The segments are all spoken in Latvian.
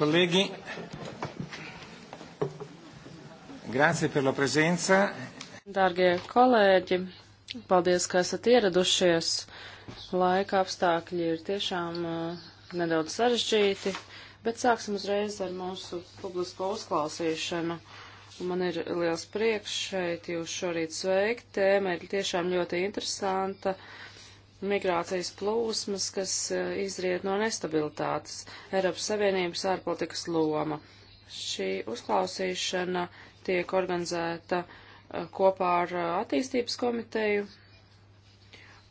Colleghi, grazie per la presenza. Dārgie kolēģi, paldies, ka esat ieradušies. Laika apstākļi ir tiešām uh, nedaudz sarežģīti, bet sāksim uzreiz ar mūsu publisko uzklausīšanu. Man ir liels prieks šeit jūs šorīt sveikt. Tēma ir tiešām ļoti interesanta. Uh, migrācijas plūsmas, kas eh, izriet no nestabilitātes, Eiropas Savienības ārpolitikas loma. Šī uzklausīšana tiek organizēta eh, kopā ar eh, attīstības komiteju,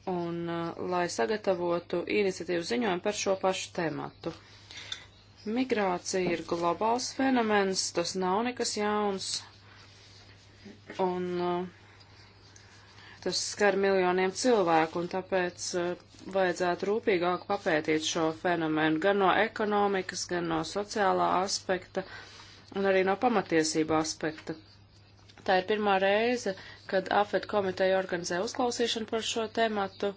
un lai sagatavotu iniciatīvu ziņojumu par šo pašu tematu. Migrācija ir globāls fenomens, tas nav nekas jauns, un uh, Tas skar miljoniem cilvēku, un tāpēc eh, vajadzētu rūpīgāk papētīt šo fenomenu gan no ekonomikas, gan no sociālā aspekta, un arī no pamatiesību aspekta. Tā ir pirmā reize, kad AFET komiteja organizē uzklausīšanu par šo tematu,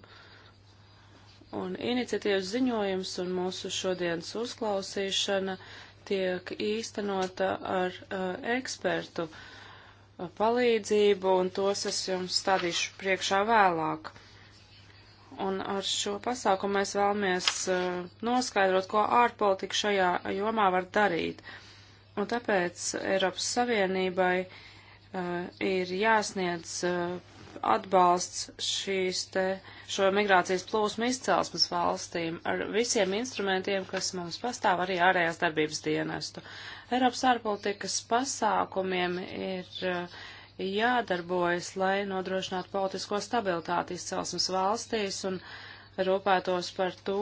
un iniciatīvas ziņojums un mūsu šodienas uzklausīšana tiek īstenota ar uh, ekspertu uh, palīdzību, un tos es jums stādīšu priekšā vēlāk. Un ar šo pasākumu mēs vēlamies uh, noskaidrot, ko ārpolitika šajā jomā var darīt. Un tāpēc Eiropas Savienībai uh, ir jāsniedz uh, atbalsts šīs te, šo migrācijas plūsmu izcelsmes valstīm ar visiem instrumentiem, kas mums pastāv arī ārējās darbības dienestu. Eiropas ārpolitikas pasākumiem ir eh, jādarbojas, lai nodrošinātu politisko stabilitāti izcelsmes valstīs un rūpētos par to,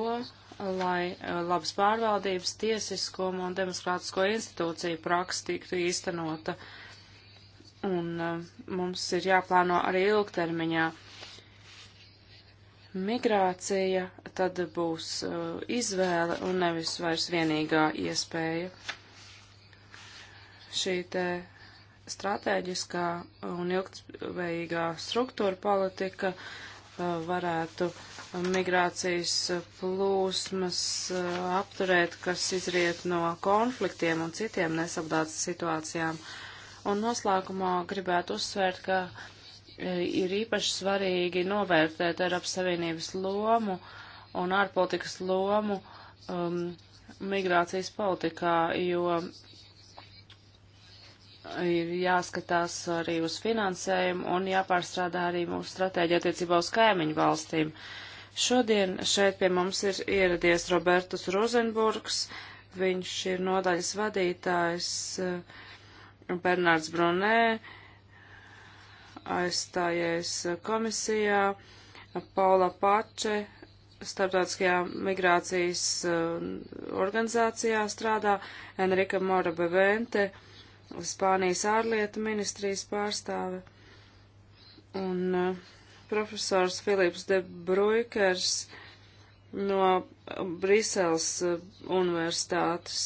lai eh, labas pārvaldības, tiesiskuma un demokrātisko institūciju praksa tiktu īstenota. Un eh, mums ir jāplāno arī ilgtermiņā. Migrācija tad būs izvēle un nevis vairs vienīgā iespēja šī te stratēģiskā un ilgtspējīgā struktūra politika uh, varētu migrācijas plūsmas uh, apturēt, kas izriet no konfliktiem un citiem nesapdāts situācijām. Un noslēgumā gribētu uzsvērt, ka uh, ir īpaši svarīgi novērtēt Eiropas Savienības lomu un ārpolitikas lomu um, migrācijas politikā, jo ir jāskatās arī uz finansējumu un jāpārstrādā arī mūsu stratēģija attiecībā uz kaimiņu valstīm. Šodien šeit pie mums ir ieradies Robertus Rozenburgs, viņš ir nodaļas vadītājs eh, Bernards Brunē, aizstājies komisijā, Paula Pače, starptautiskajā migrācijas eh, organizācijā strādā, Enrika Mora Bevente, Spānijas ārlietu ministrijas pārstāve un uh, profesors Filips de Bruikers no uh, Briseles uh, universitātes.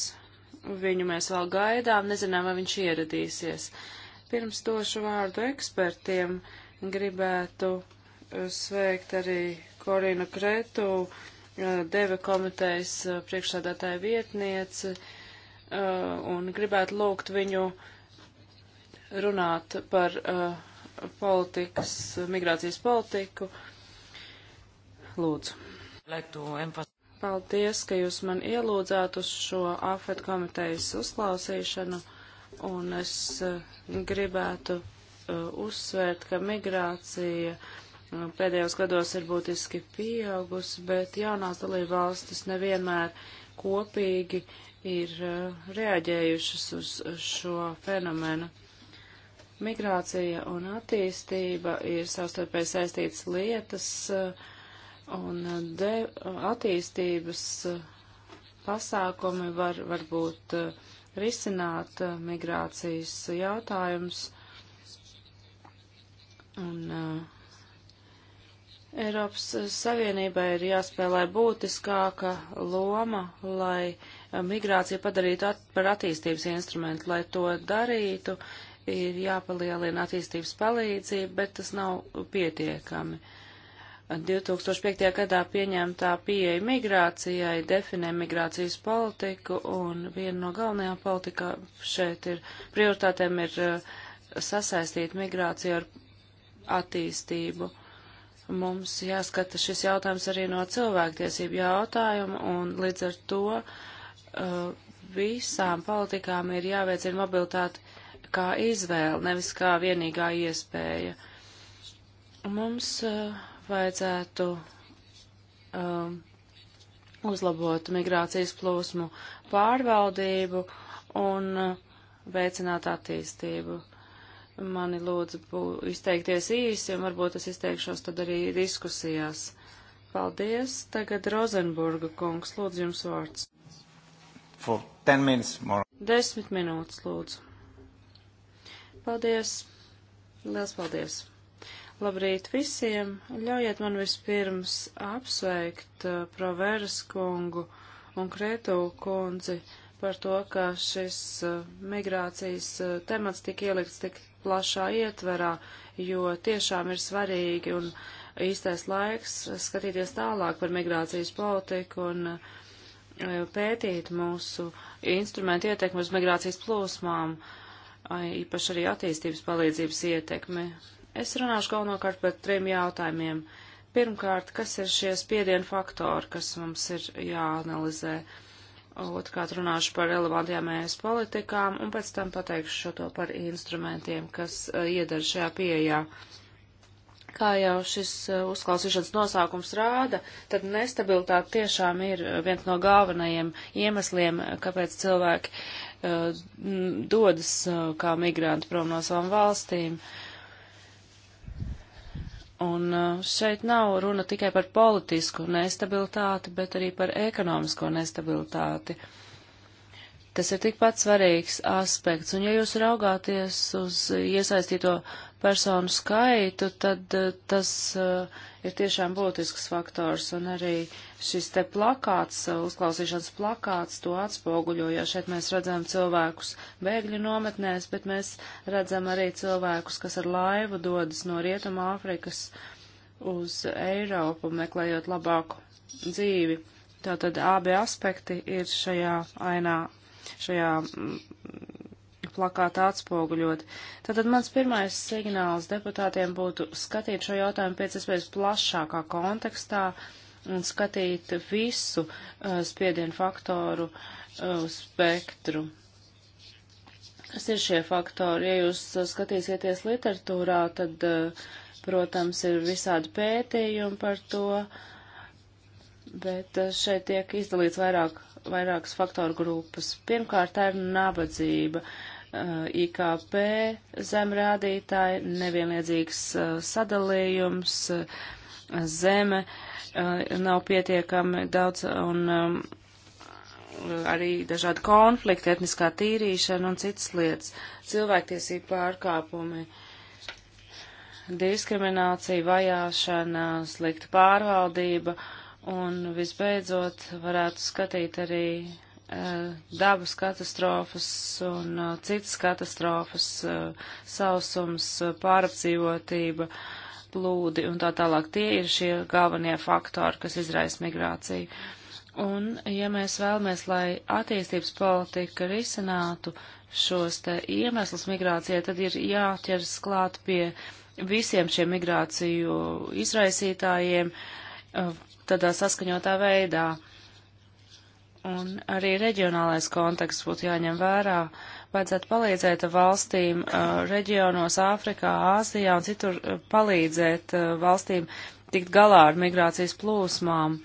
Viņu mēs vēl gaidām, nezinām, vai viņš ieradīsies. Pirms došu vārdu ekspertiem gribētu uh, sveikt arī Korinu Kretu, uh, Deve komitejas priekšsādātāja vietniece, uh, Uh, un gribētu lūgt viņu runāt par uh, politikas, migrācijas politiku. Lūdzu. Paldies, ka jūs man ielūdzāt uz šo AFET komitejas uzklausīšanu, un es uh, gribētu uzsvērt, ka migrācija pēdējos gados ir būtiski pieaugusi, bet jaunās dalībvalstis nevienmēr kopīgi ir uh, reaģējušas uz šo fenomenu. Migrācija un attīstība ir savstarpēji saistītas lietas, uh, un uh, de, attīstības pasākumi var varbūt risināt migrācijas jautājums. Un uh, Eiropas Savienībai ir jāspēlē būtiskāka loma, lai migrāciju padarītu at par attīstības instrumentu. Lai to darītu, ir jāpalielina attīstības palīdzība, bet tas nav pietiekami. 2005. gadā pieņemtā pieeja migrācijai definē migrācijas politiku, un viena no galvenajām politikā šeit ir prioritātēm ir uh, sasaistīt migrāciju ar attīstību. Mums jāskata šis jautājums arī no cilvēktiesību jautājuma, un līdz ar to uh, Uh, visām politikām ir jāveicina mobilitāte kā izvēle, nevis kā vienīgā iespēja. Mums uh, vajadzētu um, uzlabot migrācijas plūsmu pārvaldību un uh, veicināt attīstību. Mani lūdzu izteikties īsi, un varbūt es izteikšos tad arī diskusijās. Paldies. Tagad Rozenburga kungs, lūdzu jums vārds for 10 minutes more. Desmit minūtes, lūdzu. Paldies. Liels paldies. Labrīt visiem. Ļaujiet man vispirms apsveikt uh, Proveras kungu un Kretu kundzi par to, ka šis uh, migrācijas uh, temats tika ielikts tik plašā ietverā, jo tiešām ir svarīgi un īstais laiks skatīties tālāk par migrācijas politiku un uh, Eh, pētīt mūsu instrumentu ietekmi uz migrācijas plūsmām, īpaši arī attīstības palīdzības ietekmi. Es runāšu galvenokārt par trim jautājumiem. Pirmkārt, kas ir šie spiedienu faktori, kas mums ir jāanalizē? Otrkārt, runāšu par relevantajām ES politikām, un pēc tam pateikšu šo to par instrumentiem, kas iedara šajā pieejā. Uh, Kā jau šis uh, uzklausīšanas nosaukums rāda, tad nestabilitāte tiešām ir uh, viens no galvenajiem iemesliem, uh, kāpēc cilvēki uh, dodas uh, kā migranti prom no savām valstīm. Un uh, šeit nav runa tikai par politisku nestabilitāti, bet arī par ekonomisko nestabilitāti. Tas ir tikpat svarīgs aspekts, un ja jūs raugāties uz iesaistīto personu skaitu, tad eh, tas eh, ir tiešām būtisks faktors. Un arī šis te plakāts, eh, uzklausīšanas plakāts, to atspoguļo, jo šeit mēs redzam cilvēkus bēgļu nometnēs, bet mēs redzam arī cilvēkus, kas ar laivu dodas no Rietuma Āfrikas uz Eiropu, meklējot labāku dzīvi. Tātad abi aspekti ir šajā ainā, šajā mm, plakāta atspoguļot. Tātad mans pirmais signāls deputātiem būtu skatīt šo jautājumu pēc iespējas plašākā kontekstā un skatīt visu uh, spiedienu faktoru uh, spektru. Kas ir šie faktori? Ja jūs uh, skatīsieties literatūrā, tad, uh, protams, ir visādi pētījumi par to, bet uh, šeit tiek izdalīts vairāk, vairākas faktoru grupas. Pirmkārt, tā ir nabadzība. Uh, Eh, IKP zemrādītāji, nevienlīdzīgs eh, sadalījums, eh, zeme nav pietiekami daudz un arī dažādi konflikti, etniskā tīrīšana un citas lietas, cilvēktiesību pārkāpumi, diskriminācija, vajāšana, slikta pārvaldība. Un visbeidzot, varētu skatīt arī Eh, dabas katastrofas un eh, citas katastrofas, eh, sausums, pārapdzīvotība, plūdi un tā tālāk. Tie ir šie galvenie faktori, kas izraisa migrāciju. Un, ja mēs vēlamies, lai attīstības politika risinātu šos te iemeslus migrācijai, tad ir jāķers klāt pie visiem šiem migrāciju izraisītājiem tādā saskaņotā veidā. Uh, Un arī reģionālais konteksts būtu jāņem vērā. Vajadzētu palīdzēt valstīm uh, reģionos, Āfrikā, Āzijā un citur uh, palīdzēt uh, valstīm tikt galā ar migrācijas plūsmām,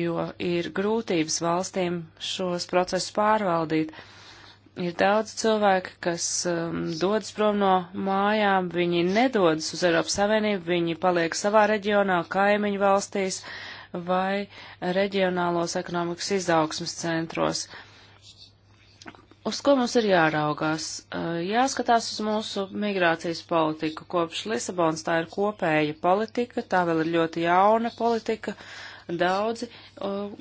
jo ir grūtības valstīm šos procesus pārvaldīt. Ir daudz cilvēku, kas um, dodas prom no mājām, viņi nedodas uz Eiropas Savienību, viņi paliek savā reģionā, kaimiņu valstīs, uh, vai reģionālos ekonomikas izaugsmas centros. Uz ko mums ir jāraugās? Eh, jāskatās uz mūsu migrācijas politiku. Kopš Lisabons tā ir kopēja politika, tā vēl ir ļoti jauna politika, daudzi eh,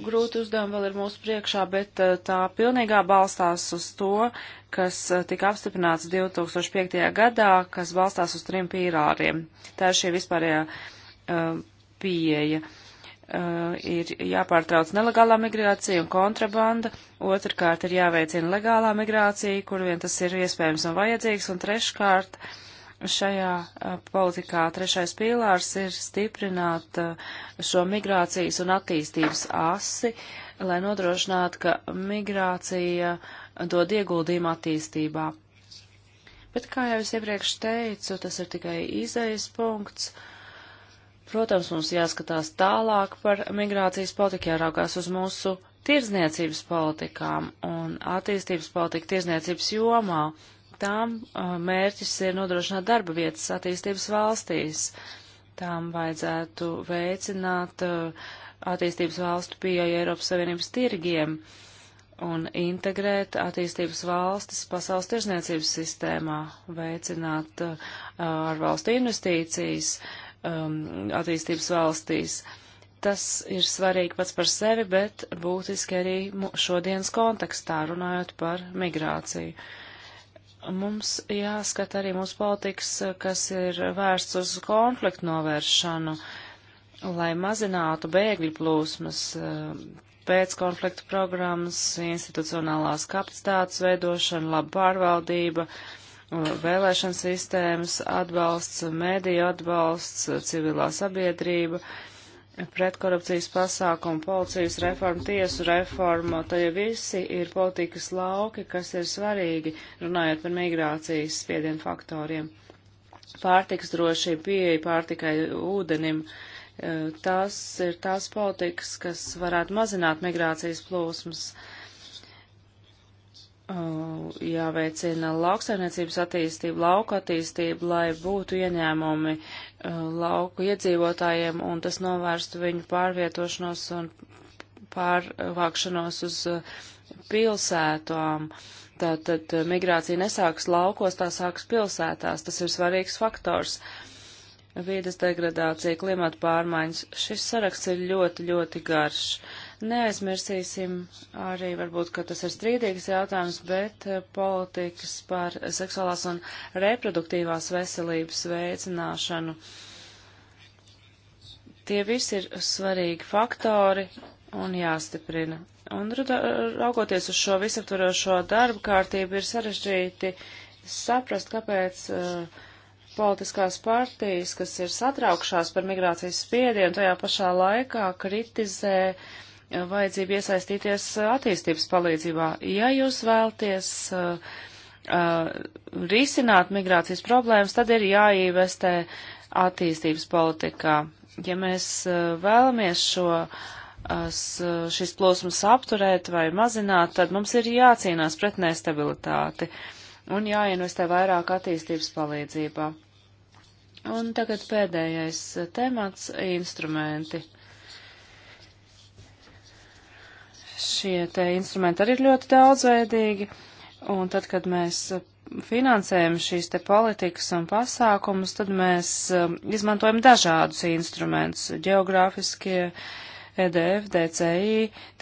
grūti uzdevumi vēl ir mūsu priekšā, bet eh, tā pilnīgā balstās uz to, kas tika apstiprināts 2005. gadā, kas balstās uz trim pīrāriem. Tā ir šī vispārējā uh, pieeja. Uh, uh, ir jāpārtrauc nelegālā migrācija un kontrabanda, otrkārt ir jāveicina legālā migrācija, kur vien tas ir iespējams un vajadzīgs, un treškārt šajā uh, politikā trešais pīlārs ir stiprināt uh, šo migrācijas un attīstības asi, lai nodrošinātu, ka migrācija uh, dod ieguldījumu attīstībā. Bet, kā jau es iepriekš teicu, tas ir tikai izējas punkts. Uh, Protams, mums jāskatās tālāk par migrācijas politiku, jāraugās uz mūsu tirzniecības politikām un attīstības politiku tirzniecības jomā. Tām uh, mērķis ir nodrošināt darba vietas attīstības valstīs. Tām vajadzētu veicināt uh, attīstības valstu pieeja Eiropas Savienības tirgiem un integrēt attīstības valstis pasaules tirzniecības sistēmā, veicināt uh, ārvalstu investīcijas. Uh, um, attīstības valstīs. Tas ir svarīgi pats par sevi, bet būtiski arī šodienas kontekstā runājot par migrāciju. Mums jāskata arī mūsu politikas, kas ir vērsts uz konfliktu novēršanu, lai mazinātu bēgļu plūsmas, um, pēckonfliktu programmas, institucionālās kapacitātes veidošana, laba pārvaldība, uh, vēlēšana sistēmas atbalsts, mediju atbalsts, civilā sabiedrība, pretkorupcijas pasākumu, policijas reforma, tiesu reforma. Tie visi ir politikas lauki, kas ir svarīgi, runājot par migrācijas spiedienu faktoriem. Pārtiks drošība, pieeja pārtikai ūdenim. Eh, tās ir tās politikas, kas varētu mazināt migrācijas plūsmas. Uh, Uh, jāveicina lauksaimniecības attīstība, lauka attīstība, lai būtu ieņēmumi uh, lauku iedzīvotājiem un tas novērstu viņu pārvietošanos un pārvākšanos uz uh, pilsētām. Tātad migrācija nesāks laukos, tā sāks pilsētās. Tas ir svarīgs faktors. Vīdes degradācija, klimata pārmaiņas. Šis saraksts ir ļoti, ļoti garš. Uh, Neaizmirsīsim arī, varbūt, ka tas ir strīdīgs jautājums, bet eh, politikas par seksuālās un reproduktīvās veselības veicināšanu. Tie visi ir svarīgi faktori un jāstiprina. Un raugoties uz šo visaptvarošo darbu kārtību, ir sarežģīti saprast, kāpēc uh, politiskās partijas, kas ir satraukšās par migrācijas spiedienu, tajā pašā laikā kritizē uh, vajadzību iesaistīties attīstības palīdzībā. Ja jūs vēlties uh, uh, risināt migrācijas problēmas, tad ir jāīvestē attīstības politikā. Ja mēs uh, vēlamies šo uh, šīs plūsmas apturēt vai mazināt, tad mums ir jācīnās pret nestabilitāti un jāinvestē vairāk attīstības palīdzībā. Un tagad pēdējais temats - instrumenti. Šie te instrumenti arī ir ļoti daudzveidīgi, un tad, kad mēs uh, finansējam šīs te politikas un pasākumus, tad mēs um, izmantojam dažādus instrumentus - geogrāfiskie, EDF, DCI,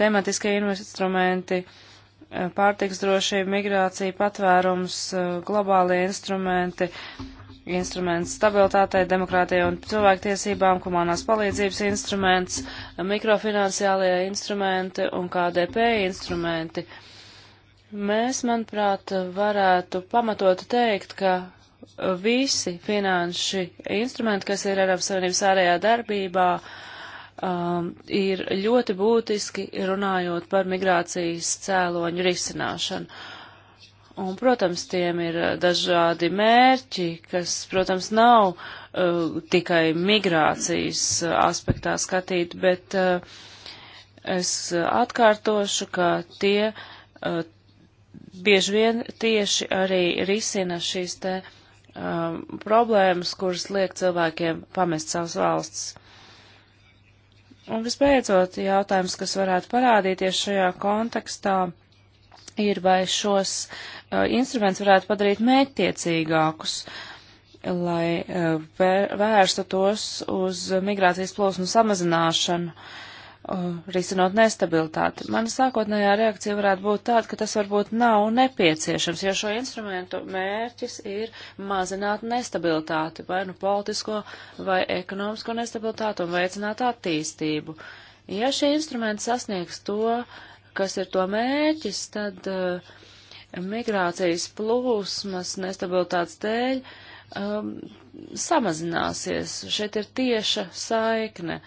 tematiskie instrumenti, uh, pārtiks drošība, migrācija, patvērums, uh, globālie instrumenti, instruments stabilitātei, demokrātijai un cilvēktiesībām, humanās palīdzības instruments, mikrofinansiālie instrumenti un KDP instrumenti. Mēs, manuprāt, varētu pamatot teikt, ka visi finanši instrumenti, kas ir Eiropas Savienības ārējā darbībā, um, ir ļoti būtiski runājot par migrācijas cēloņu risināšanu. Un, protams, tiem ir eh, dažādi mērķi, kas, protams, nav uh, tikai migrācijas eh, aspektā skatīt, bet uh, es atkārtošu, ka tie uh, bieži vien tieši arī risina šīs te uh, problēmas, kuras liek cilvēkiem pamest savas valsts. Un visbeidzot, jautājums, kas varētu parādīties šajā kontekstā ir, vai šos uh, instrumentus varētu padarīt mērķtiecīgākus, lai uh, vērstu tos uz migrācijas plūsmu samazināšanu, uh, risinot nestabilitāti. Mana sākotnējā reakcija varētu būt tāda, ka tas varbūt nav nepieciešams, jo šo instrumentu mērķis ir mazināt nestabilitāti, vai nu politisko, vai ekonomisko nestabilitāti un veicināt attīstību. Ja šie instrumenti sasniegs to, uh, kas ir to mērķis, tad uh, migrācijas plūsmas nestabilitātes dēļ um, samazināsies. Šeit ir tieša saikne.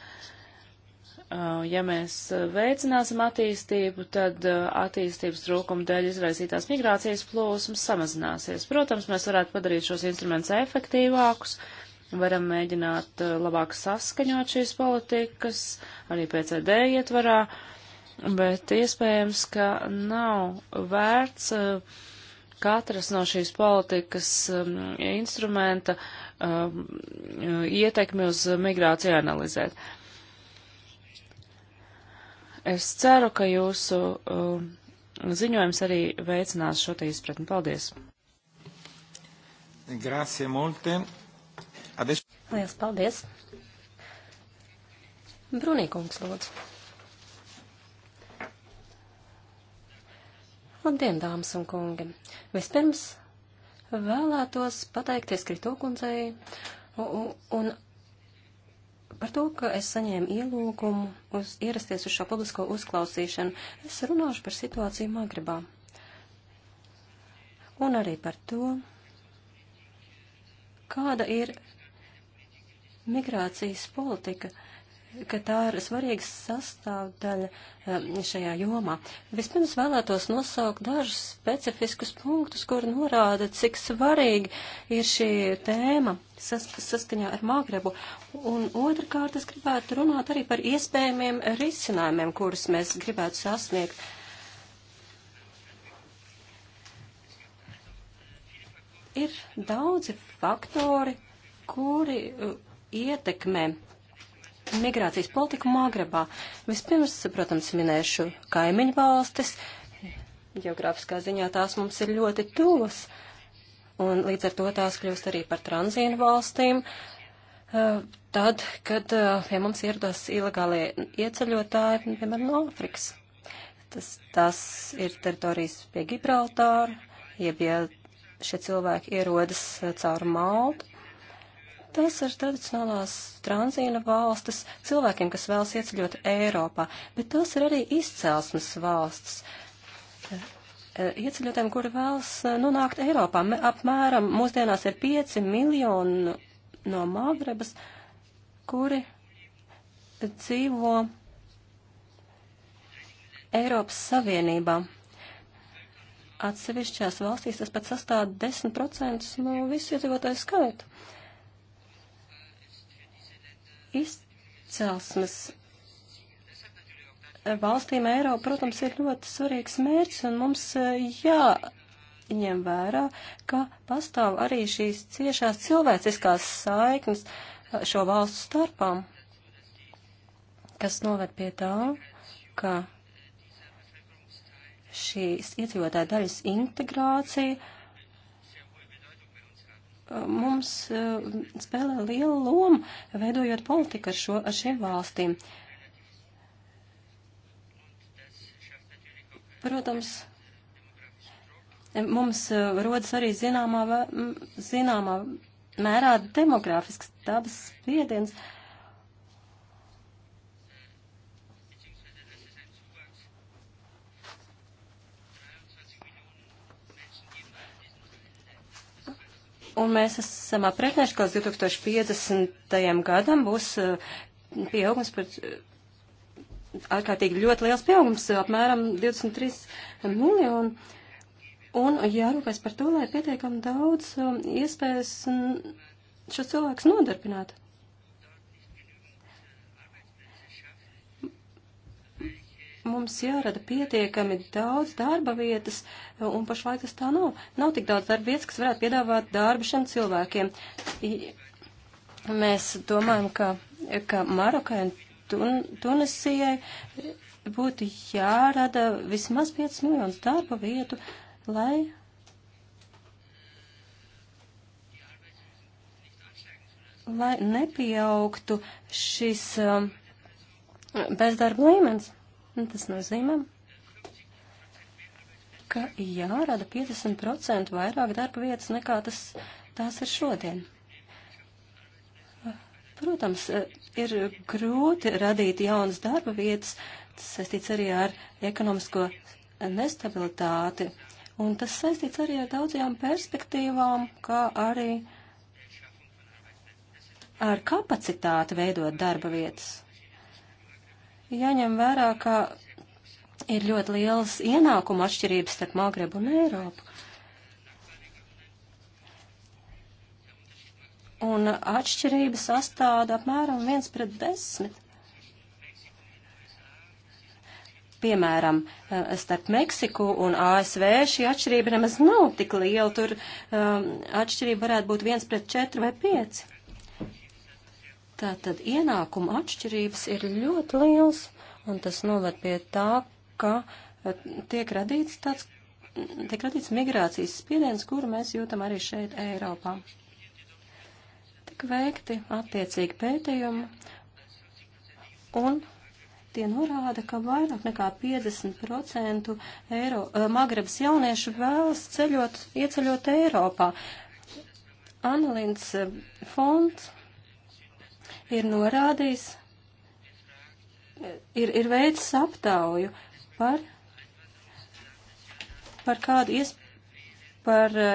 Uh, ja mēs eh, veicināsim attīstību, tad uh, attīstības trūkuma dēļ izraisītās migrācijas plūsmas samazināsies. Protams, mēs varētu padarīt šos instrumentus efektīvākus, varam mēģināt uh, labāk saskaņot šīs politikas, arī PCD ietvarā. Uh, bet iespējams, ka nav vērts uh, katras no šīs politikas um, instrumenta um, ietekmi uz migrāciju analizēt. Es ceru, ka jūsu um, ziņojums arī veicinās šo te izpratni. Paldies! Grazie molte. Ades... Liels paldies! Brunīkungs, lūdzu. Labdien, dāmas un kungi! Vispirms vēlētos pateikties Krito kundzei un, un par to, ka es saņēmu ielūgumu uz, ierasties uz šo publisko uzklausīšanu. Es runāšu par situāciju Magribā. Un arī par to, kāda ir migrācijas politika ka tā ir svarīga sastāvdaļa eh, šajā jomā. Vispirms vēlētos nosaukt dažus specifiskus punktus, kur norāda, cik svarīgi ir šī tēma sas saskaņā ar Māgrebu. Un otrkārt, es gribētu runāt arī par iespējamiem risinājumiem, kurus mēs gribētu sasniegt. Ir daudzi faktori, kuri uh, ietekmē uh, migrācijas politiku Magrebā. Vispirms, protams, minēšu kaimiņu valstis. Geogrāfiskā ziņā tās mums ir ļoti tuvas, un līdz ar to tās kļūst arī par tranzīnu valstīm. Eh, tad, kad eh, pie mums ieradās ilegālie ieceļotāji, piemēram, no Āfrikas. Tas, tas ir teritorijas pie Gibraltāra, jeb ja šie cilvēki ierodas eh, caur Maltu, Tas ir tradicionālās tranzīna valstis cilvēkiem, kas vēlas ieceļot Eiropā, bet tas ir arī izcelsmes valsts eh, eh, ieceļotājiem, kuri vēlas eh, nonākt Eiropā. Me, apmēram mūsdienās ir 5 miljoni no Magrebas, kuri dzīvo Eiropas Savienībā. Atsevišķās valstīs tas pat sastāv 10% no visu iedzīvotāju skaitu. Uh, izcelsmes valstīm Eiropa, protams, ir ļoti svarīgs mērķis, un mums eh, jāņem vērā, ka pastāv arī šīs ciešās cilvēciskās saiknes eh, šo valstu starpām, kas noved pie tā, ka šīs iedzīvotāja daļas integrācija mums e, spēlē lielu lomu, veidojot politiku ar, šo, ar šiem valstīm. Protams, mums e, rodas arī zināmā, zināmā mērā demografisks dabas spiediens. Uh, Un mēs esam aprēķinājuši, ka līdz 2050. gadam būs eh, pieaugums par eh, ārkārtīgi ļoti liels pieaugums, apmēram 23 miljoni. Un jārūpēs par to, lai pietiekam daudz eh, iespējas mm, šos cilvēkus nodarbinātu. mums jārada pietiekami daudz darba vietas, un pašlaik tas tā nav. Nav tik daudz darba vietas, kas varētu piedāvāt darbu šiem cilvēkiem. Mēs domājam, ka, ka Marokai un tun Tunisijai būtu jārada vismaz 5 miljonus darba vietu, lai. lai nepieaugtu šis um, bezdarba līmenis. Un tas nozīmē, ka jārada 50% vairāk darba vietas nekā tas, tās ir šodien. Protams, ir grūti radīt jaunas darba vietas, tas saistīts arī ar ekonomisko nestabilitāti, un tas saistīts arī ar daudzajām perspektīvām, kā arī ar kapacitāti veidot darba vietas jāņem vērā, ka ir ļoti lielas ienākuma atšķirības starp Magrebu un Eiropu. Un atšķirība sastāda apmēram 1 pret 10. Piemēram, eh, starp Meksiku un ASV šī atšķirība nemaz nav tik liela, tur um, atšķirība varētu būt 1 pret 4 vai 5. Tātad ienākuma atšķirības ir ļoti liels, un tas noved pie tā, ka e, tiek radīts tāds, tiek radīts migrācijas spiediens, kuru mēs jūtam arī šeit Eiropā. Tik veikti attiecīgi pētījumi, un tie norāda, ka vairāk nekā 50% Eiro, e, Magrebas jauniešu vēlas ceļot, ieceļot Eiropā. Analīns e, fonds ir norādījis, ir, ir veids aptauju par, par kādu ies, par uh,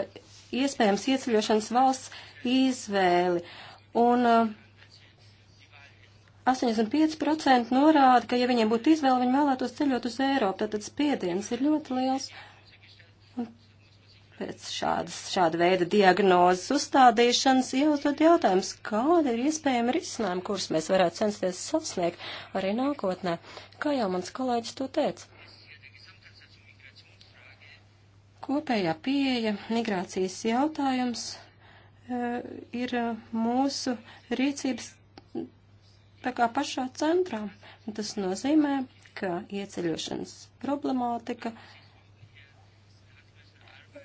iespējams ieceļošanas valsts izvēli. Un uh, 85% norāda, ka ja viņiem būtu izvēle, viņi vēlētos ceļot uz Eiropu, tātad spiediens ir ļoti liels. Uh, pēc šādas, šāda veida diagnozes uzstādīšanas jāuzdod jautājums, kāda ir iespējama risinājuma, kurus mēs varētu censties sasniegt arī nākotnē, kā jau mans kolēģis to teica. Kopējā pieeja migrācijas jautājums e, ir mūsu rīcības tā kā pašā centrā. Tas nozīmē, ka ieceļošanas problemātika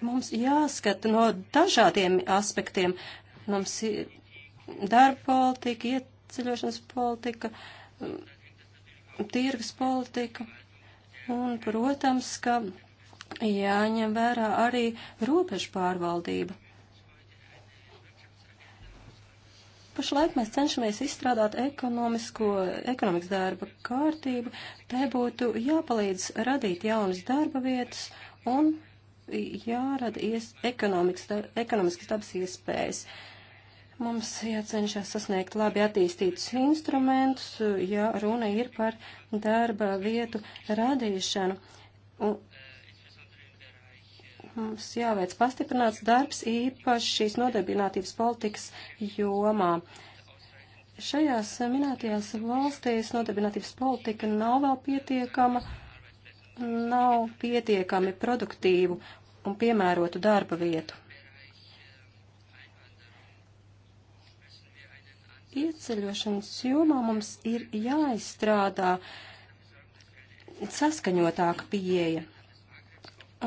Mums jāskata no dažādiem aspektiem. Mums ir darba politika, ieceļošanas politika, mm, tirgus politika. Un, protams, ka jāņem vērā arī robežu pārvaldība. Pašlaik mēs cenšamies izstrādāt ekonomisko, ekonomikas darba kārtību. Te būtu jāpalīdz radīt jaunas darba vietas un jārada ies, ekonomiski stabas iespējas. Mums jācenšas sasniegt labi attīstītus instrumentus, ja runa ir par darba vietu radīšanu. Un mums jāveic pastiprināts darbs īpaši šīs nodarbinātības politikas jomā. Šajās minētajās valstīs nodarbinātības politika nav vēl pietiekama nav pietiekami produktīvu un piemērotu darba vietu. Ieceļošanas jomā mums ir jāizstrādā saskaņotāka pieeja.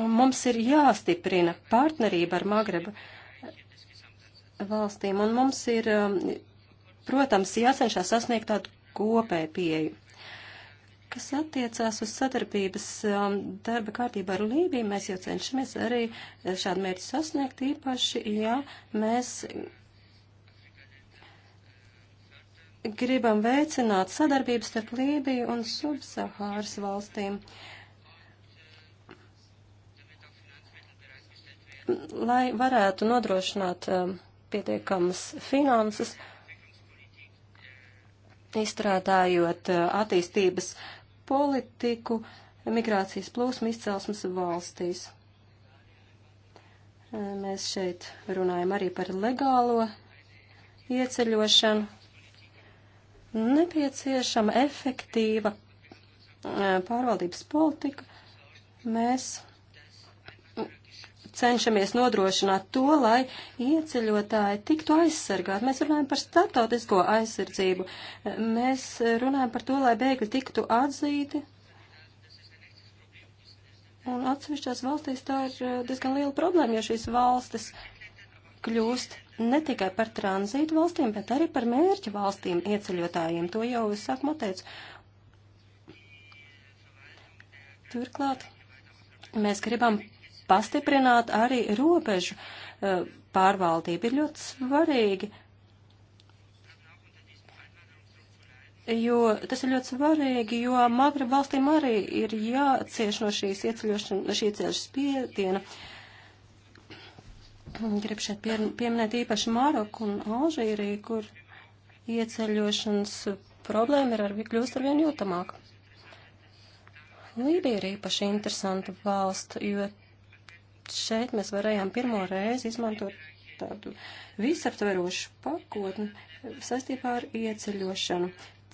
Un mums ir jāstiprina partnerība ar Magreba valstīm, un mums ir, um, protams, jācenšas sasniegt tādu kopēju pieeju. Kas attiecās uz sadarbības um, darba kārtību ar Lībiju, mēs jau cenšamies arī eh, šādu mērķu sasniegt īpaši, ja mēs gribam veicināt sadarbības starp Lībiju un Subsahāras valstīm. Lai varētu nodrošināt um, pietiekamas finanses, izstrādājot uh, attīstības uh, politiku migrācijas plūsmu izcelsmes valstīs. Mēs šeit runājam arī par legālo ieceļošanu. Nepieciešama efektīva pārvaldības politika. Mēs cenšamies nodrošināt to, lai ieceļotāji tiktu aizsargāti. Mēs runājam par startautisko aizsardzību. Mēs runājam par to, lai bēgļi tiktu atzīti. Un atsevišķās valstīs tā ir eh, diezgan liela problēma, jo šīs valstis kļūst ne tikai par tranzītu valstīm, bet arī par mērķu valstīm ieceļotājiem. To jau es sākumā teicu. Turklāt mēs gribam pastiprināt arī robežu e, pārvaldību. Ir ļoti svarīgi, jo tas ir ļoti svarīgi, jo Magra valstīm arī ir jācieš no šīs ieceļošanas spiediena. Gribu šeit pie, pieminēt īpaši Maroku un Alžīriju, kur ieceļošanas problēma ir arvien kļūst arvien jūtamāka. Lībija ir īpaši interesanta valsts, jo šeit mēs varējām pirmo reizi izmantot tādu visaptverošu pakotni saistībā ar ieceļošanu.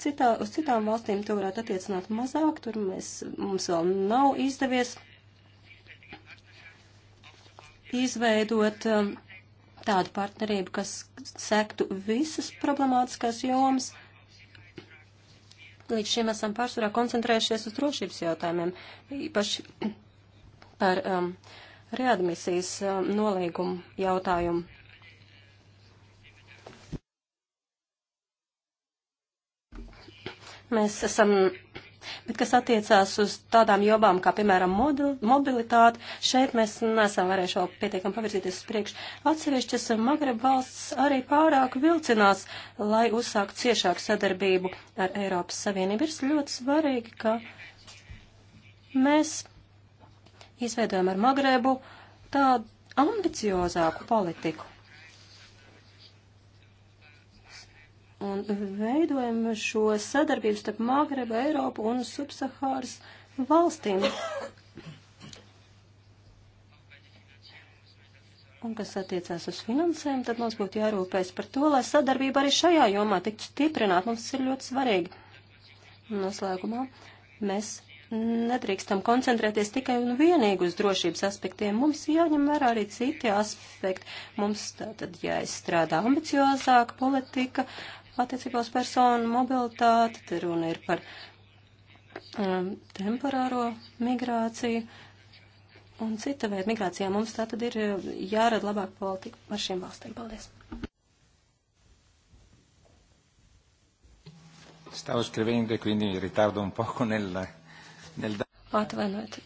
Citā, uz citām valstīm to varētu attiecināt mazāk, tur mēs, mums vēl nav izdevies izveidot um, tādu partnerību, kas sektu visas problemātiskās jomas. Līdz šim esam pārsvarā koncentrējušies uz drošības jautājumiem, īpaši par um, uh, readmisijas nolīgumu jautājumu. Mēs esam, bet kas attiecās uz tādām jobām kā, piemēram, mobilitāte, šeit mēs nesam varējuši vēl pietiekam pavirzīties uz priekšu. Atsevišķas Magreb valsts arī pārāk vilcinās, lai uzsākt ciešāku sadarbību ar Eiropas Savienību. Ir ļoti svarīgi, ka mēs izveidojam ar Magrebu tādu ambiciozāku politiku. Un veidojam šo sadarbību starp Magrebu, Eiropu un subsahāras valstīm. Un kas attiecās uz finansēm, tad mums būtu jārūpēs par to, lai sadarbība arī šajā jomā tiktu stiprināt. Mums ir ļoti svarīgi. Un noslēgumā mēs nedrīkstam koncentrēties tikai un vienīgi uz drošības aspektiem. Mums jāņem vērā arī citi aspekti. Mums tātad jāizstrādā ambiciozāka politika attiecībā uz personu mobilitāti. Te runa ir par um, temporāro migrāciju un cita veida migrācijā. Mums tātad ir um, jārada labāka politika par šiem valstīm. Paldies! Stavo scrivendo e quindi mi ritardo un poco nel Atvainojiet.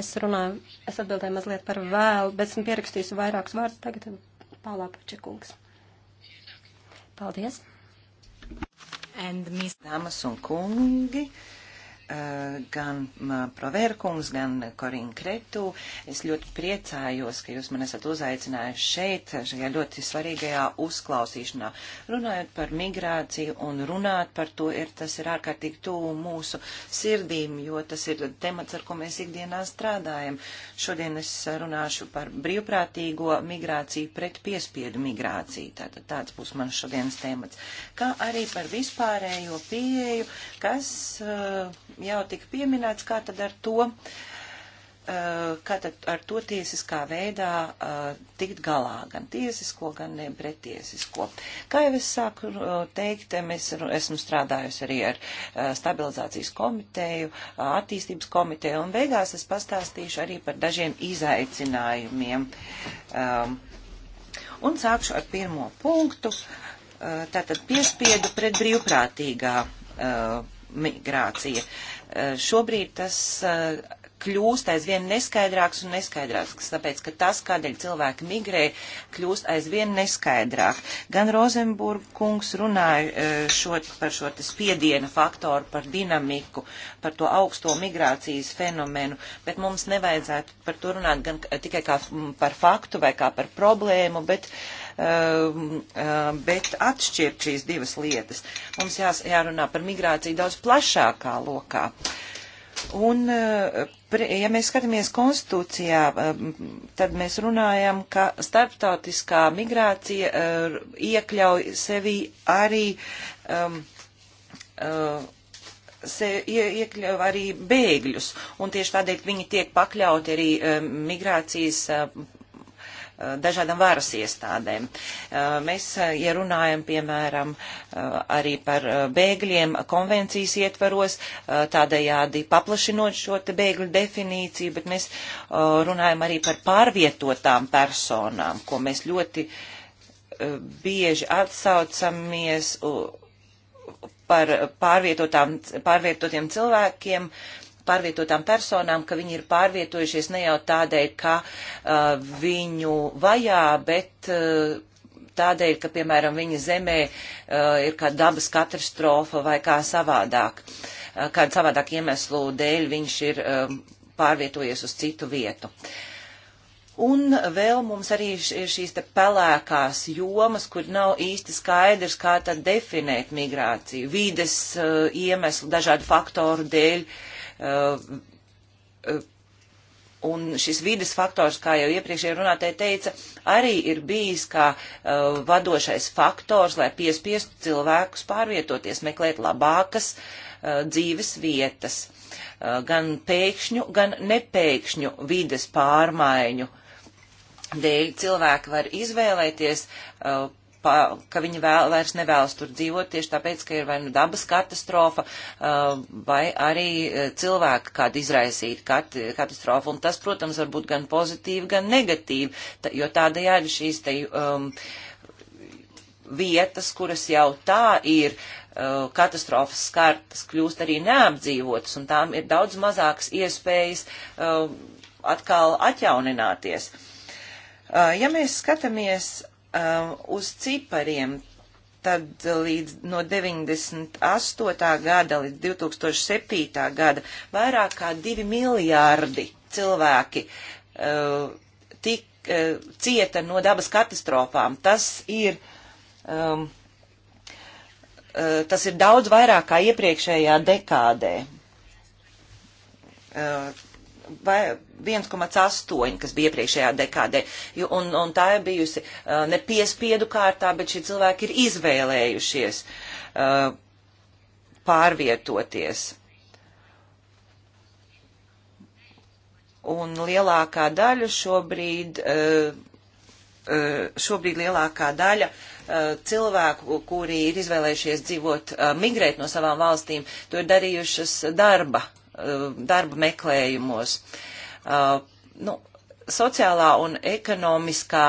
Es runāju, es atbildēju mazliet par vēlu, bet esmu pierakstījusi vairākus vārdus. Tagad Pālāpača kungs. Paldies. And mēs, dāmas un kungi, uh, Eh, gan eh, Provērkungs, gan Korina Kretu. Es ļoti priecājos, ka jūs man esat uzaicinājuši šeit, šajā ļoti svarīgajā uzklausīšanā. Runājot par migrāciju un runāt par to, ir, tas ir ārkārtīgi tuvu mūsu sirdīm, jo tas ir temats, ar ko mēs ikdienā strādājam. Šodien es runāšu par brīvprātīgo migrāciju pret piespiedu migrāciju. Tātad tāds būs mans šodienas temats. Kā arī par vispārējo pieeju, kas uh, jau tika pieminēts, kā tad ar to, eh, kā tad ar to tiesiskā veidā eh, tikt galā, gan tiesisko, gan pretiesisko. Kā jau es sāku eh, teikt, mēs, esmu strādājusi arī ar stabilizācijas komiteju, attīstības komiteju, un beigās es pastāstīšu arī par dažiem izaicinājumiem. Un sākšu ar pirmo punktu. Tātad piespiedu pret brīvprātīgā uh, migrācija. Eh, šobrīd tas eh, kļūst aizvien neskaidrāks un neskaidrāks, tāpēc, ka tas, kādēļ cilvēki migrē, kļūst aizvien neskaidrāk. Gan Rozenburg kungs runāja eh, šo, par šo spiediena faktoru, par dinamiku, par to augsto migrācijas fenomenu, bet mums nevajadzētu par to runāt gan tikai kā par faktu vai kā par problēmu, bet uh, Ehm, ehm, bet atšķirt šīs divas lietas. Mums jās, jārunā par migrāciju daudz plašākā lokā. Un, eh, ja mēs skatāmies konstitūcijā, ehm, tad mēs runājam, ka starptautiskā migrācija eh, iekļauj sevi arī um, uh, se iekļauj arī bēgļus, un tieši tādēļ viņi tiek pakļauti arī migrācijas dažādām varas iestādēm. Uh, mēs ierunājam, uh, piemēram, uh, arī par bēgļiem konvencijas ietvaros, tādējādi paplašinot šo te bēgļu definīciju, bet mēs runājam arī par pārvietotām personām, ko mēs ļoti bieži atsaucamies par pārvietotiem cilvēkiem, uh, pārvietotām personām, ka viņi ir pārvietojušies ne jau tādēļ, ka uh, viņu vajā, bet uh, tādēļ, ka, piemēram, viņa zemē uh, ir kāda dabas katastrofa vai kā savādāk, uh, kāda savādāk iemeslu dēļ viņš ir uh, pārvietojies uz citu vietu. Un vēl mums arī ir šīs te pelēkās jomas, kur nav īsti skaidrs, kā tad definēt migrāciju, vides uh, iemeslu, dažādu faktoru dēļ uh, Uh, uh, un šis vides faktors, kā jau iepriekšējā runātēja teica, arī ir bijis kā uh, vadošais faktors, lai piespiestu cilvēkus pārvietoties, meklēt labākas uh, dzīves vietas, uh, gan pēkšņu, gan nepēkšņu vides pārmaiņu. Dēļ cilvēki var izvēlēties uh, pa, ka viņi vēl, vairs nevēlas tur dzīvot tieši tāpēc, ka ir vai nu dabas katastrofa, uh, vai arī uh, cilvēka kāda izraisīta kat, katastrofa. Un tas, protams, var būt gan pozitīvi, gan negatīvi, jo tādējādi šīs te um, vietas, kuras jau tā ir, uh, katastrofas skartas kļūst arī neapdzīvotas, un tām ir daudz mazākas iespējas uh, atkal atjaunināties. Uh, ja mēs skatāmies uh, uz cipariem. Tad līdz no 98. gada līdz 2007. gada vairāk kā 2 miljārdi cilvēki uh, tik, uh, cieta no dabas katastrofām. Tas ir, um, uh, tas ir daudz vairāk kā iepriekšējā dekādē. Uh, 1,8, kas bija iepriekšējā dekādē. Un, un tā ir bijusi uh, ne piespiedu kārtā, bet šie cilvēki ir izvēlējušies uh, pārvietoties. Un lielākā daļa šobrīd, uh, uh, šobrīd lielākā daļa uh, cilvēku, kuri ir izvēlējušies dzīvot, migrēt no savām valstīm, to ir darījušas darba Eh, darba meklējumos. Eh, nu, sociālā un ekonomiskā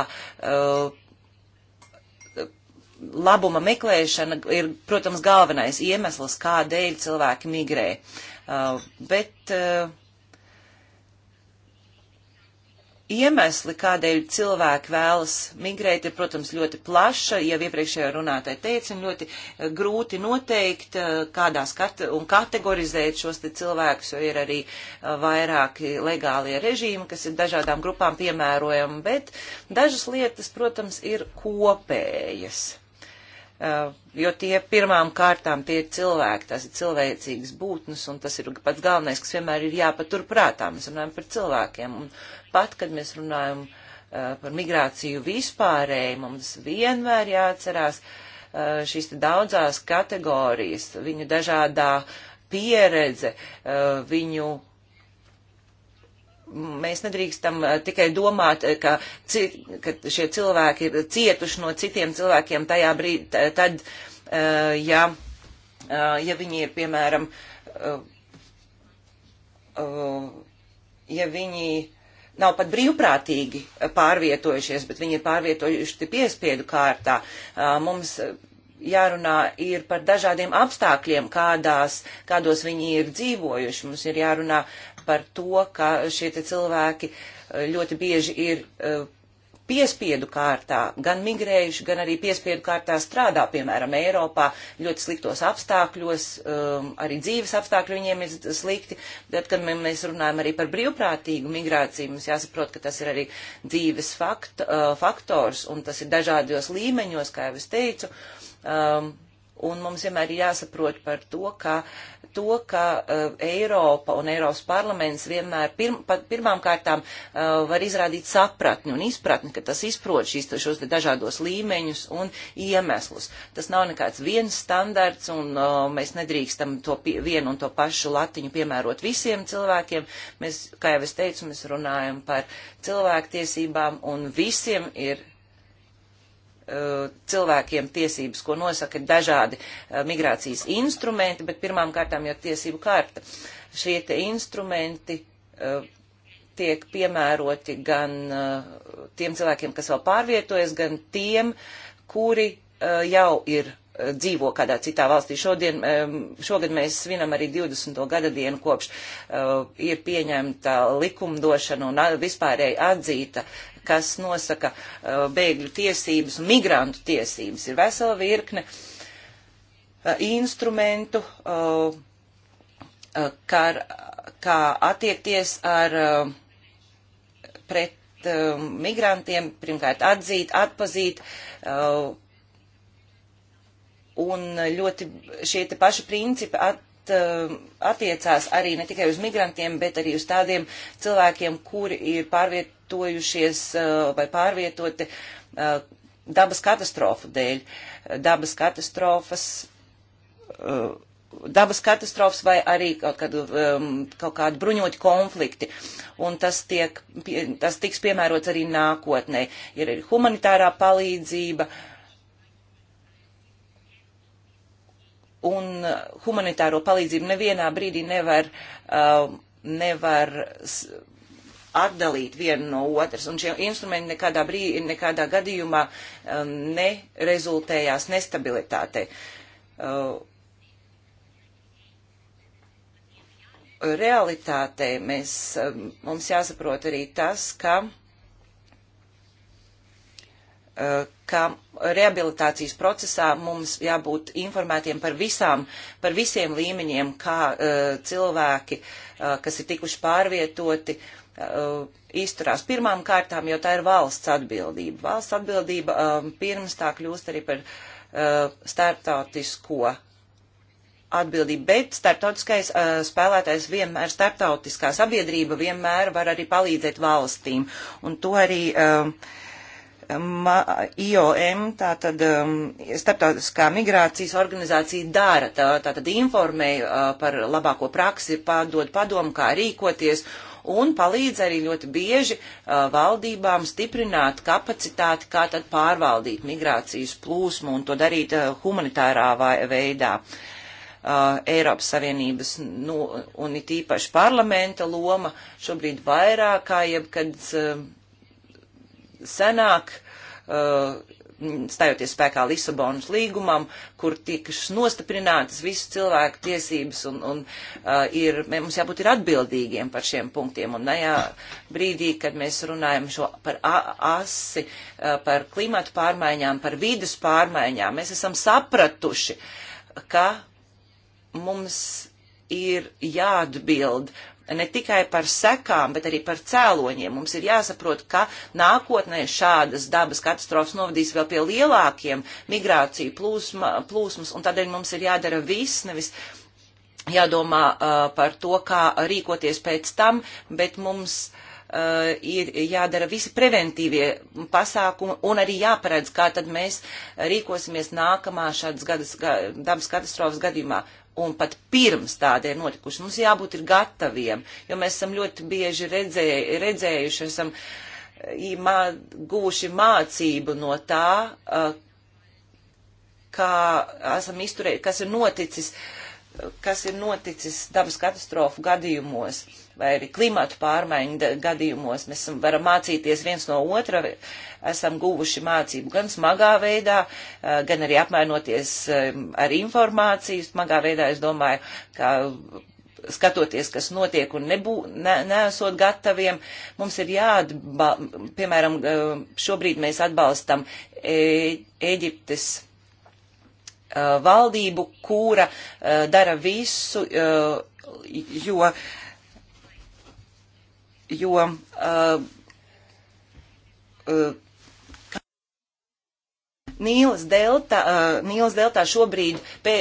eh, labuma meklēšana ir, protams, galvenais iemesls, kādēļ cilvēki migrē. Bet Iemesli, kādēļ cilvēki vēlas migrēt, ir, protams, ļoti plaša, jau iepriekšējā runātāja teica, un ļoti eh, grūti noteikt, eh, kādās kate un kategorizēt šos te cilvēkus, jo ir arī eh, vairāki legālie režīmi, kas ir dažādām grupām piemērojami, bet dažas lietas, protams, ir kopējas. Eh, jo tie pirmām kārtām tie ir cilvēki, tās ir cilvēcīgas būtnes, un tas ir pats galvenais, kas vienmēr ir jāpatur prātā. Mēs runājam par cilvēkiem, un pat, kad mēs runājam eh, par migrāciju vispārēji, mums vienmēr jāatcerās eh, šīs daudzās kategorijas, viņu dažādā pieredze, viņu mēs nedrīkstam eh, tikai domāt, eh, ka, ka šie cilvēki ir cietuši no citiem cilvēkiem tajā brīdī, tad, eh, ja, ja viņi ir, piemēram, ja viņi nav pat brīvprātīgi pārvietojušies, bet viņi ir pārvietojuši piespiedu kārtā. Mums jārunā ir par dažādiem apstākļiem, kādās, kādos viņi ir dzīvojuši. Mums ir jārunā par to, ka šie cilvēki eh, ļoti bieži ir eh, piespiedu kārtā, gan migrējuši, gan arī piespiedu kārtā strādā, piemēram, Eiropā, ļoti sliktos apstākļos, um, arī dzīves apstākļi viņiem ir slikti. Tad, kad mēs runājam arī par brīvprātīgu migrāciju, mums jāsaprot, ka tas ir arī dzīves fakt, uh, faktors, un tas ir dažādos līmeņos, kā jau es teicu. Um, un mums vienmēr ir jāsaprot par to, ka, to, ka uh, Eiropa un Eiropas parlaments vienmēr pirm, pirmām kārtām uh, var izrādīt sapratni un izpratni, ka tas izprot šīs, šos dažādos līmeņus un iemeslus. Tas nav nekāds viens standarts, un uh, mēs nedrīkstam to pie, vienu un to pašu latiņu piemērot visiem cilvēkiem. Mēs, kā jau es teicu, mēs runājam par cilvēktiesībām, un visiem ir cilvēkiem tiesības, ko nosaka dažādi eh, migrācijas instrumenti, bet pirmām kārtām jau tiesību karta. Šie te instrumenti eh, tiek piemēroti gan eh, tiem cilvēkiem, kas vēl pārvietojas, gan tiem, kuri jau ir dzīvo kādā citā valstī. Šodien, šogad mēs svinam arī 20. gada dienu, kopš eh, ir pieņemta likumdošana un vispārēji atzīta kas nosaka eh, bēgļu tiesības un migrantu tiesības. Ir vesela virkne eh, instrumentu, kā, kā attiekties ar pret migrantiem, pirmkārt atzīt, atpazīt, uh, Un ļoti šie te paši principi at, eh, attiecās arī ne tikai uz migrantiem, bet arī uz tādiem cilvēkiem, kuri ir pārvietojušies eh, vai pārvietoti eh, dabas katastrofu dēļ. Dabas katastrofas dabas katastrofas vai arī kaut, kādu, um, ehm, kaut kādi bruņoti konflikti. Un tas, tiek, tas tiks piemērots arī nākotnē. Ir arī humanitārā palīdzība, uh, un humanitāro palīdzību nevienā brīdī nevar, uh, nevar atdalīt vienu no otras. Un šie instrumenti nekādā, brīdī, nekādā gadījumā um, nerezultējās nestabilitātei. Uh, realitātei mēs, um, mums jāsaprot arī tas, ka uh, Eh, ka rehabilitācijas procesā mums jābūt informētiem par visām, par visiem līmeņiem, kā uh, cilvēki, uh, kas ir tikuši pārvietoti, uh, izturās. Pirmām kārtām jau tā ir valsts atbildība. Valsts atbildība um, pirms tā kļūst arī par uh, starptautisko atbildību, bet starptautiskais uh, spēlētājs vienmēr, starptautiskā sabiedrība vienmēr var arī palīdzēt valstīm. Un to arī uh, IOM, tātad um, starptautiskā migrācijas organizācija dara, tā, tātad informē uh, par labāko praksi, pārdod padomu, kā rīkoties un palīdz arī ļoti bieži uh, valdībām stiprināt kapacitāti, kā tad pārvaldīt migrācijas plūsmu un to darīt uh, humanitārā vai, veidā. Uh, Eiropas Savienības nu, un it īpaši parlamenta loma šobrīd vairāk kā jebkad. Uh, senāk, uh, stājoties spēkā Lisabonas līgumam, kur tikas nostiprinātas visu cilvēku tiesības un, un uh, ir, mums jābūt ir atbildīgiem par šiem punktiem. Un tajā brīdī, kad mēs runājam šo par asi, uh, par klimatu pārmaiņām, par vidas pārmaiņām, mēs esam sapratuši, ka mums ir jāatbild ne tikai par sekām, bet arī par cēloņiem. Mums ir jāsaprot, ka nākotnē šādas dabas katastrofas novadīs vēl pie lielākiem migrāciju plūsma, plūsmas, un tādēļ mums ir jādara viss, nevis jādomā uh, par to, kā rīkoties pēc tam, bet mums uh, ir jādara visi preventīvie pasākumi un arī jāparedz, kā tad mēs rīkosimies nākamā šādas gadas, dabas katastrofas gadījumā un pat pirms tāda ir notikuši. Mums jābūt ir gataviem, jo mēs esam ļoti bieži redzēju, redzējuši, esam mā, guvuši mācību no tā, kā esam izturējuši, kas ir noticis, kas ir noticis dabas katastrofu gadījumos. Uh, vai arī klimatu pārmaiņu gadījumos. Mēs varam mācīties viens no otra, esam guvuši mācību gan smagā veidā, gan arī apmainoties ar informāciju. Smagā veidā es domāju, ka skatoties, kas notiek un nebū, ne, neesot gataviem, mums ir jāatbalsta, piemēram, šobrīd mēs atbalstam Ēģiptes. E valdību, kura dara visu, jo jo uh, uh, Nīlas delta, uh, Nīlas deltā šobrīd pē,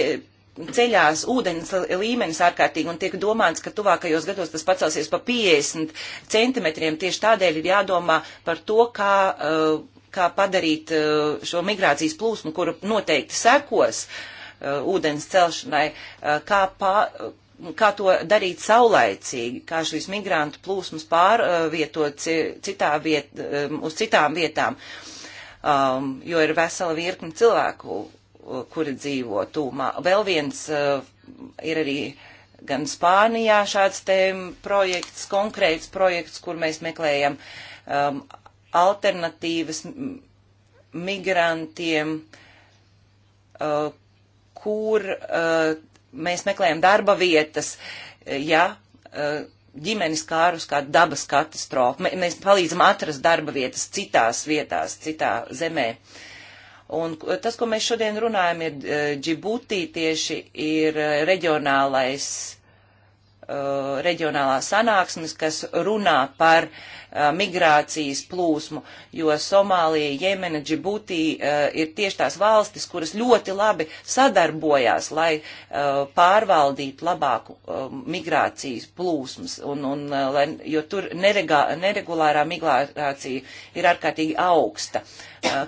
ceļās ūdens līmenis ārkārtīgi un tiek domāts, ka tuvākajos gados tas pacelsies pa 50 centimetriem. Tieši tādēļ ir jādomā par to, kā, uh, kā padarīt uh, šo migrācijas plūsmu, kura noteikti sekos uh, ūdens celšanai, kā, pā, kā to darīt saulaicīgi, kā šīs migrantu plūsmas pārvietot citā viet, um, uz citām vietām, um, jo ir vesela virkni cilvēku, uh, kuri dzīvo tūmā. Vēl viens uh, ir arī gan Spānijā šāds te projekts, konkrēts projekts, kur mēs meklējam um, alternatīvas migrantiem, uh, kur uh, mēs meklējam darba vietas, ja eh, ģimenes kārus kā dabas katastrofa. Mēs palīdzam atrast darba vietas citās vietās, citā zemē. Un tas, ko mēs šodien runājam, ir eh, Džibūtī tieši ir eh, reģionālais, reģionālā sanāksmes, kas runā par uh, Uh, migrācijas plūsmu, jo Somālija, Jemena, Džibūtī uh, ir tieši tās valstis, kuras ļoti labi sadarbojās, lai uh, pārvaldītu labāku um, migrācijas plūsmas, un, un, lai, jo tur neregā, neregulārā migrācija ir ārkārtīgi augsta.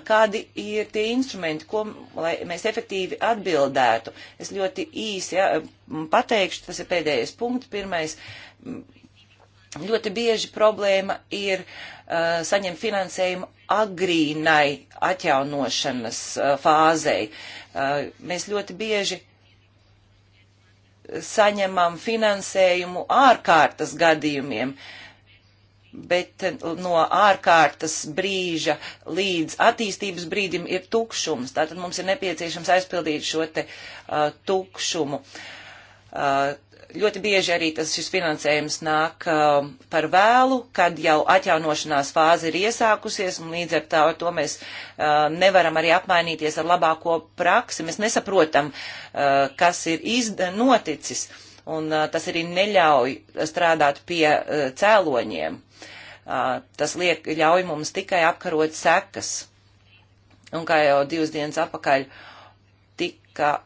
Kādi ir tie instrumenti, ko lai mēs efektīvi atbildētu? Es ļoti īsi ja, pateikšu, tas ir pēdējais punkts. Pirmais, Ļoti bieži problēma ir uh, saņemt finansējumu agrīnai atjaunošanas uh, fāzei. Uh, mēs ļoti bieži saņemam finansējumu ārkārtas gadījumiem, bet uh, no ārkārtas brīža līdz attīstības brīdim ir tukšums. Tātad mums ir nepieciešams aizpildīt šo te uh, tukšumu. Uh, ļoti bieži arī tas šis finansējums nāk uh, par vēlu, kad jau atjaunošanās fāze ir iesākusies, un līdz ar tā, ar to mēs uh, nevaram arī apmainīties ar labāko praksi. Mēs nesaprotam, uh, kas ir izd noticis, un uh, tas arī neļauj strādāt pie uh, cēloņiem. Uh, tas liek, ļauj mums tikai apkarot sekas. Un kā jau divas dienas apakaļ tika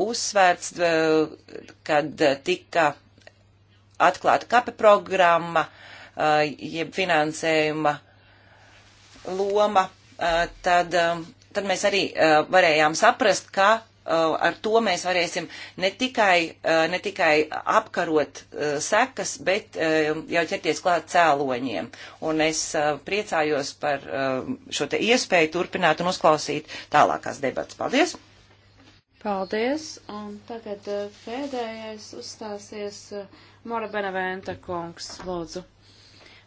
uzsvērts, eh, kad eh, tika atklāta kape programma, eh, jeb finansējuma loma, tad, tad mēs arī varējām saprast, ka ar to mēs varēsim ne tikai, ne tikai apkarot sekas, bet jau ķerties klāt cēloņiem. Un es priecājos par šo te iespēju turpināt un uzklausīt tālākās debatas. Paldies! Paldies, un tagad eh, pēdējais uzstāsies eh, Mora Beneventa kungs, lūdzu.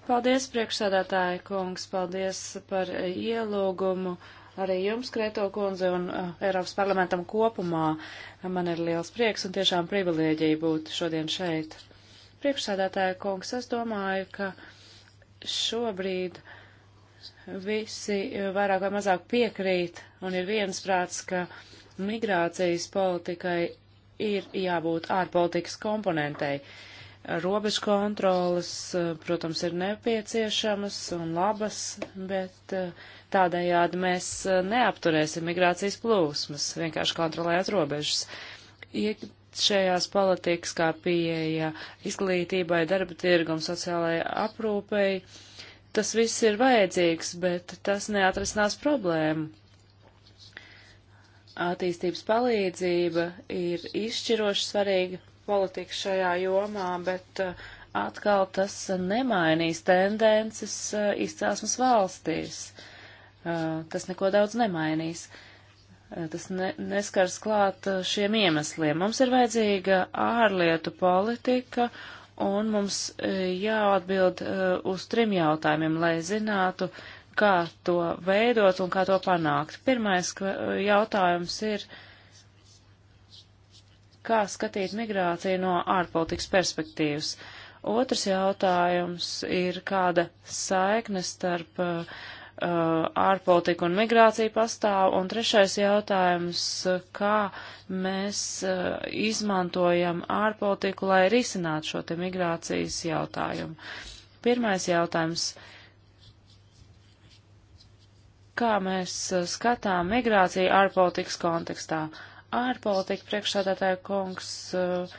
Paldies, priekšsēdētāji kungs, paldies par eh, ielūgumu arī jums, Kreto kundze, un uh, Eiropas parlamentam kopumā. Man ir liels prieks un tiešām privilēģija būt šodien šeit. Priekšsēdētāja kungs, es domāju, ka šobrīd visi vairāk vai mazāk piekrīt un ir viensprāts, ka uh, Migrācijas politikai ir jābūt ārpolitikas komponentei. Robežu kontrolas, eh, protams, ir nepieciešamas un labas, bet eh, tādējādi mēs eh, neapturēsim migrācijas plūsmas, vienkārši kontrolējot robežas. Iekšējās politikas kā pieeja izglītībai, darba tirgum, sociālajai aprūpei, tas viss ir vajadzīgs, bet tas neatrisinās problēmu attīstības palīdzība ir izšķiroši svarīga politika šajā jomā, bet uh, atkal tas nemainīs tendences uh, izcelsmes valstīs. Uh, tas neko daudz nemainīs. Tas ne, neskars klāt šiem iemesliem. Mums ir vajadzīga ārlietu politika, un mums jāatbild uz trim jautājumiem, lai zinātu, uh, kā to veidot un kā to panākt. Pirmais jautājums ir, kā skatīt migrāciju no ārpolitikas perspektīvas. Otrs jautājums ir, kāda saikne starp uh, ārpolitika un migrācija pastāv. Un trešais jautājums, kā mēs uh, izmantojam ārpolitiku, lai risinātu šo te migrācijas jautājumu. Pirmais jautājums. Uh, kā mēs uh, skatām migrāciju ārpolitikas kontekstā. Ārpolitika priekšsādātāja kungs uh,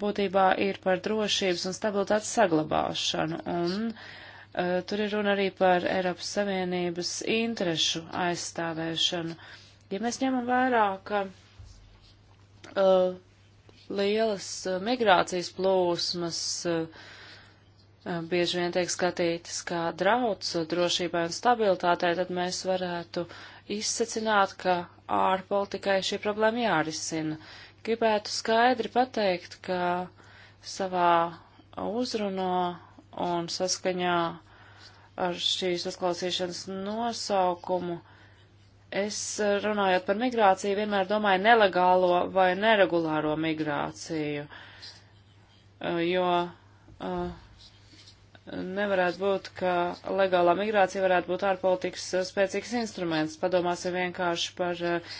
būtībā ir par drošības un stabilitātes saglabāšanu, un uh, tur ir runa arī par Eiropas Savienības interešu aizstāvēšanu. Ja mēs ņemam vērā, ka uh, lielas uh, migrācijas plūsmas uh, Eh, bieži vien tiek skatītas kā drauds drošībai un stabilitātei, tad mēs varētu izsacināt, ka ārpolitikai šī problēma jārisina. Gribētu skaidri pateikt, ka savā uzrunā un saskaņā ar šīs uzklausīšanas nosaukumu es runājot par migrāciju vienmēr domāju nelegālo vai neregulāro migrāciju, eh, jo uh, nevarētu būt, ka legālā migrācija varētu būt ārpolitikas eh, spēcīgs instruments. Padomāsim vienkārši par eh,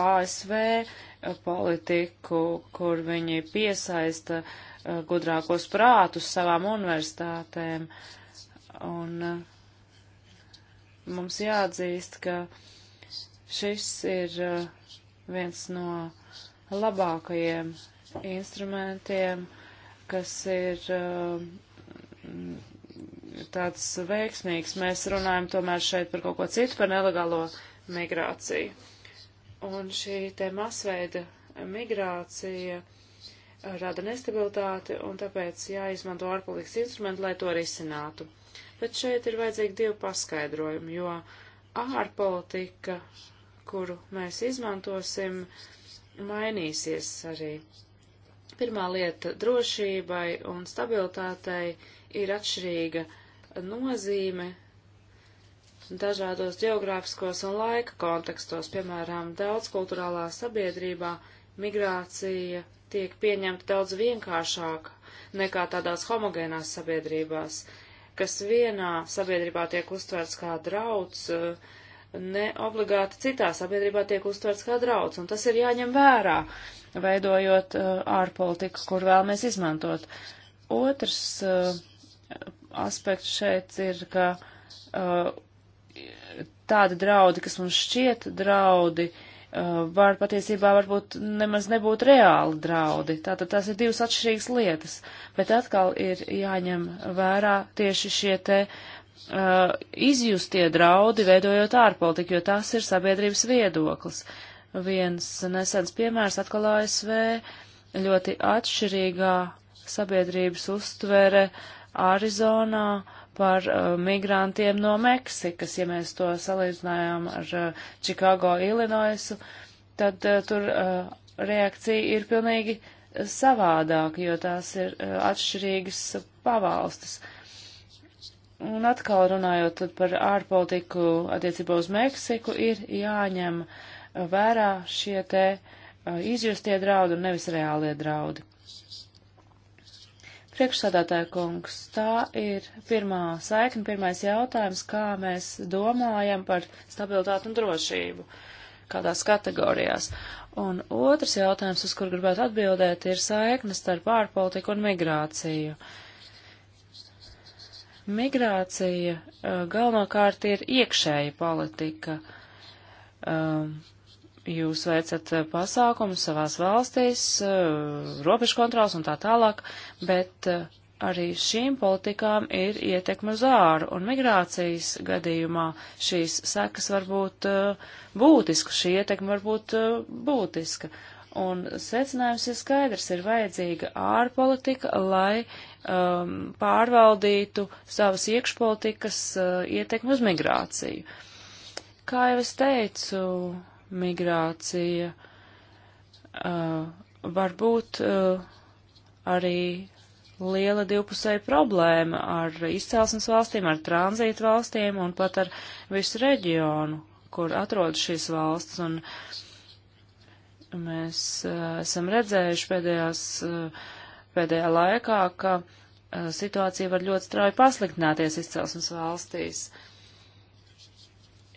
ASV eh, politiku, kur viņi piesaista gudrākos prātus savām universitātēm. Un mums jāatzīst, ka šis ir viens no labākajiem instrumentiem, kas ir uh, tāds veiksmīgs. Mēs runājam tomēr šeit par kaut ko citu, par nelegālo migrāciju. Un šī te masveida migrācija rada nestabilitāti, un tāpēc jāizmanto ārpolitikas instrumenti, lai to risinātu. Bet šeit ir vajadzīgi divi paskaidrojumi, jo ārpolitika, kuru mēs izmantosim, mainīsies arī. Pirmā lieta drošībai un stabilitātei ir atšķirīga nozīme dažādos geogrāfiskos un laika kontekstos, piemēram, daudzkulturālā sabiedrībā migrācija tiek pieņemta daudz vienkāršāk nekā tādās homogēnās sabiedrībās, kas vienā sabiedrībā tiek uztverts kā drauds, ne obligāti citā sabiedrībā tiek uztverts kā drauds, un tas ir jāņem vērā, veidojot ārpolitiku, kur vēlamies izmantot. Otrs aspekts šeit ir, ka uh, tādi draudi, kas mums šķiet draudi, uh, var patiesībā varbūt nemaz nebūt reāli draudi. Tātad tās ir divas atšķirīgas lietas, bet atkal ir jāņem vērā tieši šie te uh, izjustie draudi, veidojot ārpolitiku, jo tas ir sabiedrības viedoklis. Viens nesens piemērs atkal ASV ļoti atšķirīgā sabiedrības uztvere uh, Arizonā par uh, migrantiem no Meksikas, ja mēs to salīdzinājām ar uh, Čikāgo, Ilinoisu, tad uh, tur uh, reakcija ir pilnīgi savādāka, jo tās ir uh, atšķirīgas pavalstis. Un atkal runājot par ārpolitiku attiecībā uz Meksiku, ir jāņem vērā šie te uh, izjustie draudi un nevis reālie draudi. Priekšsādātāja kungs, tā ir pirmā saikna, pirmais jautājums, kā mēs domājam par stabilitāti un drošību, kādās kategorijās. Un otrs jautājums, uz kur gribētu atbildēt, ir saikne starp ārpolitiku un migrāciju. Migrācija uh, galvenokārt ir iekšēja politika. Um, jūs veicat eh, pasākumus savās valstīs, eh, robežu kontrols un tā tālāk, bet eh, arī šīm politikām ir ietekme uz āru, un migrācijas gadījumā šīs sekas var būt uh, būtiskas, šī ietekme var būt uh, būtiska. Un secinājums ir skaidrs, ir vajadzīga ārpolitika, lai um, pārvaldītu savas iekšpolitikas uh, ietekmi uz migrāciju. Kā jau es teicu, migrācija uh, var būt uh, arī liela divpusēja problēma ar izcelsmes valstīm, ar tranzītu valstīm un pat ar visu reģionu, kur atrodas šīs valsts. Un mēs uh, esam redzējuši pēdējās, uh, pēdējā laikā, ka uh, situācija var ļoti strauji pasliktināties izcelsmes valstīs.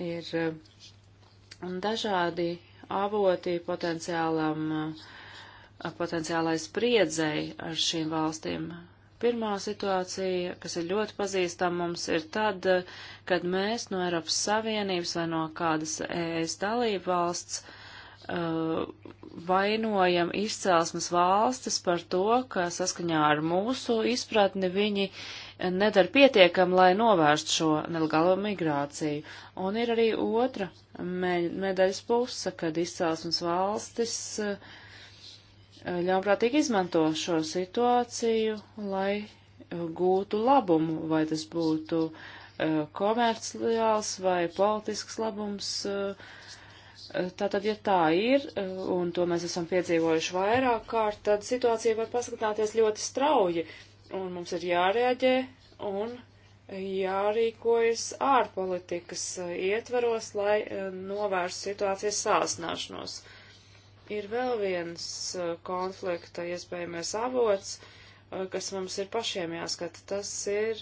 Ir uh, Un dažādi avoti potenciālam, potenciālai spriedzei ar šīm valstīm. Pirmā situācija, kas ir ļoti pazīstama mums, ir tad, kad mēs no Eiropas Savienības vai no kādas ES dalību valsts uh, vainojam izcelsmes valstis par to, ka saskaņā ar mūsu izpratni viņi uh, nedara pietiekam, lai novērst šo nelegālo migrāciju. Un ir arī otra medaļas puse, kad izcelsmes valstis eh, ļaunprātīgi izmanto šo situāciju, lai eh, gūtu labumu, vai tas būtu eh, komerciāls vai politisks labums. Tātad, ja tā ir, un to mēs esam piedzīvojuši vairāk kārt, tad situācija var pasliktāties ļoti strauji. Uh, un mums ir jārēģē un jārīkojas ārpolitikas eh, ietvaros, lai eh, novērstu situācijas sāsnāšanos. Ir vēl viens eh, konflikta iespējamais avots, kas mums ir pašiem jāskata. Tas ir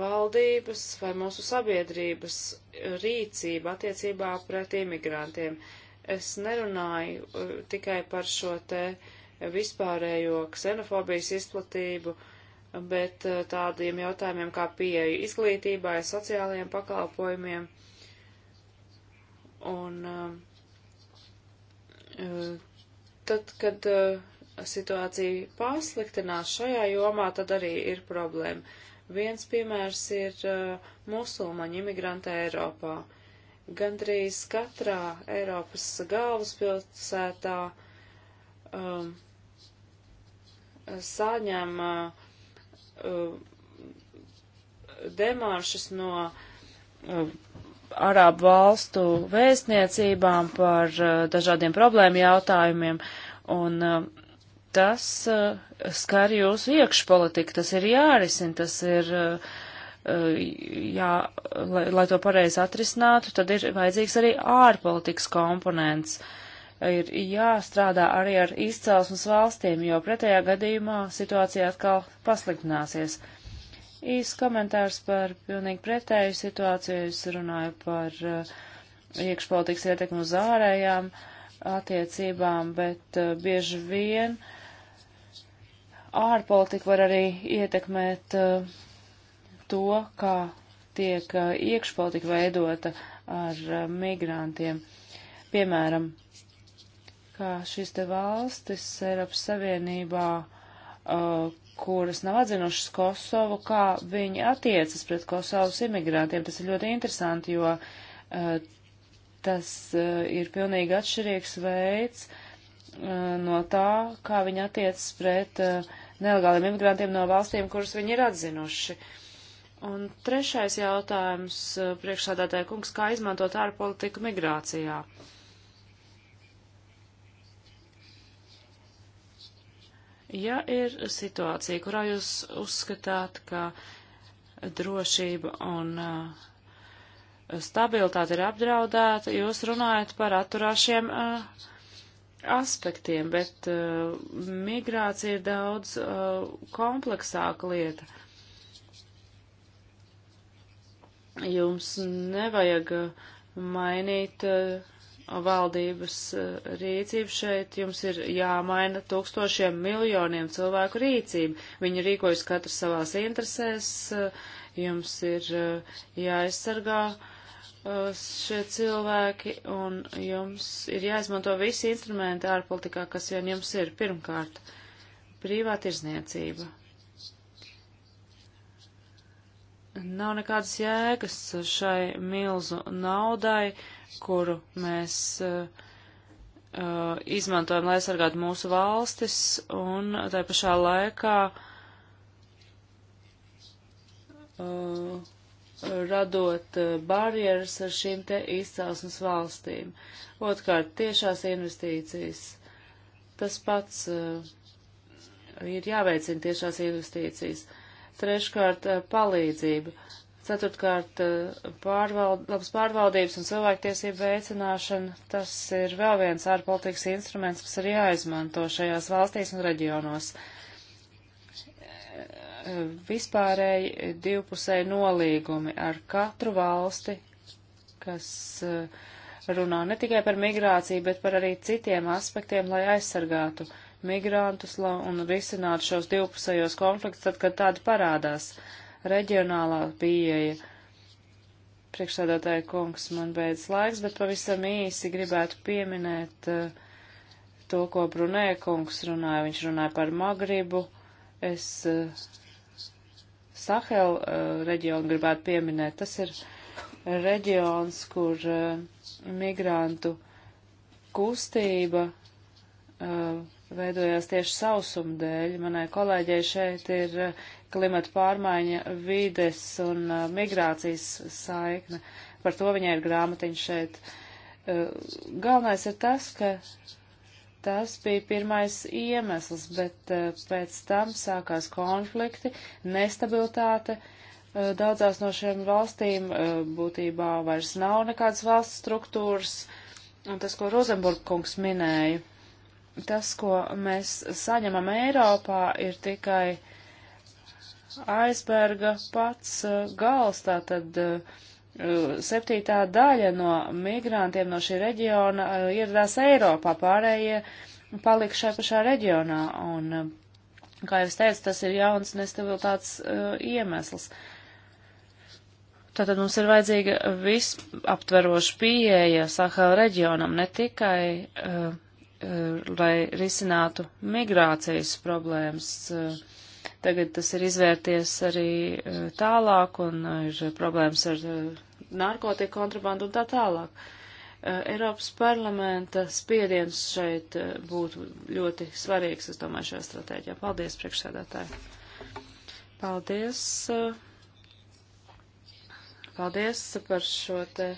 valdības vai mūsu sabiedrības rīcība attiecībā pret imigrantiem. Es nerunāju tikai par šo te uh, vispārējo ksenofobijas izplatību, bet eh, tādiem jautājumiem kā pieeja izglītībai, sociālajiem pakalpojumiem un eh, eh, tad, kad situācija pasliktinās šajā jomā, tad arī ir problēma. Viens piemērs ir musulmaņu imigranti Eiropā. Gandrīz katrā Eiropas galvaspilsētā um, saņem uh, demāršas no uh, Arābu valstu vēstniecībām par uh, dažādiem problēmu jautājumiem, un tas skar jūsu iekšpolitiku, tas ir jārisina, tas ir jā, lai, lai to pareizi atrisinātu, tad ir vajadzīgs arī ārpolitikas komponents. Uh, ir jāstrādā arī ar izcelsmes valstīm, jo pretējā gadījumā situācija atkal pasliktināsies. Īs komentārs par pilnīgi pretēju situāciju. Es runāju par uh, iekšpolitikas ietekmu uz ārējām attiecībām, bet uh, bieži vien ārpolitika var arī ietekmēt uh, to, kā tiek uh, iekšpolitika veidota ar uh, migrantiem. Piemēram, ka šīs te valstis Eiropas Savienībā, uh, kuras nav atzinušas Kosovu, kā viņi attiecas pret Kosovas imigrantiem. Tas ir ļoti interesanti, jo uh, tas uh, ir pilnīgi atšķirīgs veids uh, no tā, kā viņi attiecas pret uh, nelegāliem imigrantiem no valstīm, kuras viņi ir atzinuši. Un trešais jautājums uh, priekšsādātāja kungs, kā izmantot ārpolitiku migrācijā? Uh, Ja ir situācija, kurā jūs uzskatāt, ka drošība un uh, stabilitāte ir apdraudēta, jūs runājat par atturāšiem uh, aspektiem, bet uh, migrācija ir daudz uh, kompleksāka lieta. Jums nevajag uh, mainīt uh, valdības eh, rīcību šeit jums ir jāmaina tūkstošiem miljoniem cilvēku rīcību. Viņi rīkojas katrs savās interesēs, eh, jums ir eh, jāaizsargā šie cilvēki un jums ir jāizmanto visi instrumenti ārpolitikā, kas vien jums ir. Pirmkārt, brīvā tirzniecība. Nav nekādas jēgas šai milzu naudai, uh, kuru mēs uh, uh, izmantojam, lai aizsargātu mūsu valstis, un tā pašā laikā uh, radot uh, barjeras ar šīm te izcelsmes valstīm. Otkārt, tiešās investīcijas. Tas pats uh, ir jāveicina tiešās investīcijas. Treškārt, uh, palīdzība. Ceturtkārt, eh, pārvald, labas pārvaldības un cilvēktiesību veicināšana, tas ir vēl viens ārpolitikas instruments, kas ir jāizmanto šajās valstīs un reģionos. Eh, vispārēji divpusēji nolīgumi ar katru valsti, kas eh, runā ne tikai par migrāciju, bet par arī citiem aspektiem, lai aizsargātu migrantus un risinātu šos divpusējos konfliktus, tad, kad tādi parādās. Uh, reģionālā pieeja. Priekšsādātāja kungs, man beidz laiks, bet pavisam īsi gribētu pieminēt uh, to, ko Brunē kungs runāja. Viņš runāja par Magribu. Es uh, Sahel uh, reģionu gribētu pieminēt. Tas ir reģions, kur migrantu kustība veidojās tieši sausuma dēļ. Manai kolēģei šeit ir klimata pārmaiņa, vides un uh, migrācijas saikne. Par to viņai ir grāmatiņa šeit. Uh, galvenais ir tas, ka tas bija pirmais iemesls, bet uh, pēc tam sākās konflikti, nestabilitāte. Uh, daudzās no šiem valstīm uh, būtībā vairs nav nekādas valsts struktūras, un tas, ko Rozenburg kungs minēja, tas, ko mēs saņemam Eiropā, ir tikai uh, aizberga pats uh, gals, tātad uh, uh, septītā daļa no migrantiem no šī reģiona ieradās Eiropā, pārējie palika šajā pašā reģionā. Un, kā jau es teicu, tas ir jauns nestabilitātes uh, iemesls. Tātad mums ir vajadzīga visaptveroša pieeja Sahel reģionam, ne tikai, uh, uh, lai risinātu migrācijas problēmas. Uh, Tagad tas ir izvērties arī e, tālāk un e, ir problēmas ar e, narkotiku kontrabandu un tā tālāk. Eiropas parlamenta spiediens šeit būtu ļoti svarīgs, es domāju, šajā stratēģijā. Paldies, priekšsēdētāji. Paldies. Paldies par šo te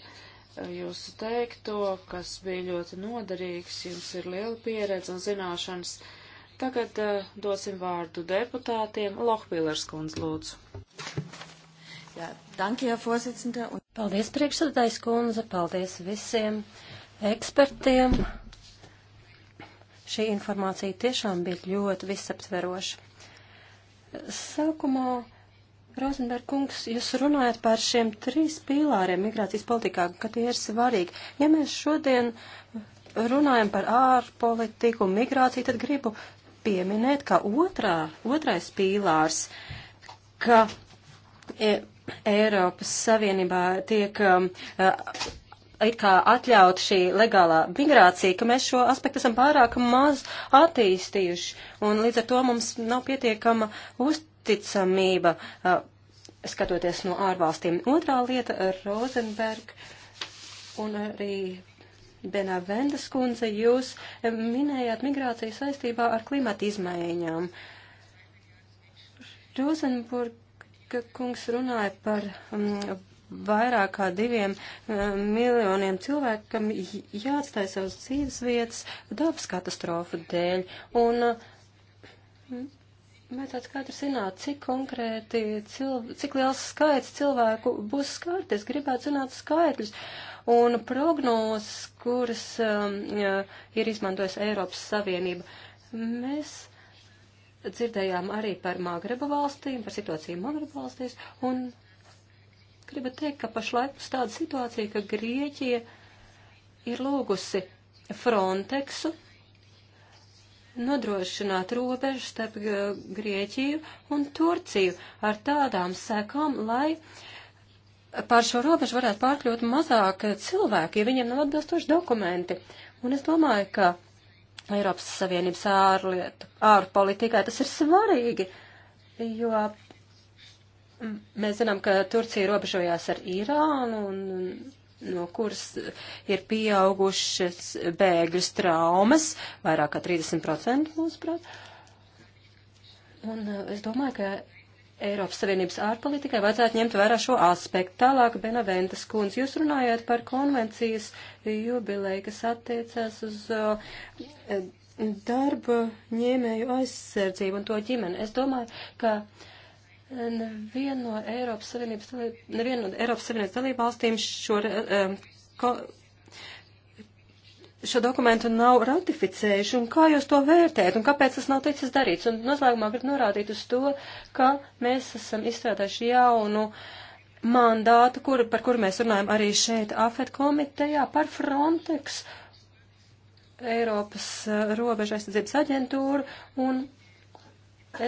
jūsu teikto, kas bija ļoti noderīgs. Jums ir liela pieredze un zināšanas Tagad uh, dosim vārdu deputātiem. Lohpīlers kundz, lūdzu. Jā, danki, jā, fosicintā. Un... Paldies, priekšsēdājs kundze, paldies visiem ekspertiem. Šī informācija tiešām bija ļoti visaptveroša. Sākumā, Rozenberg kungs, jūs runājat par šiem trīs pīlāriem migrācijas politikā, ka tie ir svarīgi. Ja mēs šodien runājam par ārpolitiku un migrāciju, tad gribu pieminēt, ka otrā, otrais pīlārs, ka e, Eiropas Savienībā tiek um, e, it kā atļaut šī legālā migrācija, ka mēs šo aspektu esam pārāk maz attīstījuši, un līdz ar to mums nav pietiekama uzticamība, uh, skatoties no ārvalstīm. Otrā lieta - Rosenberg un arī Benavendas kundze, jūs minējāt migrāciju saistībā ar klimata izmaiņām. Rozenburga kungs runāja par um, vairāk kā diviem um, miljoniem cilvēkam jāatstāj savas dzīves vietas dabas katastrofu dēļ. Un um, vajadzētu skaidri zināt, cik konkrēti, cilv, cik liels skaits cilvēku būs skārties. Gribētu zināt skaitļus. Uh, un prognozes, kuras um, ir izmantojis Eiropas Savienība. Mēs dzirdējām arī par Magreba valstīm, par situāciju Magreba valstīs, un gribu teikt, ka pašlaik mums tāda situācija, ka Grieķija ir lūgusi Frontexu nodrošināt robežu starp Grieķiju un Turciju ar tādām sekām, lai uh, pār šo robežu varētu pārkļūt mazāk cilvēki, ja viņiem nav atbilstoši dokumenti. Un es domāju, ka Eiropas Savienības ārlietu, ārpolitikai tas ir svarīgi, jo mēs zinām, ka Turcija robežojās ar Irānu un no kuras ir pieaugušas bēgļu traumas, vairāk kā 30% mūsuprāt. Un eh, es domāju, ka Eiropas Savienības ārpolitikai vajadzētu ņemt vērā šo aspektu. Tālāk, Benaventas kundze, jūs runājāt par konvencijas jubileju, kas attiecās uz uh, darba ņēmēju aizsardzību un to ģimeni. Es domāju, ka neviena no Eiropas Savienības, neviena no Eiropas Savienības dalībvalstīm šo um, ko, šo dokumentu nav ratificējuši, un kā jūs to vērtējat, un kāpēc tas nav ticis darīts? Un noslēgumā gribu norādīt uz to, ka mēs esam izstrādājuši jaunu mandātu, kur, par kuru mēs runājam arī šeit AFET komitejā par Frontex, Eiropas uh, robežu aizsardzības aģentūru, un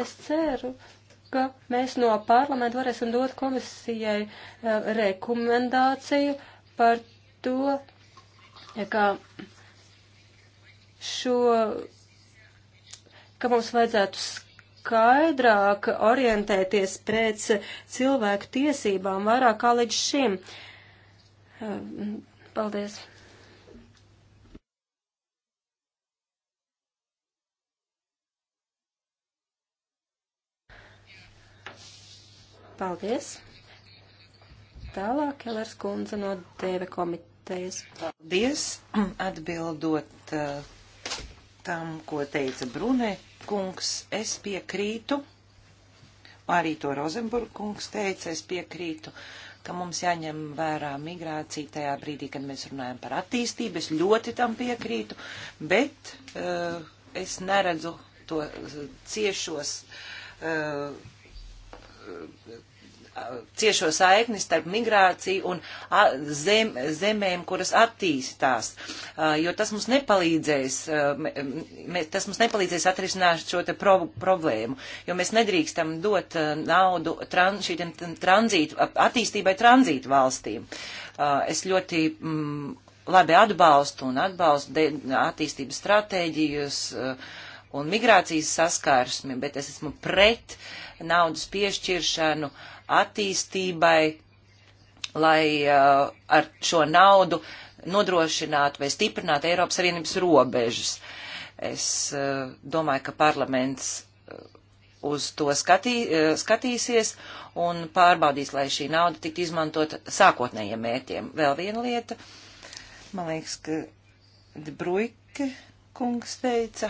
es ceru, ka mēs no parlamenta varēsim dot komisijai uh, rekomendāciju par to, ja kā šo, ka mums vajadzētu skaidrāk orientēties pēc cilvēku tiesībām vairāk kā līdz šim. Eh, paldies! Paldies! Tālāk Elers kundze no Dēve komitejas. Paldies! Atbildot uh, tam, ko teica Brunē kungs, es piekrītu, arī to Rozenburg kungs teica, es piekrītu, ka mums jāņem vērā migrācija tajā brīdī, kad mēs runājam par attīstību, es ļoti tam piekrītu, bet uh, es neredzu to eh, ciešos. Uh, ciešo saikni starp migrāciju un zem, zemēm, kuras attīstās, jo tas mums nepalīdzēs, tas mums nepalīdzēs atrisināt šo te pro, problēmu, jo mēs nedrīkstam dot naudu tran, šīm tranzītu, attīstībai tranzītu valstīm. Es ļoti mm, labi atbalstu un atbalstu attīstības stratēģijas, uh, un migrācijas saskārsmi, bet es esmu pret naudas piešķiršanu attīstībai, lai uh, ar šo naudu nodrošinātu vai stiprinātu Eiropas Savienības robežas. Es uh, domāju, ka parlaments uh, uz to skatī, uh, skatīsies un pārbaudīs, lai šī nauda tiktu izmantot sākotnējiem mērķiem. Vēl viena lieta, man liekas, ka Bruike kungs teica,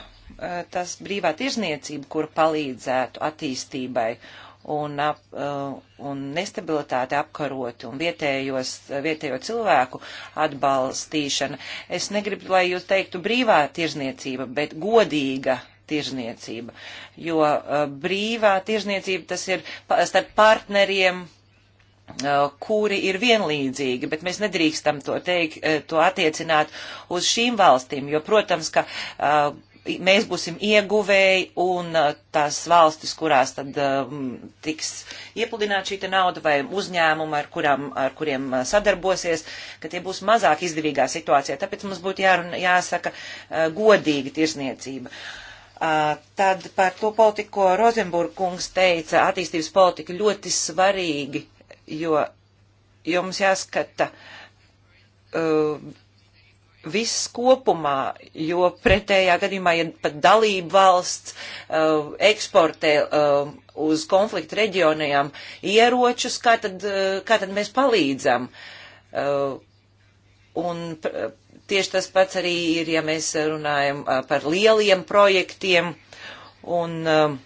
tas brīvā tirzniecība, kur palīdzētu attīstībai un, ap, un nestabilitāti apkarot un vietējos, vietējo cilvēku atbalstīšana. Es negribu, lai jūs teiktu brīvā tirzniecība, bet godīga tirzniecība, jo brīvā tirzniecība tas ir starp partneriem Uh, kuri ir vienlīdzīgi, bet mēs nedrīkstam to teikt, uh, to attiecināt uz šīm valstīm, jo, protams, ka uh, mēs būsim ieguvēji un tās valstis, kurās tad tiks iepludināta šī nauda vai uzņēmuma, ar, kurām, ar kuriem sadarbosies, ka tie būs mazāk izdevīgā situācijā. Tāpēc mums būtu jārun, jāsaka godīga tirsniecība. Tad par to politiku, ko Rozenburg kungs teica, attīstības politika ļoti svarīgi jo jums jāskata uh, viss kopumā, jo pretējā gadījumā, ja pat dalība valsts uh, eksportē uh, uz konflikta reģionajām ieročus, kā tad, uh, kā tad mēs palīdzam? Uh, un pr tieši tas pats arī ir, ja mēs runājam uh, par lieliem projektiem un uh,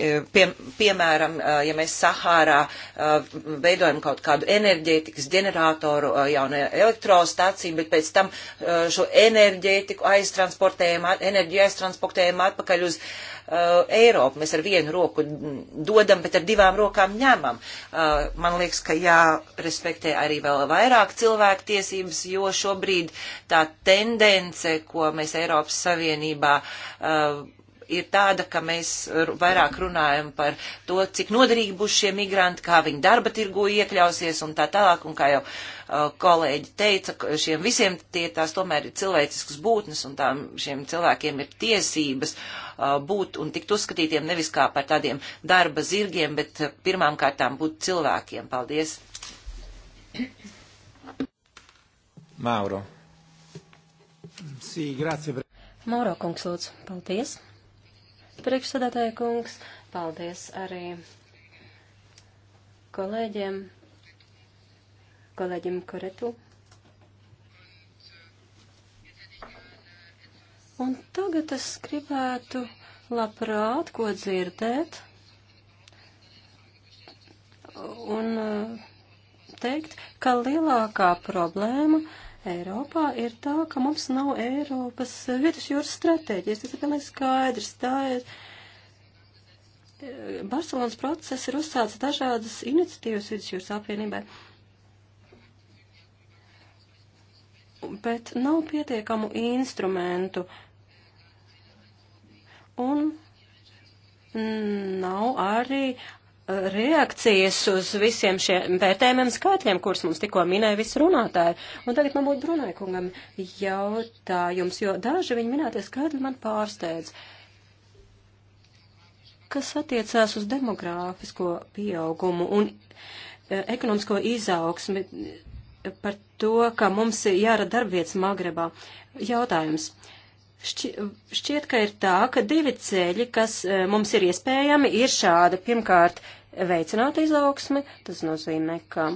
E, pie, piemēram, e, ja mēs Sahārā e, veidojam kaut kādu enerģētikas ģeneratoru jaunu elektrostaciju, bet pēc tam šo enerģētiku aiztransportējam, enerģiju aiztransportējam atpakaļ uz Eiropu. Mēs ar vienu roku dodam, bet ar divām rokām ņemam. Man liekas, ka jārespektē arī vēl vairāk cilvēku tiesības, jo šobrīd tā tendence, ko mēs Eiropas Savienībā uh, ir tāda, ka mēs vairāk runājam par to, cik noderīgi būs šie migranti, kā viņi darba tirgu iekļausies un tā tālāk. Un kā jau uh, kolēģi teica, šiem visiem tie tās tomēr ir cilvēciskas būtnes un tām šiem cilvēkiem ir tiesības uh, būt un tikt uzskatītiem nevis kā par tādiem darba zirgiem, bet uh, pirmām kārtām būt cilvēkiem. Paldies! Mauro. Sī, grazie. Mauro kungs, lūdzu. Paldies priekšsēdētāja kungs. Paldies arī kolēģiem, kolēģim Koretu. Un tagad es gribētu labprāt ko dzirdēt un uh, teikt, ka lielākā problēma Eiropā ir tā, ka mums nav Eiropas vidusjūras stratēģijas. Tas ir pilnīgi skaidrs. Tā ir. E, Barcelonas process ir uzsācis dažādas iniciatīvas vidusjūras apvienībai, bet nav pietiekamu instrumentu un nav arī reakcijas uz visiem šiem vērtējumiem skaitļiem, kurus mums tikko minēja visi runātāji. Un tagad man būtu Brunai kungam jautājums, jo daži viņa minētie skaitļi man pārsteidz. Kas attiecās uz demogrāfisko pieaugumu un e, ekonomisko izaugsmi e, par to, ka mums ir jārada darbvietas Magrebā? Jautājums. Šķi, šķiet, ka ir tā, ka divi ceļi, kas e, mums ir iespējami, ir šādi. Pirmkārt, uh, veicināt izaugsmi, tas nozīmē, ka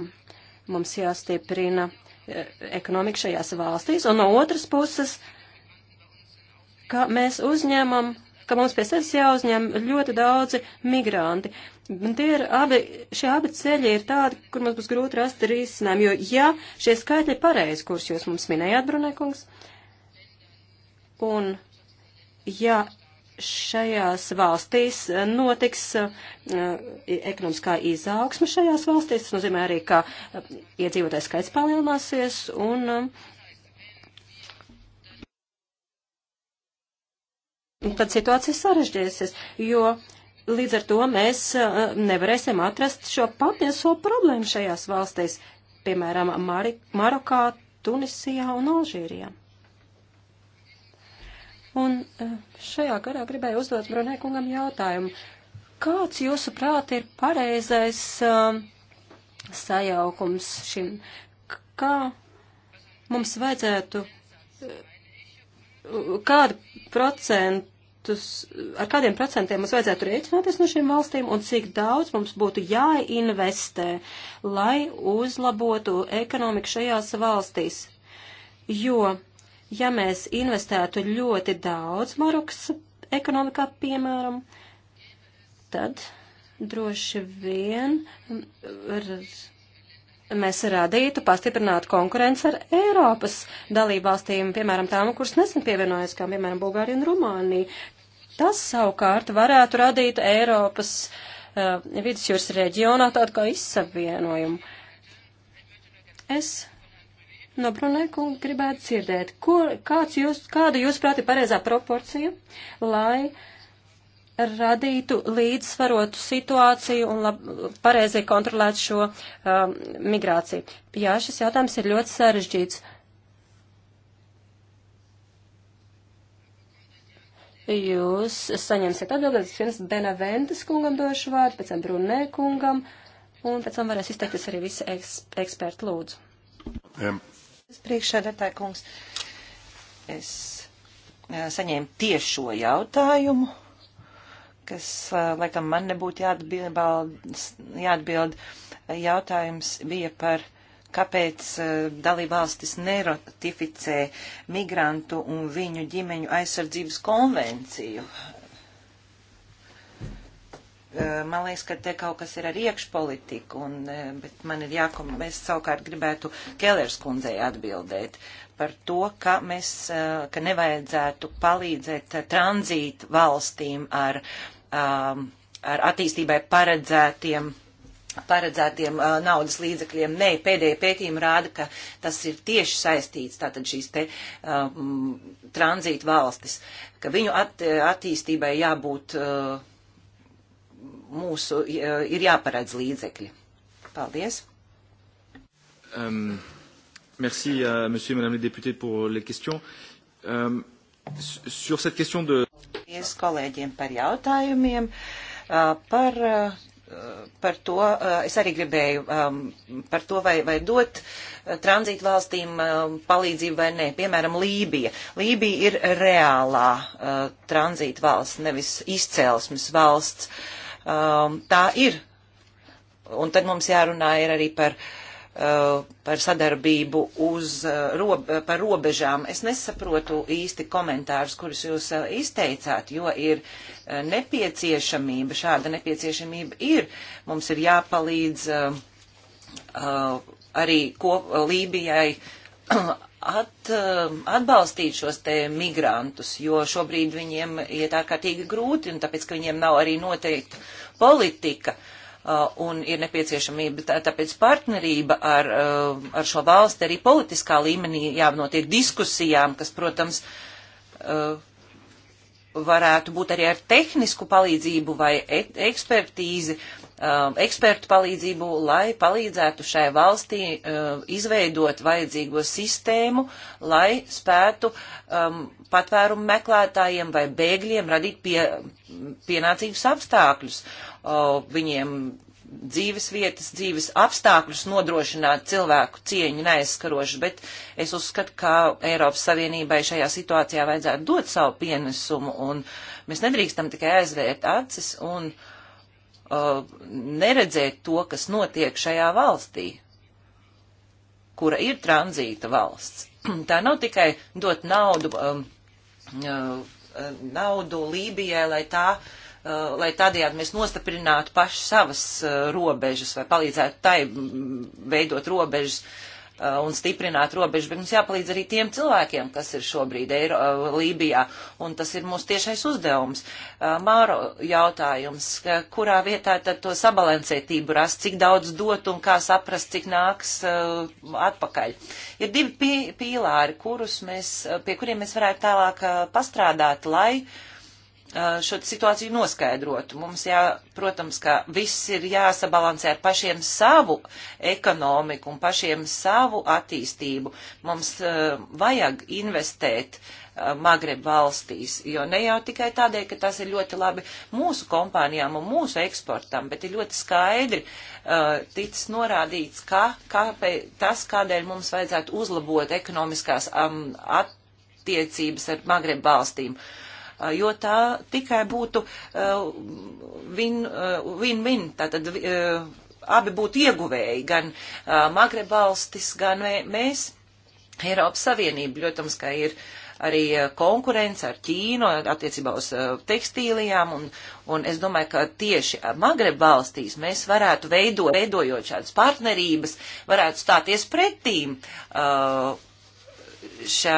mums jāstieprina e, ekonomika šajās valstīs, un no otras puses, ka mēs uzņemam, ka mums pie sevis jāuzņem ļoti daudzi migranti. Tie ir abi, šie abi ceļi ir tādi, kur mums būs grūti rast risinājumu, jo ja šie skaitļi pareizi, kurus jūs mums minējāt, Brunēkungs, un ja šajās valstīs notiks uh, ekonomiskā izaugsme šajās valstīs. Tas nozīmē arī, ka uh, iedzīvotājs skaits palielināsies um, un. Tad situācija sarežģīsies, jo līdz ar to mēs uh, nevarēsim atrast šo patieso problēmu šajās valstīs, piemēram, Marokā, Tunisijā un Alžīrijā. Un e, šajā garā gribēju uzdot Brunēkungam jautājumu. Kāds jūsuprāt ir pareizais uh, sajaukums šim? Kā mums vajadzētu, uh, e, kādu procentus, ar kādiem procentiem mums vajadzētu rēķināties no šīm valstīm un cik daudz mums būtu jāinvestē, lai uzlabotu ekonomiku šajās valstīs? Jo Ja mēs investētu ļoti daudz Marokas ekonomikā, piemēram, tad droši vien mēs radītu pastiprinātu konkurenci ar Eiropas dalībvalstīm, piemēram, tām, kuras nesen pievienojas, kā piemēram Bulgārija un Rumānija. Tas savukārt varētu radīt Eiropas uh, vidusjūras reģionā tādu kā izsavienojumu. Es No Brunēkunga gribētu dzirdēt, ko, kāds jūs, kāda jūs prāt ir pareizā proporcija, lai radītu līdzsvarotu situāciju un lab, pareizi kontrolētu šo um, migrāciju. Jā, šis jautājums ir ļoti sarežģīts. Jūs saņemsiet atbildēt, pirms Benaventes kungam došu vārdu, pēc tam Brunē kungam, un pēc tam varēs izteikties arī visi eks, eksperti lūdzu. Um. Priekšsēdētāja kungs, es eh, saņēmu tiešo jautājumu, kas, eh, laikam, man nebūtu jāatbild, jāatbild. Jautājums bija par, kāpēc eh, dalībvalstis nerotificē migrantu un viņu ģimeņu aizsardzības konvenciju. Eh, man liekas, ka te kaut kas ir ar iekšpolitiku, un, eh, bet man ir jākom, mēs savukārt gribētu Kellers kundzei atbildēt par to, ka mēs, eh, ka nevajadzētu palīdzēt tranzīt valstīm ar, ehm, ar attīstībai paredzētiem paredzētiem uh, naudas līdzekļiem. Nē, pēdējie pētījumi rāda, ka tas ir tieši saistīts, tātad šīs te um, ehm, tranzīta valstis, ka viņu at, attīstībai jābūt uh, mūsu ir jāparedz līdzekļi. Paldies! Um, merci à uh, monsieur et madame les députés pour les questions. Um, sur cette question de... Paldies kolēģiem par jautājumiem. Uh, par uh, par to, uh, es arī gribēju um, par to, vai, vai dot uh, tranzītu valstīm palīdzību vai nē. Piemēram, Lībija. Lībija ir reālā tranzītu valsts, nevis izcelsmes valsts. Uh, Um, tā ir. Un tad mums jārunā ir arī par, uh, par sadarbību uz, uh, rob, par robežām. Es nesaprotu īsti komentārus, kurus jūs uh, izteicāt, jo ir uh, nepieciešamība, šāda nepieciešamība ir. Mums ir jāpalīdz uh, uh, arī ko, Lībijai at, um, atbalstīt šos te migrantus, jo šobrīd viņiem iet ārkārtīgi grūti un tāpēc, ka viņiem nav arī noteikta politika uh, un ir nepieciešamība tāpēc partnerība ar, uh, ar šo valsti arī politiskā līmenī jānotiek diskusijām, kas, protams, uh, varētu būt arī ar tehnisku palīdzību vai e, ekspertīzi, um, ekspertu palīdzību, lai palīdzētu šai valstī um, izveidot vajadzīgo sistēmu, lai spētu um, patvērumu meklētājiem vai bēgļiem radīt pie, pienācīgus apstākļus um, viņiem dzīves vietas, dzīves apstākļus nodrošināt cilvēku cieņu neaizskaroši, bet es uzskatu, ka Eiropas Savienībai šajā situācijā vajadzētu dot savu pienesumu, un mēs nedrīkstam tikai aizvērt acis un uh, uh, neredzēt to, kas notiek šajā valstī, kura ir tranzīta valsts. Tā nav tikai dot naudu, um, uh, naudu Lībijai, lai tā, uh, lai tādējādi mēs nostiprinātu paši savas uh, robežas vai palīdzētu tai mm, veidot robežas. Uh, Uh, un stiprināt robežu, bet mums jāpalīdz arī tiem cilvēkiem, kas ir šobrīd Eiro, uh, Lībijā, un tas ir mūsu tiešais uzdevums. Uh, Māro jautājums, kurā vietā tad to sabalansētību rast, cik daudz dot un kā saprast, cik nāks atpakaļ. Ir divi pīlāri, kurus mēs, pie kuriem mēs varētu tālāk pastrādāt, lai uh, šo situāciju noskaidrotu. Mums, jā, protams, ka viss ir jāsabalansē ar pašiem savu ekonomiku un pašiem savu attīstību. Mums uh, vajag investēt uh, Magreb valstīs, jo ne jau tikai tādēļ, ka tas ir ļoti labi mūsu kompānijām un mūsu eksportam, bet ir ļoti skaidri uh, ticis norādīts, ka, ka tas, kādēļ mums vajadzētu uzlabot ekonomiskās um, attiecības ar Magreb valstīm. Uh, Eh, jo tā tikai būtu eh, eh, win-win, tātad abi būtu ieguvēji, gan Magrebalstis, gan mēs, Eiropas Savienība, protams, ka ir arī konkurence ar Ķīnu attiecībā uz tekstīlijām, un, un es domāju, ka tieši Magreb valstīs mēs varētu veidot, veidojot šādas partnerības, varētu stāties pretīm. Uh, šā,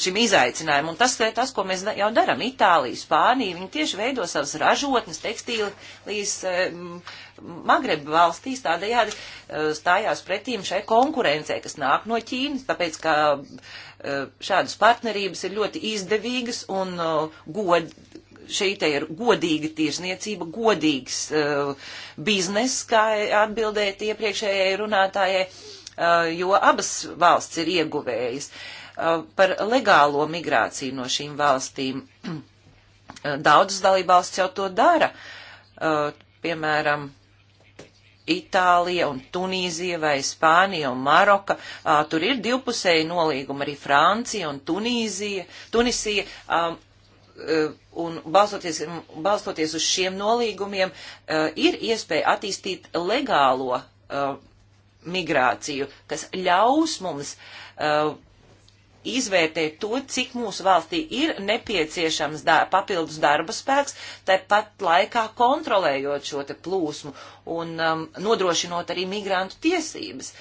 šim izaicinājumam. Un tas, tas, ko mēs jau darām, Itālija, Spānija, viņi tieši veido savas ražotnes, tekstīlijas Magreba valstīs tādējādi e, stājās pretīm šai konkurencei, kas nāk no Ķīnas, tāpēc, ka e, šādas partnerības ir ļoti izdevīgas un e, god, šī te ir godīga tirzniecība, godīgs biznes, kā atbildēt iepriekšējai runātājai jo abas valsts ir ieguvējas. Uh, par legālo migrāciju no šīm valstīm. Daudzas dalībvalsts jau to dara. Piemēram, Itālija un Tunīzija vai Spānija un Maroka. Tur ir divpusēji nolīgumi arī Francija un Tunīzija, Tunisija. Un balstoties, balstoties uz šiem nolīgumiem, ir iespēja attīstīt legālo migrāciju, kas ļaus mums uh, izvērtēt to, cik mūsu valstī ir nepieciešams da papildus darba spēks, tāpat laikā kontrolējot šo te plūsmu un um, nodrošinot arī migrantu tiesības.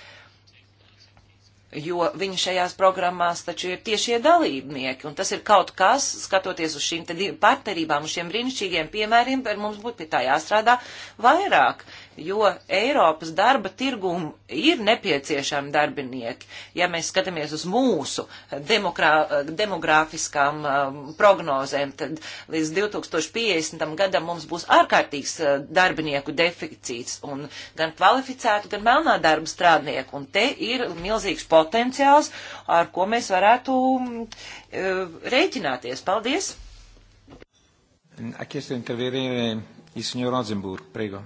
Jo viņi šajās programmās taču ir tiešie dalībnieki, un tas ir kaut kas, skatoties uz šīm partnerībām, uz šiem brīnišķīgiem piemēriem, par mums būtu pie tā jāstrādā vairāk jo Eiropas darba tirgumu ir nepieciešami darbinieki. Ja mēs skatāmies uz mūsu demokrā, demografiskām um, prognozēm, tad līdz 2050. gadam mums būs ārkārtīgs uh, darbinieku deficīts un gan kvalificētu, gan melnā darba strādnieku. Un te ir milzīgs potenciāls, ar ko mēs varētu um, uh, rēķināties. Paldies! Ha chiesto di intervenire il signor Rosenburg, prego.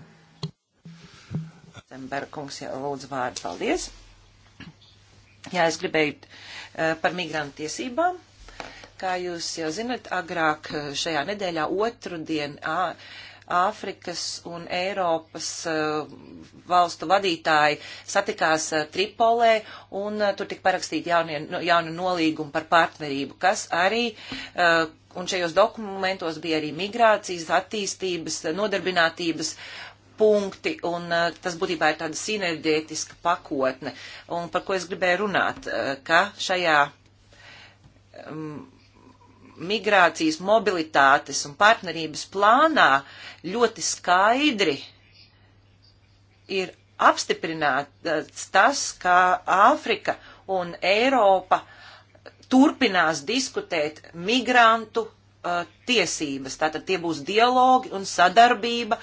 Zemberkungs jau lūdzu vārdu. Paldies! Jā, es gribēju eh, par migrantu tiesībām. Kā jūs jau zinat, agrāk eh, šajā nedēļā otru dienu Āfrikas un Eiropas eh, valstu vadītāji satikās Tripolē un tur tika parakstīti jaunie, jauni nolīgumi par partnerību, kas arī, un šajos dokumentos bija arī migrācijas, attīstības, nodarbinātības uh, punkti, un uh, tas būtībā ir tāda sinerģētiska pakotne, un par ko es gribēju runāt, uh, ka šajā um, migrācijas, mobilitātes un partnerības plānā ļoti skaidri ir apstiprināts tas, ka Āfrika un Eiropa turpinās diskutēt migrantu uh, tiesības. Tātad tie būs dialogi un sadarbība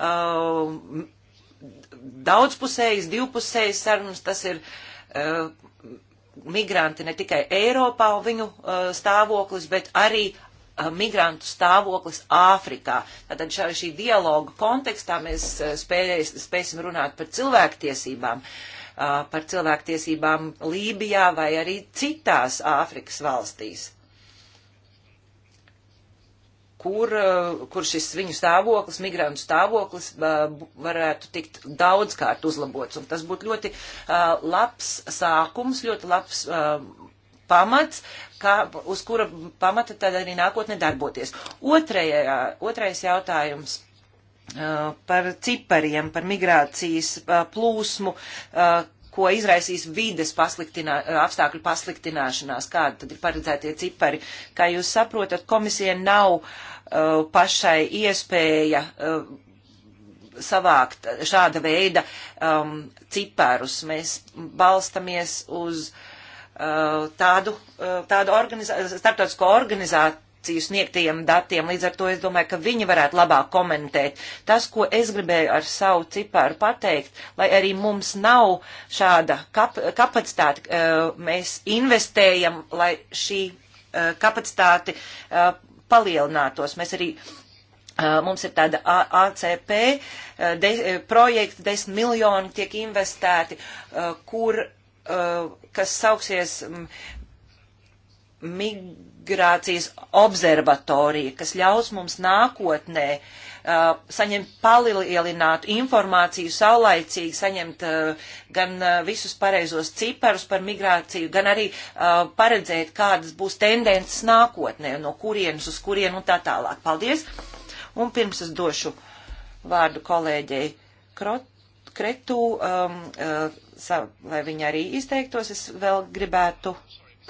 uh, daudzpusējas, divpusējas sarunas, tas ir uh, migranti ne tikai Eiropā un viņu uh, stāvoklis, bet arī uh, migrantu stāvoklis Āfrikā. Tātad šā, šī dialoga kontekstā mēs uh, spējies, spēsim runāt par cilvēktiesībām, uh, par cilvēktiesībām Lībijā vai arī citās Āfrikas valstīs kur, eh, kur šis viņu stāvoklis, migrantu stāvoklis eh, varētu tikt daudzkārt uzlabots. Un tas būtu ļoti eh, labs sākums, ļoti labs pamats, kā, uz kura pamata tad arī nākotnē darboties. Otrajā, otrais jautājums par cipariem, par migrācijas plūsmu, ko izraisīs vides pasliktinā, apstākļu pasliktināšanās, kādi tad ir paredzētie cipari. Kā jūs saprotat, komisija nav uh, pašai iespēja uh, savākt šāda veida um, ciparus. Mēs balstamies uz uh, tādu, uh, tādu organizā starptautisko organizāciju policiju sniegtajiem datiem. Līdz ar to es domāju, ka viņi varētu labāk komentēt. Tas, ko es gribēju ar savu ciparu pateikt, lai arī mums nav šāda kap kapacitāte, eh, mēs investējam, lai šī eh, kapacitāte eh, palielinātos. Mēs arī Mums ir tāda ACP de, projekta, 10 miljoni tiek investēti, kur, kas sauksies mm, mig, migrācijas observatorija, kas ļaus mums nākotnē uh, saņemt palielinātu informāciju, saulaicīgi saņemt uh, gan uh, visus pareizos ciparus par migrāciju, gan arī uh, paredzēt, kādas būs tendences nākotnē, no kurienes uz kurienu un tā tālāk. Paldies! Un pirms es došu vārdu kolēģei Krot, Kretu, um, uh, sa, lai viņa arī izteiktos, es vēl gribētu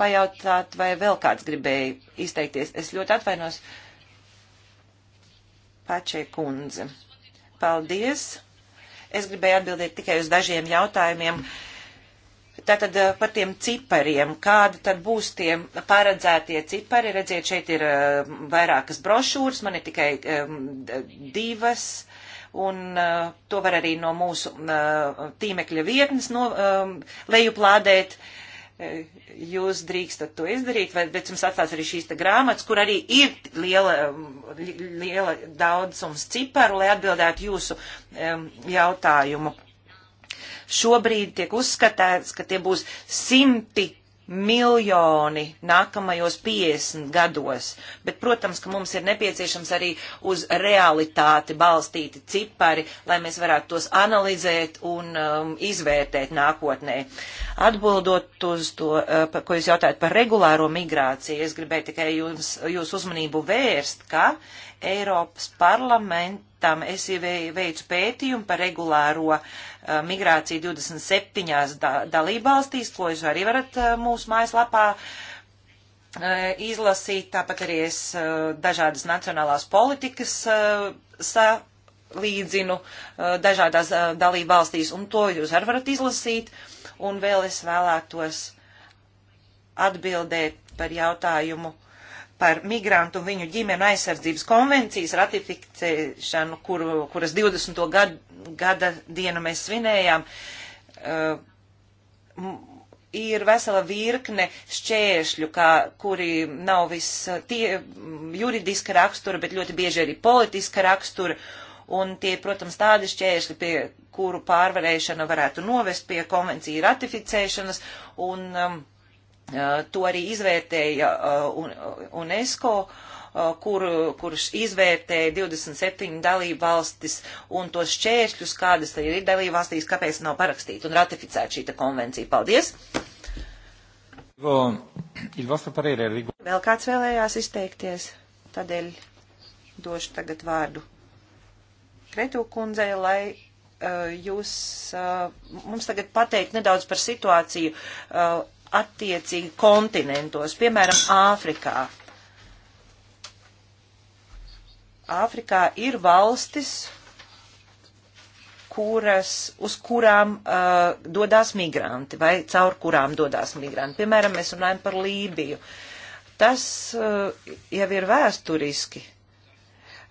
pajautāt, vai vēl kāds gribēja izteikties. Es ļoti atvainos pačai kundze. Paldies! Es gribēju atbildēt tikai uz dažiem jautājumiem. Tātad eh, par tiem cipariem, kādi tad būs tie paredzētie cipari? Redziet, šeit ir eh, vairākas brošūras, man ir tikai divas un uh, to var arī no mūsu uh, tīmekļa vietnes no, um, lejuplādēt. E, jūs drīkstat to izdarīt, vai, bet jums atstās arī šīs te grāmatas, kur arī ir liela, liela daudzums ciparu, lai atbildētu jūsu um, jautājumu. Šobrīd tiek uzskatīts, ka tie būs simti miljoni nākamajos 50 gados. Bet, protams, ka mums ir nepieciešams arī uz realitāti balstīti cipari, lai mēs varētu tos analizēt un um, izvērtēt nākotnē. Atbildot uz to, uh, ko jūs jautājat par regulāro migrāciju, es gribēju tikai jums, jūs uzmanību vērst, ka uh, Eiropas parlamentam es veicu pētījumu par regulāro uh, migrāciju 27 da dalībvalstīs, ko jūs arī varat uh, mūsu mājaslapā uh, izlasīt. Tāpat arī es uh, dažādas nacionālās politikas uh, salīdzinu uh, dažādās dalībvalstīs, un to jūs arī varat izlasīt. Un vēl es vēlētos atbildēt par jautājumu uh, par migrantu un viņu ģimenu aizsardzības konvencijas ratificēšanu, kur, kuras 20. Gad, gada dienu mēs svinējām, uh, ir vesela virkne šķēršļu, kā, kuri nav viss tie juridiska rakstura, bet ļoti bieži arī politiska rakstura. Un tie, protams, tādi šķēršļi, pie kuru pārvarēšana varētu novest pie konvenciju ratificēšanas. Un, um, Eh, to arī izvērtēja eh, UNESCO, eh, kur, kurš izvērtēja 27 dalību valstis un tos šķēršļus, kādas ir dalību valstīs, kāpēc nav parakstīta un ratificēta šīta konvencija. Paldies! Vēl kāds vēlējās izteikties, tādēļ došu tagad vārdu Kretu kundzei, lai uh, jūs uh, mums tagad pateikt nedaudz par situāciju uh, attiecīgi kontinentos, piemēram, Āfrikā. Āfrikā ir valstis, kuras, uz kurām uh, dodas migranti vai caur kurām dodas migranti. Piemēram, mēs runājam par Lībiju. Tas uh, jau ir vēsturiski,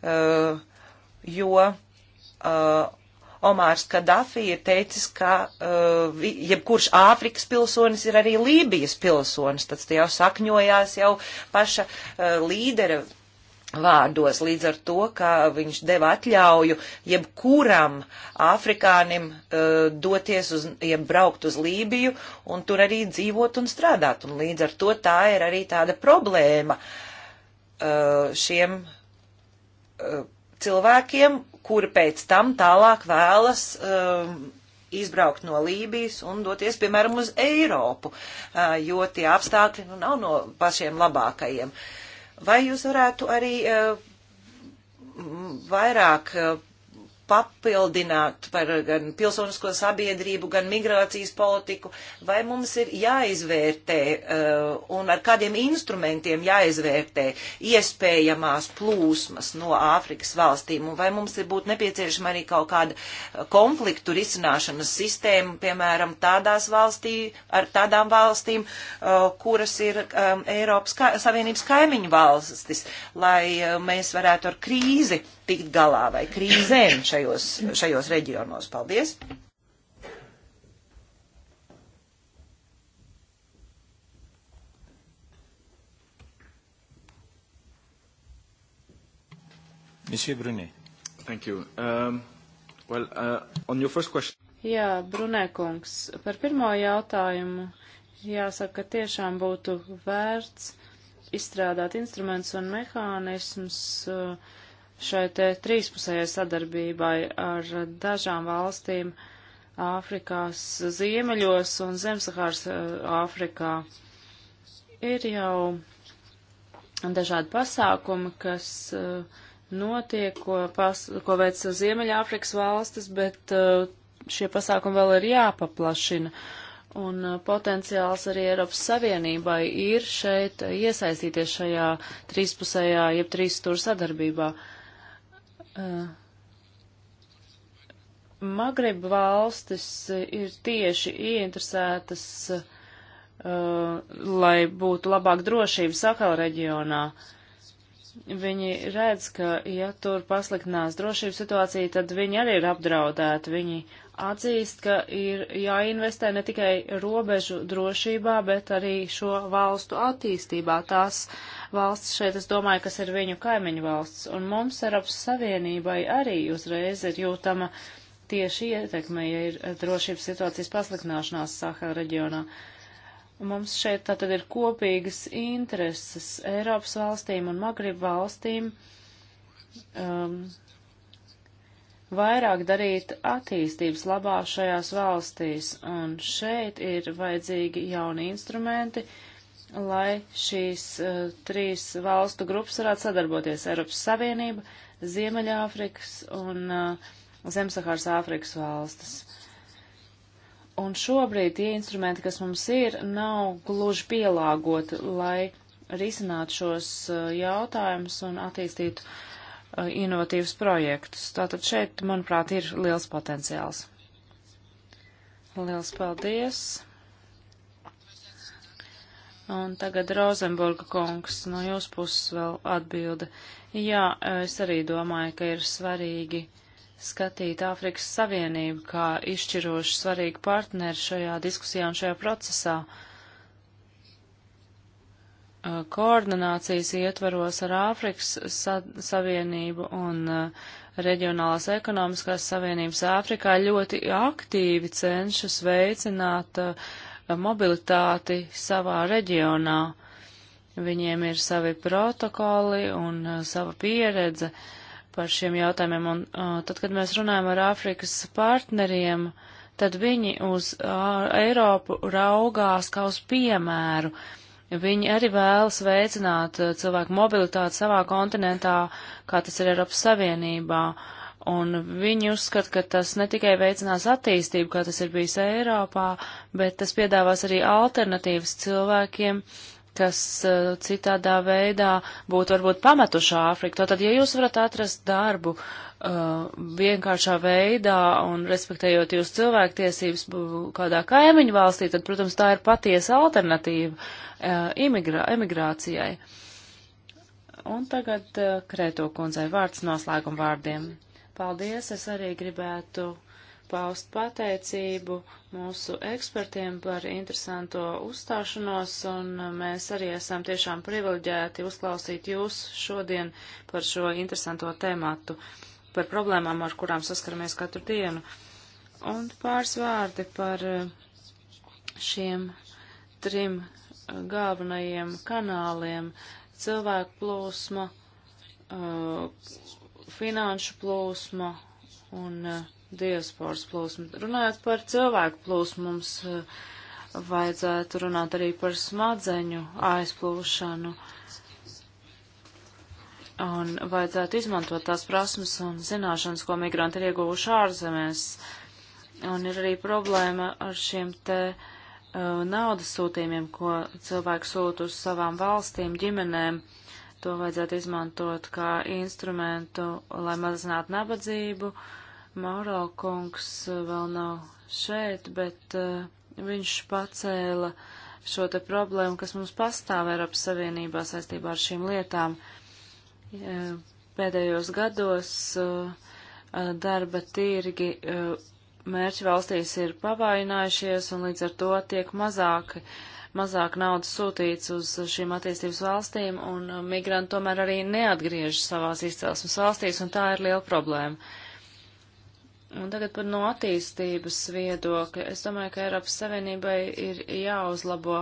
uh, jo uh, Omārs Kadafi ir teicis, ka uh, jebkurš Āfrikas pilsonis ir arī Lībijas pilsonis, tad tie jau sakņojās jau paša uh, līdera vārdos, līdz ar to, ka viņš deva atļauju jebkuram Āfrikānim uh, doties uz, jeb braukt uz Lībiju un tur arī dzīvot un strādāt, un līdz ar to tā ir arī tāda problēma uh, šiem uh, cilvēkiem, kuri pēc tam tālāk vēlas um, izbraukt no Lībijas un doties, piemēram, uz Eiropu, uh, jo tie apstākļi nu, nav no pašiem labākajiem. Vai jūs varētu arī uh, vairāk uh, papildināt par gan pilsonisko sabiedrību, gan migrācijas politiku, vai mums ir jāizvērtē uh, un ar kādiem instrumentiem jāizvērtē iespējamās plūsmas no Āfrikas valstīm, un vai mums ir būtu nepieciešama arī kaut kāda konfliktu risināšanas sistēma, piemēram, tādās valstī, ar tādām valstīm, uh, kuras ir um, Eiropas ka Savienības kaimiņu valstis, lai uh, mēs varētu ar krīzi tikt galā vai krīzēm šajā šajos, šajos reģionos. Paldies! Monsieur Brunet. Thank you. Um, well, uh, on your first question. Jā, Brunē kungs, par pirmo jautājumu jāsaka, ka tiešām būtu vērts izstrādāt instruments un mehānisms, uh, šai te trīspusējai sadarbībai ar dažām valstīm Āfrikās ziemeļos un Zemsahāras eh, Āfrikā. Ir jau dažādi pasākumi, kas eh, notiek, ko, pas, ko veic Ziemeļāfrikas valstis, bet eh, šie pasākumi vēl ir jāpaplašina. Un potenciāls arī Eiropas Savienībai ir šeit iesaistīties šajā trīspusējā, jeb trīs stūra sadarbībā. Uh, uh, Magreb valstis ir tieši ieinteresētas, uh, lai būtu labāk drošība Sahel reģionā. Viņi redz, ka ja tur pasliktinās drošības situācija, tad viņi arī ir apdraudēti. Viņi atzīst, ka ir jāinvestē ne tikai robežu drošībā, bet arī šo valstu attīstībā. Tās valsts šeit, es domāju, kas ir viņu kaimiņu valsts. Un mums Eiropas Savienībai arī uzreiz ir jūtama tieši ietekme, ja ir drošības situācijas pasliktināšanās Sahara reģionā. Mums šeit tātad ir kopīgas intereses Eiropas valstīm un Magrib valstīm. Um, vairāk darīt attīstības labā šajās valstīs, un šeit ir vajadzīgi jauni instrumenti, lai šīs uh, trīs valstu grupas varētu sadarboties - Eiropas Savienība, Ziemeļāfrikas un uh, Zemsahāras Āfrikas valstis. Un šobrīd tie instrumenti, kas mums ir, nav gluži pielāgoti, lai risinātu šos uh, jautājumus un attīstītu uh, Uh, inovatīvus projektus. Tātad šeit, manuprāt, ir liels potenciāls. Liels paldies! Un tagad Rozenburga kungs, no jūsu puses vēl atbilde. Jā, es arī domāju, ka ir svarīgi skatīt Āfrikas Savienību kā izšķiroši svarīgu partneri šajā diskusijā un šajā procesā. Uh, Uh, koordinācijas ietvaros ar Āfrikas sa Savienību un uh, Reģionālās ekonomiskās savienības Āfrikā ļoti aktīvi cenšas veicināt uh, mobilitāti savā reģionā. Viņiem ir savi protokoli un uh, sava pieredze par šiem jautājumiem, un uh, tad, kad mēs runājam ar Āfrikas partneriem, tad viņi uz uh, Eiropu raugās kā uz piemēru, uh, Viņi arī vēlas veicināt uh, cilvēku mobilitāti savā kontinentā, kā tas ir Eiropas Savienībā. Un viņi uzskata, ka tas ne tikai veicinās attīstību, kā tas ir bijis Eiropā, bet tas piedāvās arī alternatīvas cilvēkiem, uh, kas eh, citādā veidā būtu varbūt pametuši Āfriku. Tātad, ja jūs varat atrast darbu uh, vienkāršā veidā un respektējot jūs cilvēktiesības kādā kaimiņu valstī, tad, protams, tā ir patiesa alternatīva uh, eh, imigrā, emigrācijai. Un tagad uh, Krēto kundzei vārds noslēguma vārdiem. Paldies, es arī gribētu paust pateicību mūsu ekspertiem par interesanto uzstāšanos, un mēs arī esam tiešām privileģēti uzklausīt jūs šodien par šo interesanto tēmatu, par problēmām, ar kurām saskaramies katru dienu. Un pāris vārdi par eh, šiem trim eh, galvenajiem kanāliem - cilvēku plūsma, eh, finanšu plūsma un uh, diasporas plūsmu. Runājot par cilvēku plūsmu, mums uh, vajadzētu runāt arī par smadzeņu aizplūšanu. Un vajadzētu izmantot tās prasmes un zināšanas, ko migranti ir ieguvuši ārzemēs. Un ir arī problēma ar šiem te uh, naudas sūtījumiem, ko cilvēki sūta uz savām valstīm, ģimenēm. To vajadzētu izmantot kā instrumentu, lai mazinātu nabadzību. Uh, Mauro kungs eh, vēl nav šeit, bet uh, viņš pacēla šo te problēmu, kas mums pastāv Eiropas Savienībā saistībā ar šīm lietām. Pēdējos gados eh, darba tirgi mērķi valstīs ir pavainājušies un līdz ar to tiek mazāk, mazāk naudas sūtīts uz šīm attīstības valstīm un migranti tomēr arī neatgriež savās izcelsmes valstīs un tā ir liela problēma. Un tagad par no attīstības viedokļa. Es domāju, ka Eiropas Savienībai ir jāuzlabo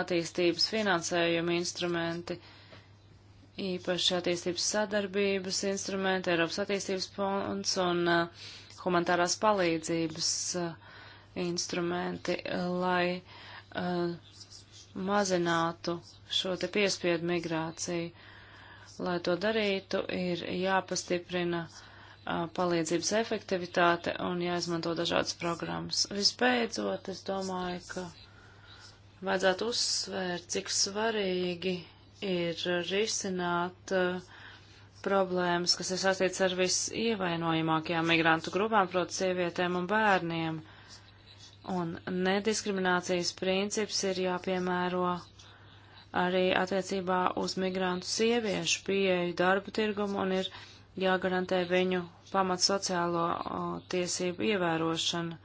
attīstības finansējuma instrumenti, īpaši attīstības sadarbības instrumenti, Eiropas attīstības fonds un uh, humanitārās palīdzības uh, instrumenti, uh, lai uh, mazinātu šo te piespiedu migrāciju. Lai to darītu, ir jāpastiprina uh, palīdzības efektivitāte un jāizmanto dažādas programmas. Visbeidzot, es domāju, ka vajadzētu uzsvērt, cik svarīgi ir risināt uh, problēmas, kas ir saistīts ar visievainojamākajām migrantu grupām, proti sievietēm un bērniem. Un nediskriminācijas princips ir jāpiemēro arī attiecībā uz migrantu sieviešu pieeju darba tirgumu un ir jāpiemēro jāgarantē viņu pamat sociālo tiesību ievērošana.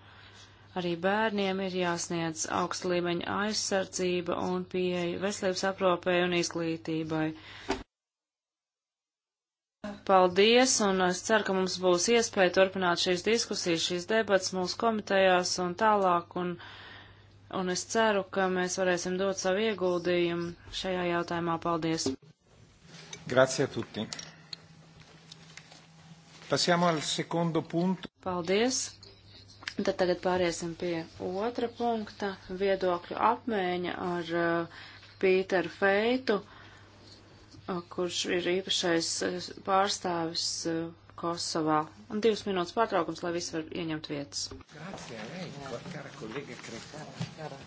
Arī bērniem ir jāsniedz augsta līmeņa aizsardzība un pieeja veselības aprūpē un izglītībai. Paldies, un es ceru, ka mums būs iespēja turpināt šīs diskusijas, šīs debats mūsu komitejās un tālāk, un, un es ceru, ka mēs varēsim dot savu ieguldījumu šajā jautājumā. Paldies! Grazie a tutti! Pasiamo al secondo punto. Paldies. Tad tagad pāriesim pie otra punkta - viedokļu apmaiņa ar uh, Pīteru Feitu, uh, kurš ir īpašais uh, pārstāvis uh, Kosovā. Un divas minūtes pārtraukums, lai visi var ieņemt vietas. Grazie, lei, cara collega Cretana. Cara.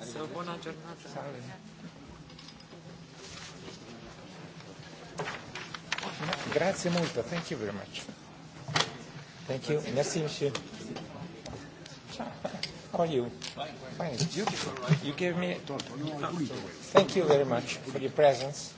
Grazie. Buona giornata. Salve. Grazie molto. Thank you very much. Thank you. Merci, monsieur. Ciao. How are you? Fine. Beautiful, right? You gave me... Thank you very much for your presence.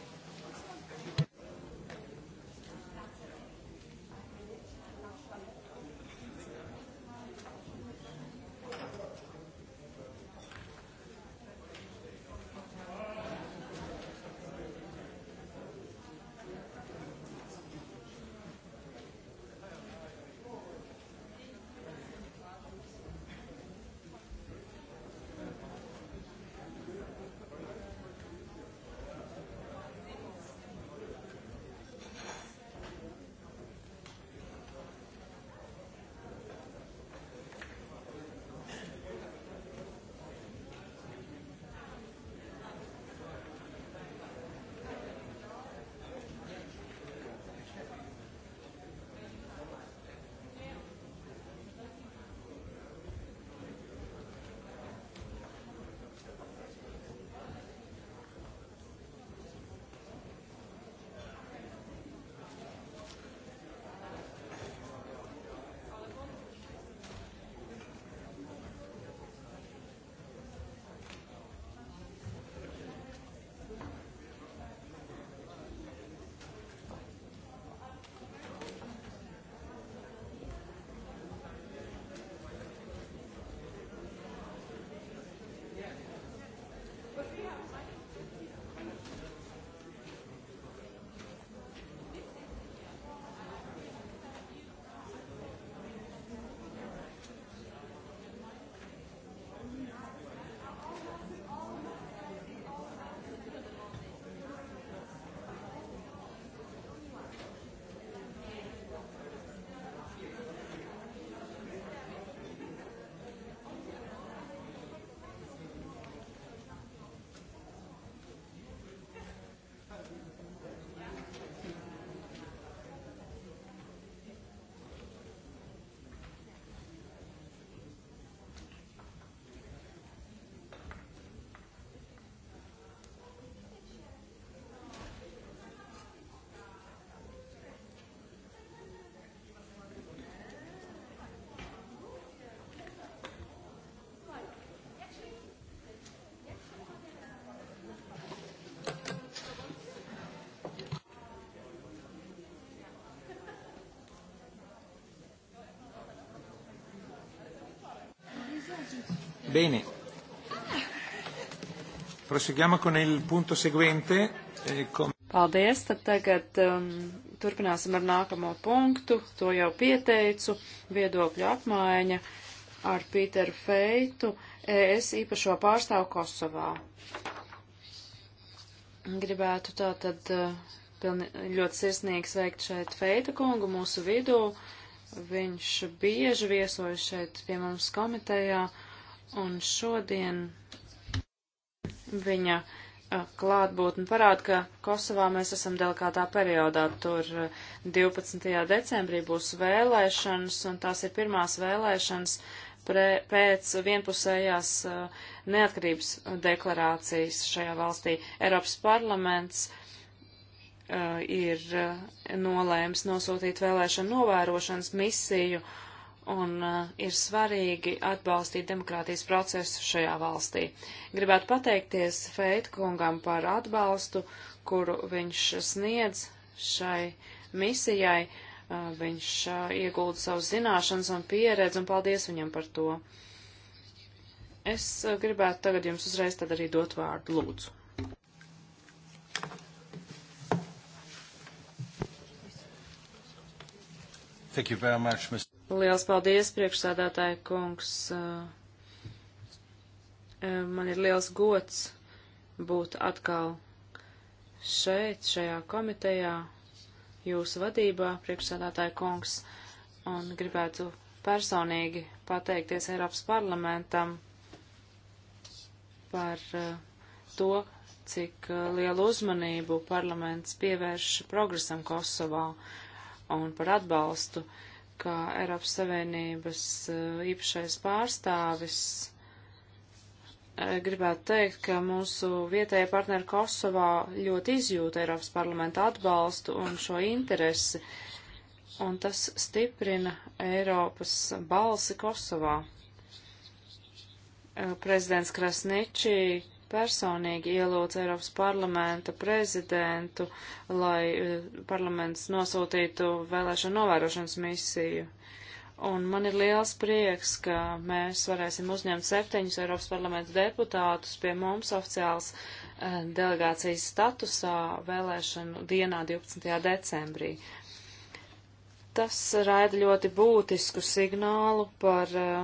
Bene. Proseguiamo con il punto seguente. Eh, com... Paldies, tad tagad um, turpināsim ar nākamo punktu, to jau pieteicu, viedokļu apmaiņa ar Pīteru Feitu, ES īpašo pārstāvu Kosovā. Gribētu tā tad uh, pilni, ļoti sirsnīgi sveikt šeit Feita kungu mūsu vidū. Viņš bieži viesojas šeit pie mums komitejā. Uh, Un šodien viņa klātbūtni parāda, ka Kosovā mēs esam delikātā periodā. Tur 12. decembrī būs vēlēšanas, un tās ir pirmās vēlēšanas pre, pēc vienpusējās neatkarības deklarācijas šajā valstī. Eiropas parlaments ir nolēms nosūtīt vēlēšanu novērošanas misiju un uh, ir svarīgi atbalstīt demokrātijas procesu šajā valstī. Gribētu pateikties Feit kungam par atbalstu, kuru viņš sniedz šai misijai. Uh, viņš uh, iegulda savus zināšanas un pieredzi, un paldies viņam par to. Es uh, gribētu tagad jums uzreiz tad arī dot vārdu, lūdzu. Thank you very much, Mr. Liels paldies, priekšsādātāja kungs. Eh, eh, man ir liels gods būt atkal šeit, šajā komitejā, jūsu vadībā, priekšsādātāja kungs, un gribētu personīgi pateikties Eiropas parlamentam par eh, to, cik lielu uzmanību parlaments pievērš progresam Kosovā un par atbalstu uh, kā Eiropas Savienības eh, īpašais pārstāvis, eh, gribētu teikt, ka mūsu vietējie partneri Kosovā ļoti izjūta Eiropas parlamenta atbalstu un šo interesi, un tas stiprina Eiropas balsi Kosovā. Eh, prezidents Krasničī personīgi ielūdz Eiropas parlamenta prezidentu, lai eh, parlaments nosūtītu vēlēšanu novērošanas misiju. Un man ir liels prieks, ka mēs varēsim uzņemt septiņus Eiropas parlamenta deputātus pie mums oficiāls eh, delegācijas statusā vēlēšanu dienā 12. decembrī tas raida ļoti būtisku signālu par uh,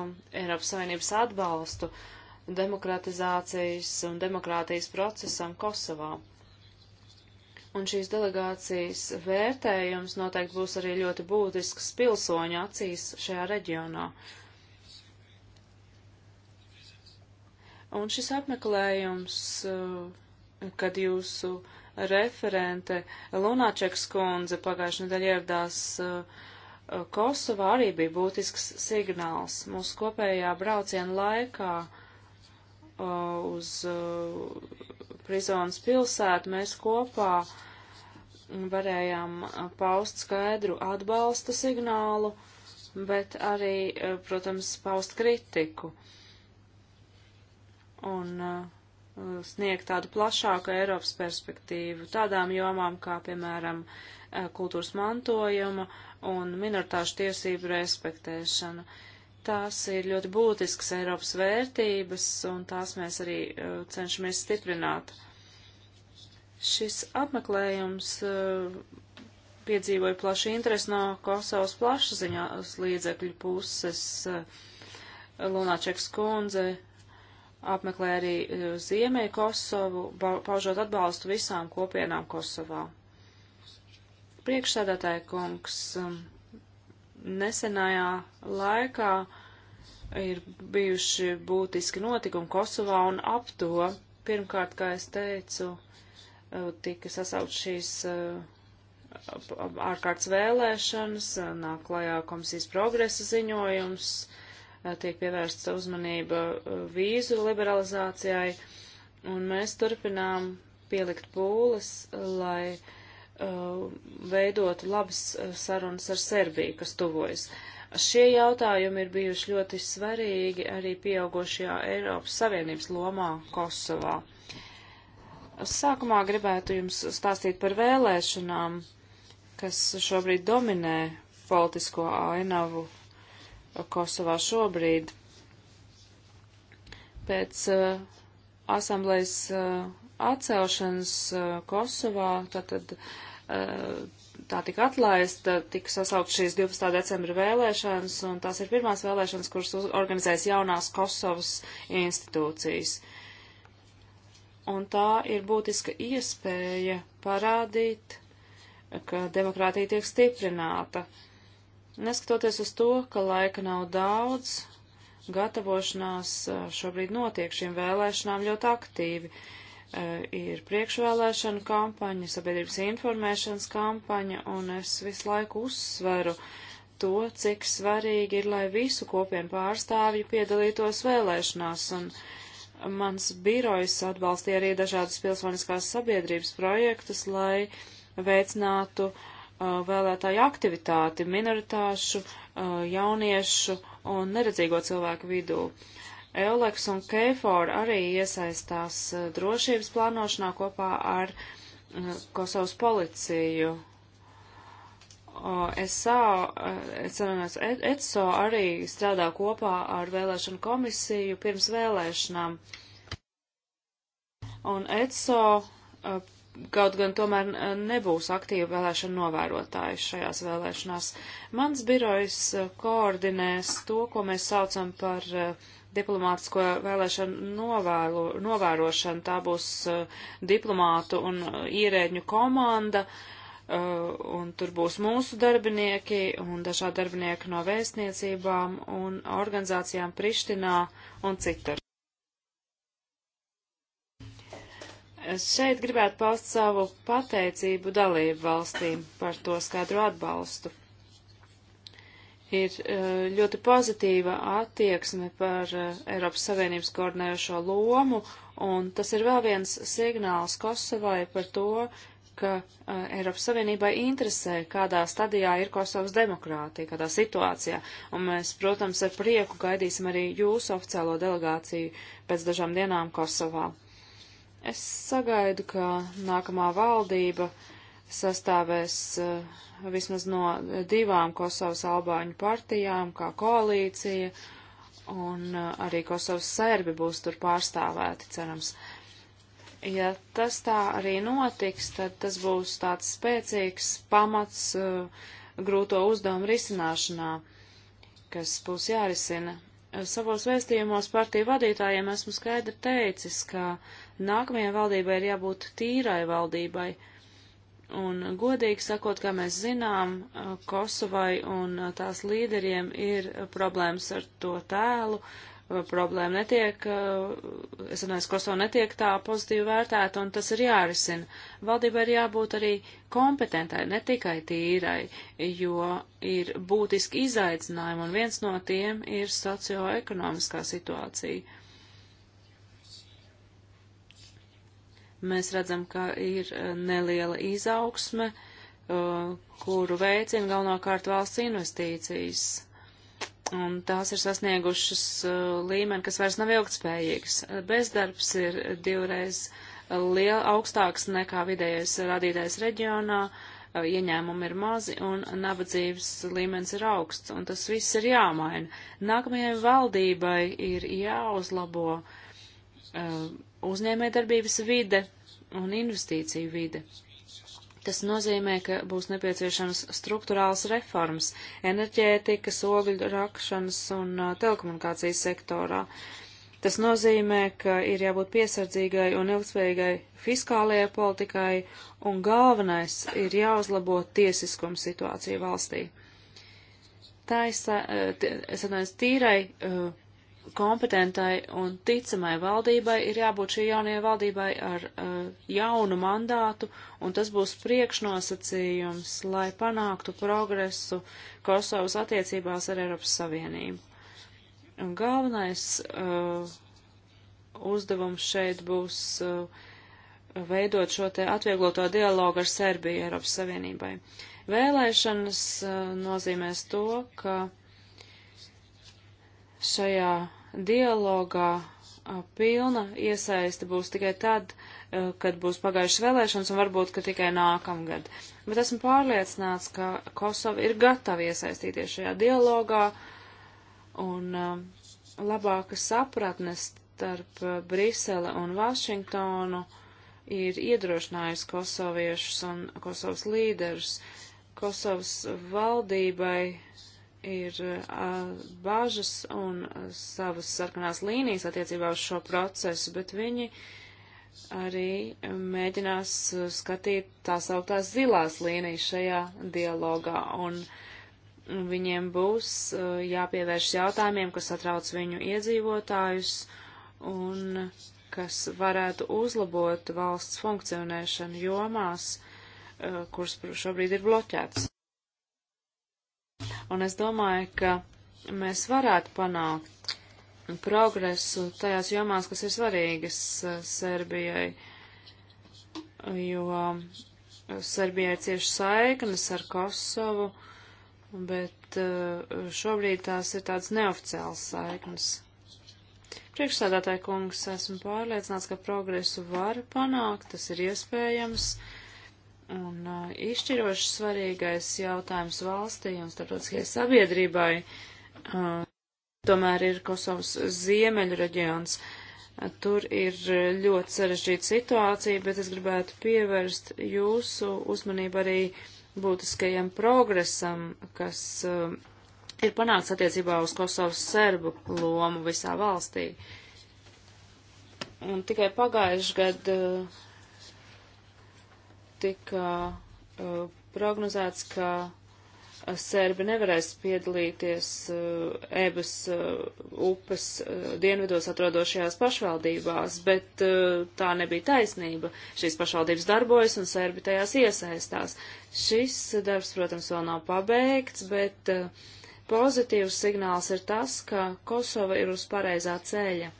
Eiropas Savienības atbalstu demokratizācijas un demokrātijas procesam Kosovā. Un šīs delegācijas vērtējums noteikti būs arī ļoti būtisks pilsoņu acīs šajā reģionā. Un šis apmeklējums, uh, kad jūsu referente Lunačeks kundze pagājušajā nedēļā ieradās uh, Kosovā, arī bija būtisks signāls mūsu kopējā brauciena laikā Uh, uz uh, Prizonas pilsētu, mēs kopā mm, varējām uh, paust skaidru atbalsta signālu, bet arī, protams, paust kritiku un sniegt tādu plašāku Eiropas perspektīvu tādām jomām kā, piemēram, kultūras mantojuma un minoritāšu tiesību respektēšana. Uh, Tās ir ļoti būtiskas Eiropas vērtības, un tās mēs arī uh, cenšamies stiprināt. Šis apmeklējums uh, piedzīvoja plašu interesi no Kosovas plašsaziņas līdzekļu puses. Uh, Lunačeks kundze apmeklē arī uh, Ziemē Kosovu, paužot atbalstu visām kopienām Kosovā. Priekšsēdētāja kungs. Um, nesenajā laikā ir bijuši būtiski notikumi Kosovā un ap to. Pirmkārt, kā es teicu, eh, tika sasaukt šīs eh, ārkārtas vēlēšanas, eh, nāk klajā komisijas progresa ziņojums, tiek pievērsta uzmanība vīzu liberalizācijai, un mēs turpinām pielikt pūles, lai uh, Uh, veidot labas uh, sarunas ar Serbiju, kas tuvojas. Šie jautājumi ir bijuši ļoti svarīgi arī pieaugošajā Eiropas Savienības lomā Kosovā. Sākumā gribētu jums stāstīt par vēlēšanām, kas šobrīd dominē politisko ainavu Kosovā šobrīd. Pēc uh, asamblējas uh, atcelšanas uh, Kosovā, tātad uh, tā tika atlaista, tika sasaukt šīs 12. decembra vēlēšanas, un tās ir pirmās vēlēšanas, kuras organizēs jaunās Kosovas institūcijas. Un tā ir būtiska iespēja parādīt, ka demokrātija tiek stiprināta. Neskatoties uz to, ka laika nav daudz, gatavošanās eh, šobrīd notiek šīm vēlēšanām ļoti aktīvi. Uh, E, ir priekšvēlēšana kampaņa, sabiedrības informēšanas kampaņa, un es visu laiku uzsveru to, cik svarīgi ir, lai visu kopienu pārstāvju piedalītos vēlēšanās, un mans birojs atbalstīja arī dažādas pilsoniskās sabiedrības projektus, lai veicinātu uh, vēlētāju aktivitāti minoritāšu, uh, jauniešu un neredzīgo cilvēku vidū. Uh, Euleks un Keifor arī iesaistās eh, drošības plānošanā kopā ar eh, Kosovas policiju. ESO, atceros, ECO arī strādā kopā ar vēlēšanu komisiju pirms vēlēšanām. Un ECO eh, kaut gan tomēr nebūs aktīvi vēlēšana novērotāji šajās vēlēšanās. Mans birojs koordinēs to, ko mēs saucam par uh, diplomātisko vēlēšanu novēlo, novērošanu. Tā būs uh, diplomātu un eh, ierēģņu komanda, uh, un tur būs mūsu darbinieki un dažādi darbinieki no vēstniecībām un organizācijām Prištinā un citur. Es šeit gribētu paust savu pateicību dalību valstīm par to skaidru atbalstu ir eh, ļoti pozitīva attieksme par eh, Eiropas Savienības koordinējošo lomu, un tas ir vēl viens signāls Kosovai par to, ka eh, Eiropas Savienībai interesē, kādā stadijā ir Kosovas demokrātija, kādā situācijā, un mēs, protams, ar prieku gaidīsim arī jūsu oficiālo delegāciju pēc dažām dienām Kosovā. Es sagaidu, ka nākamā valdība uh, sastāvēs eh, vismaz no divām Kosovas albāņu partijām, kā koalīcija, un eh, arī Kosovas sērbi būs tur pārstāvēti, cerams. Ja tas tā arī notiks, tad tas būs tāds spēcīgs pamats uh, grūto uzdevumu risināšanā, kas būs jārisina. Savos vēstījumos partiju vadītājiem esmu skaidri teicis, ka nākamajai valdībai ir jābūt tīrai valdībai, uh, Un godīgi sakot, kā mēs zinām, Kosovai un tās līderiem ir problēmas ar to tēlu. Problēma netiek, es domāju, Kosova netiek tā pozitīvi vērtēta, un tas ir jārisina. Valdībai ir jābūt arī kompetentai, ne tikai tīrai, jo ir būtiski izaicinājumi, un viens no tiem ir socioekonomiskā situācija. Mēs redzam, ka ir e, neliela izaugsme, e, kuru veicina galvenokārt valsts investīcijas. Un tās ir sasniegušas e, līmeni, kas vairs nav ilgtspējīgs. Bezdarbs ir divreiz liel, augstāks nekā vidējais radītais reģionā, ieņēmumi ir mazi un nabadzības līmenis ir augsts, un tas viss ir jāmaina. Nākamajai valdībai ir jāuzlabo uh, uzņēmējdarbības vide un investīciju vide. Tas nozīmē, ka būs nepieciešams struktūrāls reformas enerģētikas, ogļu rakšanas un telekomunikācijas sektorā. Tas nozīmē, ka ir jābūt piesardzīgai un ilgspējīgai fiskālajai politikai, un galvenais ir jāuzlabo tiesiskuma situācija valstī. Tā ir, es atvainojos, tīrai uh, kompetentai un ticamai valdībai ir jābūt šī jaunajai valdībai ar uh, jaunu mandātu, un tas būs priekšnosacījums, lai panāktu progresu Kosovas attiecībās ar Eiropas Savienību. Un galvenais uh, uzdevums šeit būs uh, veidot šo te atviegloto dialogu ar Serbiju Eiropas Savienībai. Vēlēšanas uh, nozīmēs to, ka šajā dialogā pilna iesaiste būs tikai tad, kad būs pagājušas vēlēšanas un varbūt, ka tikai nākamgad. Bet esmu pārliecināts, ka Kosova ir gatava iesaistīties šajā dialogā un labāka sapratne starp Brisele un Vašingtonu ir iedrošinājusi kosoviešus un Kosovas līderus. Kosovas valdībai ir uh, bažas un savas sarkanās līnijas attiecībā uz šo procesu, bet viņi arī mēģinās skatīt tās augtās zilās līnijas šajā dialogā, un viņiem būs uh, jāpievērš jautājumiem, kas atrauc viņu iedzīvotājus un kas varētu uzlabot valsts funkcionēšanu jomās, uh, kuras šobrīd ir bloķētas. Un es domāju, ka mēs varētu panākt progresu tajās jomās, kas ir svarīgas uh, Serbijai, jo uh, Serbijai cieši saiknes ar Kosovu, bet uh, šobrīd tās ir tādas neoficiālas saiknes. Priekšsēdētāji kungs, esmu pārliecināts, ka progresu var panākt, tas ir iespējams. Uh, Un uh, izšķiroši svarīgais jautājums valstī un starptautiskajai sabiedrībai uh, tomēr ir Kosovas ziemeļu reģions. Uh, tur ir ļoti sarežģīta situācija, bet es gribētu pievērst jūsu uzmanību arī būtiskajam progresam, kas uh, ir panāks attiecībā uz Kosovas serbu lomu visā valstī. Un tikai pagājuši gadu. Uh, tika uh, prognozēts, ka uh, Sērbi nevarēs piedalīties uh, ebas uh, upes uh, dienvidos atrodošajās pašvaldībās, bet uh, tā nebija taisnība. Šīs pašvaldības darbojas un Sērbi tajās iesaistās. Šis darbs, protams, vēl nav pabeigts, bet uh, pozitīvs signāls ir tas, ka Kosova ir uz pareizā ceļa.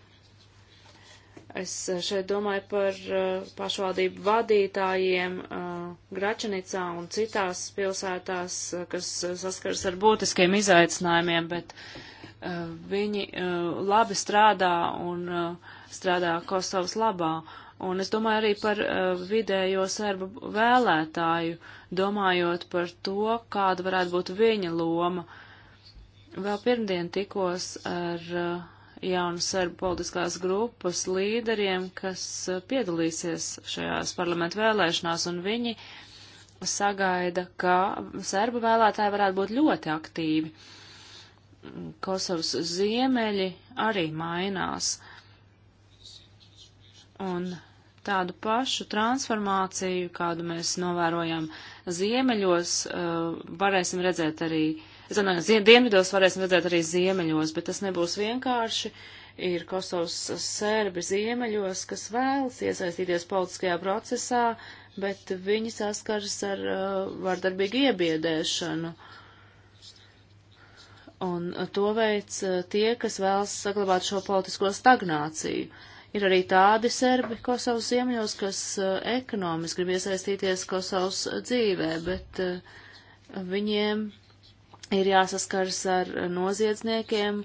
Es šeit domāju par uh, pašvaldību vadītājiem uh, Gračanicā un citās pilsētās, uh, kas saskaras ar būtiskiem izaicinājumiem, bet viņi labi strādā un strādā Kosovas labā. Un es domāju arī par vidējo serbu vēlētāju, domājot par to, kāda varētu būt viņa loma. Vēl pirmdien tikos ar uh, jaunas serbu politiskās grupas līderiem, kas eh, piedalīsies šajās parlamentu vēlēšanās, un viņi sagaida, ka serbu vēlētāji varētu būt ļoti aktīvi. Kosovas ziemeļi arī mainās, un tādu pašu transformāciju, kādu mēs novērojam ziemeļos, eh, varēsim redzēt arī uh, Es domāju, dienvidos varēsim redzēt arī ziemeļos, bet tas nebūs vienkārši. Ir Kosovas sērbi ziemeļos, kas vēlas iesaistīties politiskajā procesā, bet viņi saskaras ar uh, vardarbīgu iebiedēšanu. Un to veids uh, tie, kas vēlas saglabāt šo politisko stagnāciju. Ir arī tādi serbi Kosovas ziemeļos, kas uh, ekonomiski grib iesaistīties Kosovas dzīvē, bet uh, viņiem ir jāsaskars ar noziedzniekiem,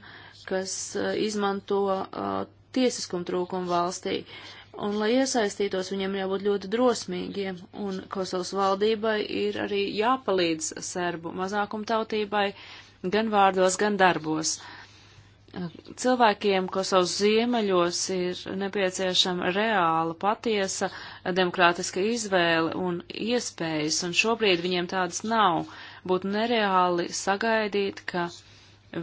kas uh, izmanto uh, tiesiskumu trūkumu valstī. Un, lai iesaistītos, viņiem jābūt ļoti drosmīgiem, un Kosovas valdībai ir arī jāpalīdz serbu mazākumtautībai gan vārdos, gan darbos. Uh, cilvēkiem Kosovas ziemeļos ir nepieciešama reāla, patiesa demokrātiska izvēle un iespējas, un šobrīd viņiem tādas nav. Uh, Būtu nereāli sagaidīt, ka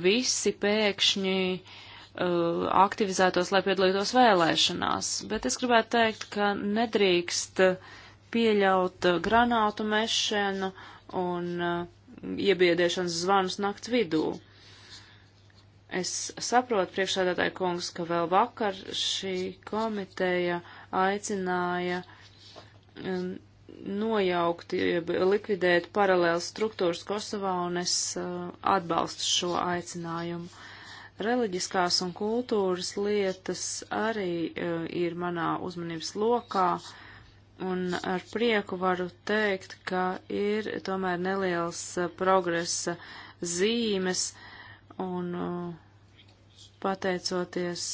visi pēkšņi uh, aktivizētos, lai piedalītos vēlēšanās. Bet es gribētu teikt, ka nedrīkst pieļaut uh, granātu mešanu un uh, iebiedēšanas zvanus nakts vidū. Es saprotu, priekšsēdētāji kungs, ka vēl vakar šī komiteja aicināja um, nojaukt, likvidēt paralēlas struktūras Kosovā, un es eh, atbalstu šo aicinājumu. Reliģiskās un kultūras lietas arī eh, ir manā uzmanības lokā, un ar prieku varu teikt, ka ir tomēr neliels eh, progresa zīmes, un pateicoties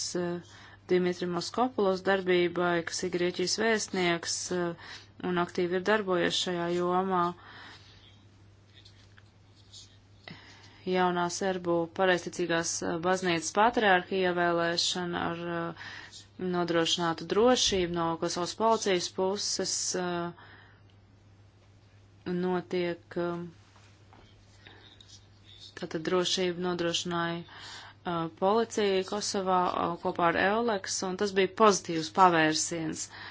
Dimitri Moskopulos darbībai, kas ir Grieķijas vēstnieks, uh, un aktīvi ir darbojies šajā jomā. Jaunā serbu pareisticīgās eh, baznīcas patriārhija ievēlēšana ar eh, nodrošinātu drošību no Kosovas policijas puses eh, notiek. Tātad drošību nodrošināja uh, policija Kosovā uh, kopā ar Euleks, un tas bija pozitīvs pavērsiens. Uh,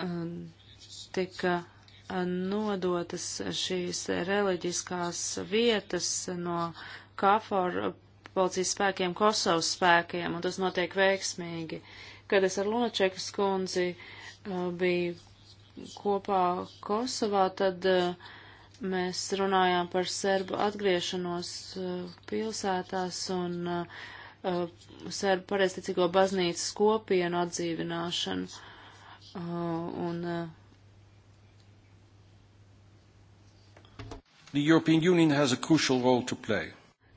Um, tika uh, nodotas šīs reliģiskās vietas no KFOR policijas spēkiem Kosovas spēkiem, un tas notiek veiksmīgi. Kad es ar Lunačekas kundzi uh, biju kopā Kosovā, tad uh, mēs runājām par serbu atgriešanos uh, pilsētās un uh, uh serbu pareizticīgo baznīcas kopienu atdzīvināšanu. Uh, un, uh, The European Union has a crucial role to play.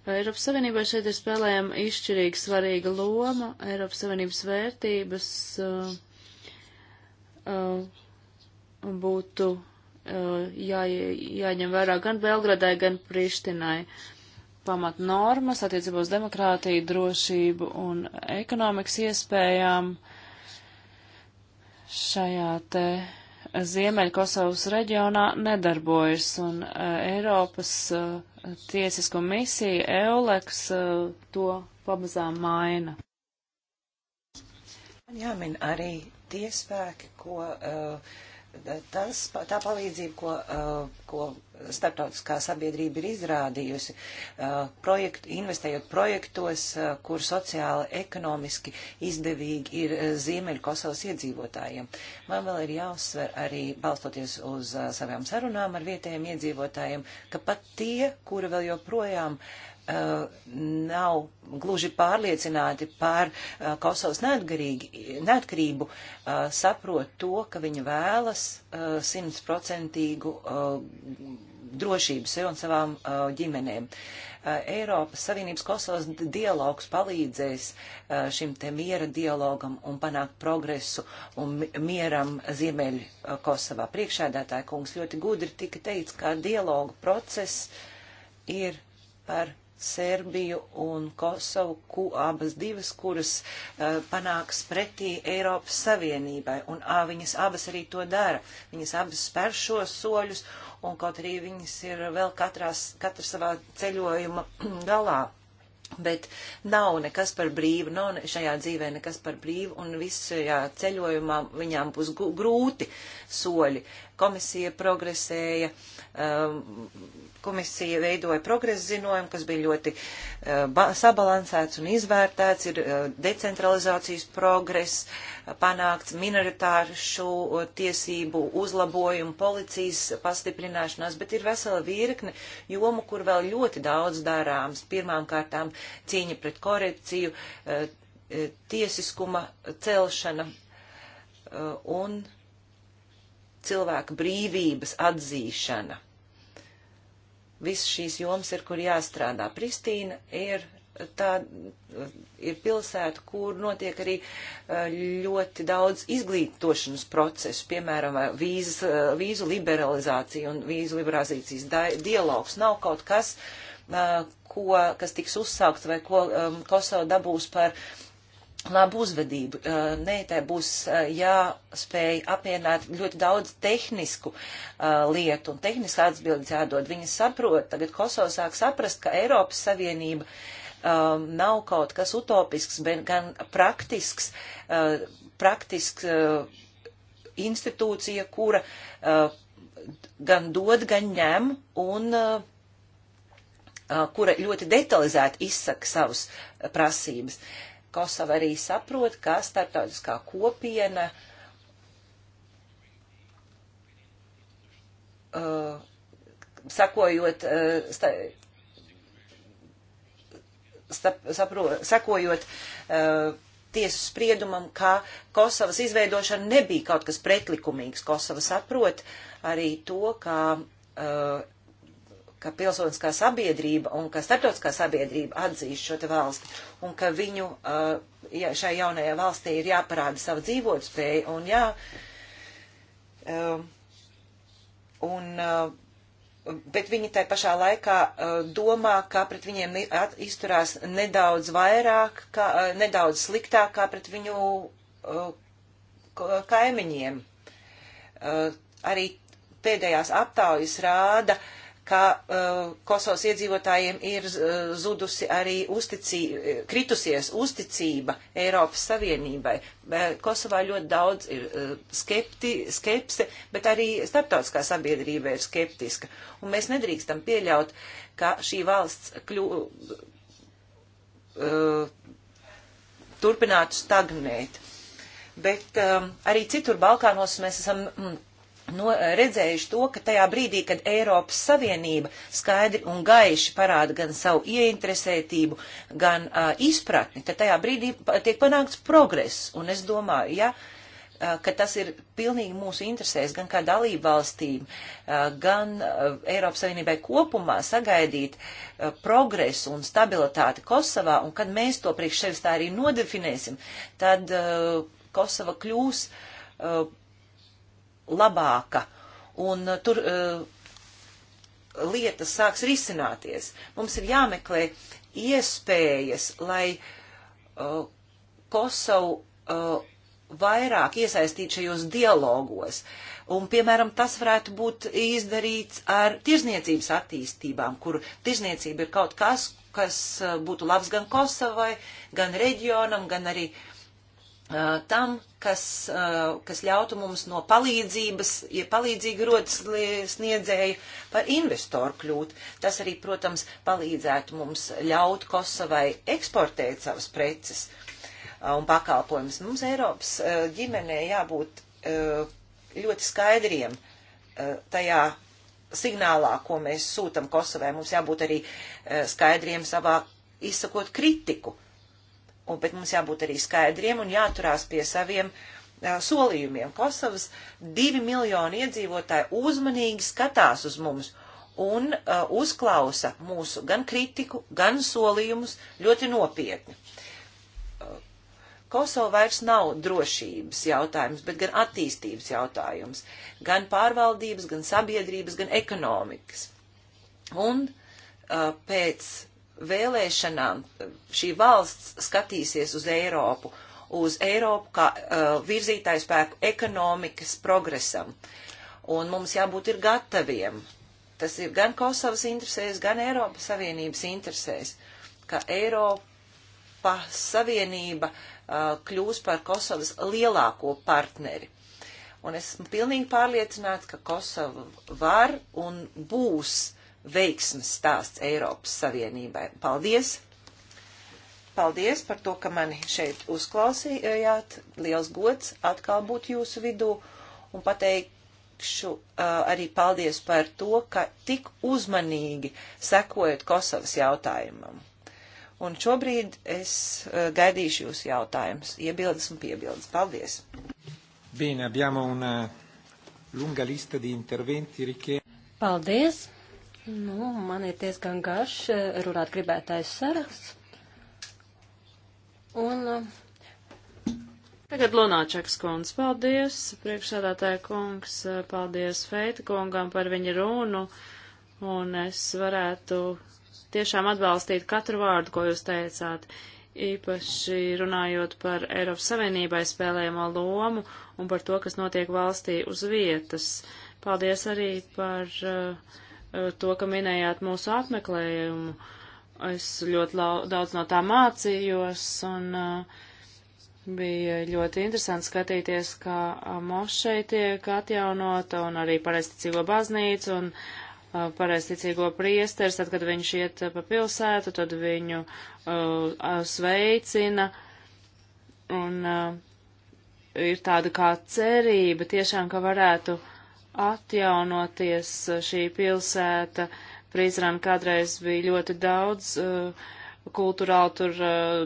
Eiropas Savienībā šeit ir spēlējama izšķirīga svarīga loma. Eiropas Savienības vērtības uh, uh, būtu uh, jā, jāņem vērā gan Belgradai, gan Prištinai. Pamat normas attiecībā uz demokrātiju, drošību un ekonomikas iespējām šajā te Ziemeļkosovas reģionā nedarbojas, un uh, Eiropas uh, tiesisko misiju EULEX uh, eh, to pamazām maina. Jāmin arī tie spēki, ko uh, tas, tā palīdzība, ko, uh, ko starptautiskā sabiedrība ir izrādījusi, uh, projekt, investējot projektos, uh, kur sociāli, ekonomiski izdevīgi ir Ziemeļu Kosovas iedzīvotājiem. Man vēl ir jāuzsver arī, balstoties uz savām sarunām ar vietējiem iedzīvotājiem, ka pat tie, kuri vēl joprojām uh, Uh, nav gluži pārliecināti par uh, Kosovas neatkarību, uh, saprot to, ka viņi vēlas simtprocentīgu drošību sev un savām ģimenēm. Eiropas Savienības Kosovas dialogs palīdzēs šim te miera dialogam un panākt progresu un mieram Ziemeļ Kosovā. Priekšēdētāja kungs ļoti gudri tika teicis, ka dialogu process ir par Serbiju un Kosovu, ku, abas divas, kuras uh, panāks pretī Eiropas Savienībai. Un uh, viņas abas arī to dara. Viņas abas spēr šos soļus, un kaut arī viņas ir vēl katrās, katra savā ceļojuma galā. Bet nav nekas par brīvu, nav šajā dzīvē nekas par brīvu, un visajā ceļojumā viņām būs grūti soļi. Komisija progresēja, um, komisija veidoja progresa zinojumu, kas bija ļoti uh, sabalansēts un izvērtēts, ir uh, decentralizācijas progress, uh, panākts minoritāšu uh, tiesību uzlabojumu, policijas pastiprināšanās, bet ir vesela virkne jomu, kur vēl ļoti daudz darāms. Pirmām kārtām cīņa pret korekciju, uh, tiesiskuma celšana uh, un cilvēka brīvības atzīšana. Viss šīs jomas ir, kur jāstrādā. Pristīna ir tā ir pilsēta, kur notiek arī ļoti daudz izglītošanas procesu, piemēram, vīzas, vīzu liberalizācija un vīzu liberalizācijas dialogs. Nav kaut kas, ko, kas tiks uzsākts vai ko Kosova dabūs par labu uzvedību. Meitai būs jāspēj apmierināt ļoti daudz tehnisku lietu un tehnisku atbildes jādod. Viņa saprot, tagad Kosovo sāk saprast, ka Eiropas Savienība nav kaut kas utopisks, bet gan praktisks, praktisks institūcija, kura gan dod, gan ņem un kura ļoti detalizēti izsaka savus prasības. Uh, Kosova arī saprot, ka starptautiskā kopiena uh, sakojot, uh, sta, sta, sapro, sakojot uh, tiesu spriedumam, ka Kosovas izveidošana nebija kaut kas pretlikumīgs. Kosova saprot arī to, ka uh, ka pilsoniskā sabiedrība un ka starptautiskā sabiedrība atzīst šo te valsti un ka viņu uh, šai jaunajai valstī ir jāparāda savu dzīvotspēju un jā. Uh, un, uh, bet viņi tai pašā laikā domā, ka pret viņiem izturās nedaudz vairāk, kā, nedaudz sliktāk kā pret viņu kaimiņiem. Arī pēdējās aptaujas rāda, uh, ka uh, Kosovas iedzīvotājiem ir uh, zudusi arī uzticība, kritusies uzticība Eiropas Savienībai. Bet Kosovā ļoti daudz ir uh, skepti, skepse, bet arī starptautiskā sabiedrība ir skeptiska. Un mēs nedrīkstam pieļaut, ka šī valsts kļū, uh, turpinātu stagnēt. Bet um, arī citur Balkānos mēs esam. Mm, no, eh, redzējuši to, ka tajā brīdī, kad Eiropas Savienība skaidri un gaiši parāda gan savu ieinteresētību, gan uh, izpratni, tad tajā brīdī tiek panākts progress. Un es domāju, ja, uh, ka tas ir pilnīgi mūsu interesēs, gan kā dalību valstīm, uh, gan uh, Eiropas Savienībai kopumā sagaidīt uh, progresu un stabilitāti Kosovā, un kad mēs to priekš sevis tā arī nodefinēsim, tad uh, Kosova kļūs. Uh, labāka un uh, tur uh, lietas sāks risināties. Mums ir jāmeklē iespējas, lai uh, Kosovu uh, vairāk iesaistīt šajos dialogos. Un, piemēram, tas varētu būt izdarīts ar tirzniecības attīstībām, kur tirzniecība ir kaut kas, kas uh, būtu labs gan Kosovai, gan reģionam, gan arī uh, tam, kas, kas ļautu mums no palīdzības, ja palīdzīgi rodas sniedzēju, par investoru kļūt. Tas arī, protams, palīdzētu mums ļaut Kosovai eksportēt savas preces un pakalpojumus. Mums Eiropas ģimenē jābūt ļoti skaidriem tajā signālā, ko mēs sūtam Kosovai. Mums jābūt arī skaidriem savā izsakot kritiku Un, bet mums jābūt arī skaidriem un jāturās pie saviem uh, solījumiem. Kosovas divi miljoni iedzīvotāji uzmanīgi skatās uz mums un uh, uzklausa mūsu gan kritiku, gan solījumus ļoti nopietni. Uh, Kosova vairs nav drošības jautājums, bet gan attīstības jautājums, gan pārvaldības, gan sabiedrības, gan ekonomikas. Un uh, pēc vēlēšanām šī valsts skatīsies uz Eiropu, uz Eiropu kā uh, virzītāju spēku ekonomikas progresam. Un mums jābūt ir gataviem. Tas ir gan Kosovas interesēs, gan Eiropas Savienības interesēs, ka Eiropas Savienība uh, kļūs par Kosovas lielāko partneri. Un esmu pilnīgi pārliecināts, ka Kosova var un būs uh, veiksmes stāsts Eiropas Savienībai. Paldies! Paldies par to, ka mani šeit uzklausījāt. Liels gods atkal būt jūsu vidū un pateikšu uh, arī paldies par to, ka tik uzmanīgi sekojat Kosovas jautājumam. Un šobrīd es uh, gaidīšu jūsu jautājumus, iebildes un piebildes. Paldies! Bene, abbiamo una lunga lista di interventi richiesti. Paldies! Nu, man ir diezgan garš eh, runāt gribētājs saraksts. Un eh, tagad Lunāčeks kungs, paldies, eh, priekšsādātāja kungs, paldies Feita kungam par viņa runu. Un es varētu tiešām atbalstīt katru vārdu, ko jūs teicāt, īpaši runājot par Eiropas Savienībai spēlējamo lomu un par to, kas notiek valstī uz vietas. Paldies arī par uh, Eh, to, ka minējāt mūsu apmeklējumu. Es ļoti lau, daudz no tā mācījos un uh, bija ļoti interesanti skatīties, kā eh, mošei tiek atjaunota un arī pareizticīgo baznīcu un uh, pareizticīgo priesteris, tad, kad viņš iet pa pilsētu, tad viņu uh, sveicina un uh, ir tāda kā cerība tiešām, ka varētu uh, atjaunoties eh, šī pilsēta. Prizrana kādreiz bija ļoti daudz uh, kulturāli tur uh,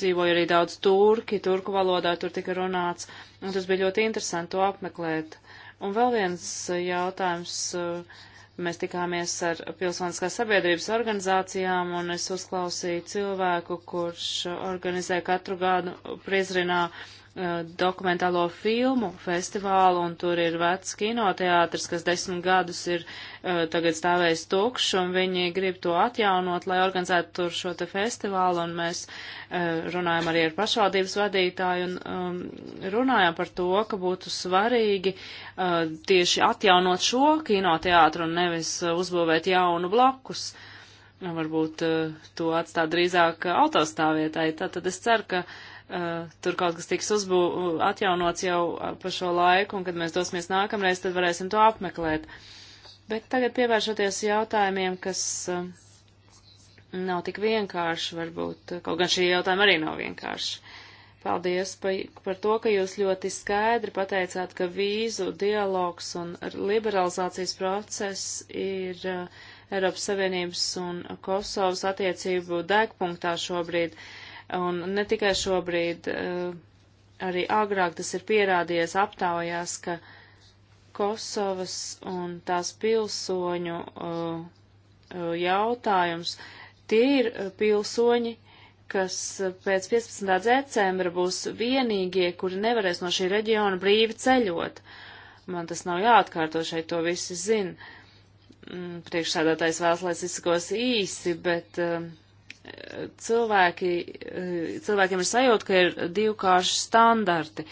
dzīvoja arī daudz turki, turku valodā tur tika runāts, un tas bija ļoti interesanti to apmeklēt. Un vēl viens jautājums, uh, mēs tikāmies ar pilsoniskās sabiedrības organizācijām, un es uzklausīju cilvēku, kurš organizē katru gadu Prizrinā Uh, dokumentālo filmu festivālu, un tur ir vecs kinoteātris, kas desmit gadus ir uh, tagad stāvējis tukšs, un viņi grib to atjaunot, lai organizētu tur šo te festivālu, un mēs uh, runājam arī ar pašvaldības vadītāju, un um, runājam par to, ka būtu svarīgi uh, tieši atjaunot šo kinoteātru un nevis uh, uzbūvēt jaunu blakus. Varbūt uh, to atstāt drīzāk autostāvietai. Tātad es ceru, ka uh, Eh, tur kaut kas tiks uzbū, atjaunots jau eh, pa šo laiku, un kad mēs dosimies nākamreiz, tad varēsim to apmeklēt. Bet tagad pievēršoties jautājumiem, kas eh, nav tik vienkārši, varbūt, kaut gan šī jautājuma arī nav vienkārši. Paldies pa, par to, ka jūs ļoti skaidri pateicāt, ka vīzu dialogs un liberalizācijas process ir Eiropas Savienības un Kosovas attiecību degpunktā šobrīd. Uh, Un ne tikai šobrīd, eh, arī agrāk tas ir pierādījies aptaujās, ka Kosovas un tās pilsoņu eh, eh, jautājums, tie ir pilsoņi, kas pēc 15. decembra būs vienīgie, kuri nevarēs no šī reģiona brīvi ceļot. Man tas nav jāatkārto šeit, to visi zina. Mm, Priekšsēdātājs vēlas, lai es izsakos īsi, bet uh, cilvēki, eh, cilvēkiem ir sajūta, ka ir divkārši standarti.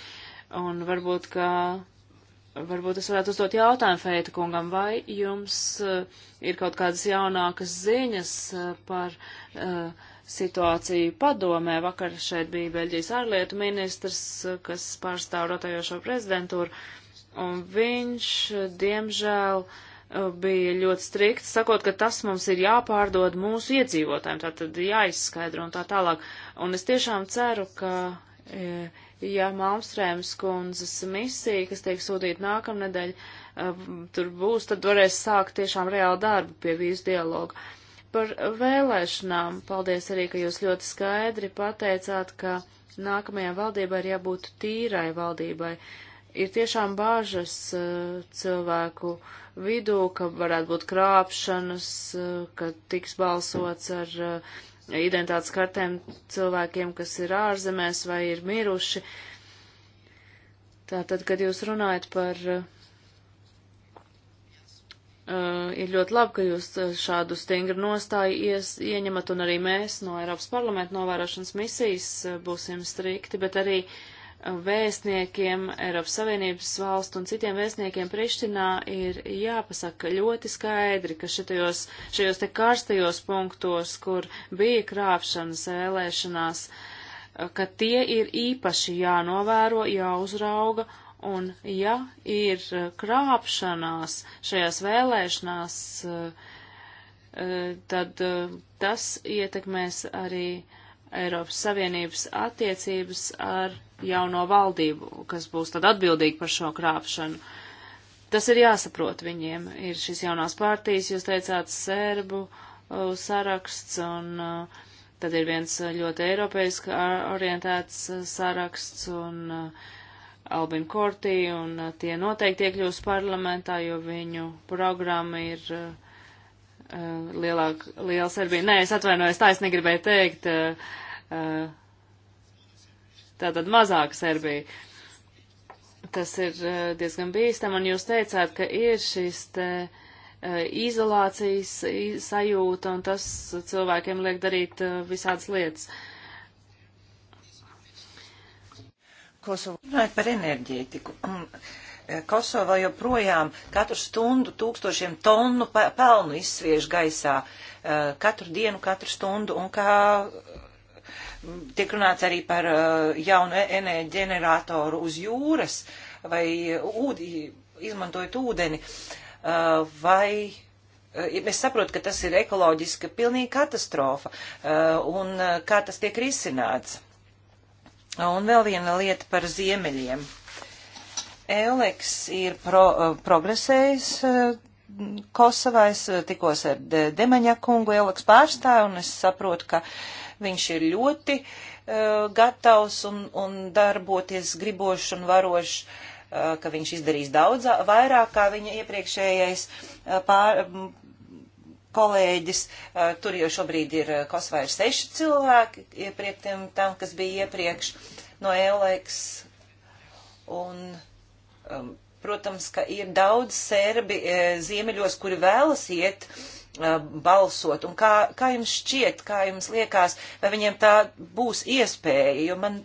Un varbūt, ka, varbūt es varētu uzdot jautājumu Feita kungam, vai jums eh, ir kaut kādas jaunākas ziņas eh, par uh, situāciju padomē. Vakar šeit bija Beļģijas ārlietu ministrs, kas pārstāv rotējošo prezidentūru, un viņš, diemžēl, uh, Uh, bija ļoti strikti, sakot, ka tas mums ir jāpārdod mūsu iedzīvotājiem, tā tad jāizskaidro un tā tālāk. Un es tiešām ceru, ka, e, ja Malmstrēms kundzes misija, kas tiek sūtīta nākamnedēļ, e, tur būs, tad varēs sākt tiešām reāli darbu pie vīzu dialogu. Par vēlēšanām, paldies arī, ka jūs ļoti skaidri pateicāt, ka nākamajā valdībā ir jābūt tīrai valdībai. Uh, ir tiešām bāžas uh, cilvēku vidū, ka varētu būt krāpšanas, uh, ka tiks balsots ar uh, identitātes kartēm cilvēkiem, kas ir ārzemēs vai ir miruši. Tātad, kad jūs runājat par. Ir ļoti labi, ka jūs šādu stingru nostāju ies, ieņemat, un arī mēs no Eiropas parlamenta novērošanas misijas būsim strikti, bet arī uh, vēstniekiem Eiropas Savienības valstu un citiem vēstniekiem Prištinā ir jāpasaka ļoti skaidri, ka šitajos, šajos te karstajos punktos, kur bija krāpšanas vēlēšanās, ka tie ir īpaši jānovēro, jāuzrauga, un ja ir krāpšanās šajās vēlēšanās, tad tas ietekmēs arī Eiropas Savienības attiecības ar jauno valdību, kas būs tad atbildīgi par šo krāpšanu. Tas ir jāsaprot viņiem. Ir šīs jaunās partijas, jūs teicāt, sērbu uh, saraksts, un uh, tad ir viens uh, ļoti eiropeiski orientēts saraksts, un Albin Kortī, un tie noteikti iekļūs parlamentā, jo viņu programma ir lielāk, liela Serbija. Nē, es atvainojos, tā es negribēju teikt. Uh, tātad mazāka Serbija. Tas ir eh, diezgan bīstam, un jūs teicāt, ka ir šis te eh, izolācijas sajūta, un tas cilvēkiem liek darīt eh, visādas lietas. Kosovo. Runājot par enerģētiku. Kosovā joprojām katru stundu tūkstošiem tonu pelnu izsviež gaisā. Katru dienu, katru stundu. Un kā Tiek runāts arī par uh, jaunu e- ģeneratoru uz jūras vai ūdi, izmantojot ūdeni. Uh, vai uh, Es saprotu, ka tas ir ekoloģiska pilnīga katastrofa un kā tas tiek risināts. Un vēl viena lieta par ziemeļiem. Eleks ir pro, progresējis Kosovā. Es tikos ar Demaņa kungu Eleks pārstāvu un es saprotu, ka Viņš ir ļoti uh, gatavs un, un darboties gribošs un varošs, uh, ka viņš izdarīs daudz uh, vairāk kā viņa iepriekšējais uh, pār, kolēģis. Uh, tur jau šobrīd ir uh, Kosovā ir seši cilvēki iepriek tiem, tam, kas bija iepriekš no Eleks. Un, um, protams, ka ir daudz serbi e, ziemeļos, kuri vēlas iet uh, Uh, balsot, un kā, kā jums šķiet, kā jums liekas, vai viņiem tā būs iespēja, jo man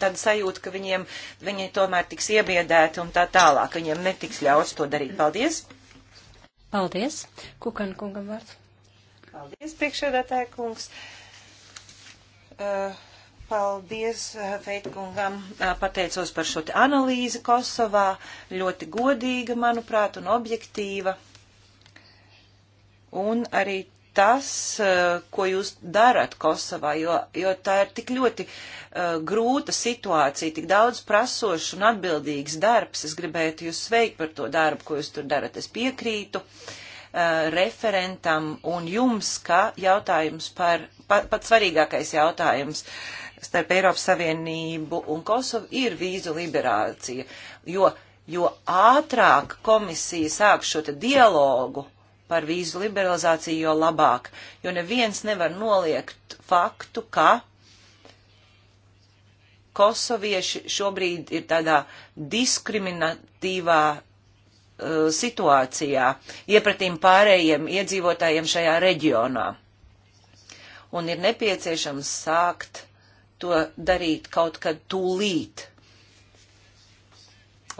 tāda sajūta, ka viņiem, viņi tomēr tiks iebiedēti un tā tālāk, viņiem netiks ļauts to darīt. Paldies! Paldies! Kukan kungam vārds. Paldies, priekšēdētāja kungs! Uh, paldies uh, Feitkungam, pateicos par šo analīzi Kosovā, ļoti godīga, manuprāt, un objektīva un arī tas, eh, ko jūs darat Kosovā, jo, jo tā ir tik ļoti uh, grūta situācija, tik daudz prasošs un atbildīgs darbs. Es gribētu jūs sveikt par to darbu, ko jūs tur darat. Es piekrītu uh, referentam un jums, ka jautājums par, pa, pats svarīgākais jautājums starp Eiropas Savienību un Kosovu ir vīzu liberācija, jo, jo ātrāk komisija sāk šo dialogu par vīzu liberalizāciju, jo labāk. Jo neviens nevar noliegt faktu, ka kosovieši šobrīd ir tādā diskriminatīvā uh, situācijā iepratīm pārējiem iedzīvotājiem šajā reģionā. Un ir nepieciešams sākt to darīt kaut kad tūlīt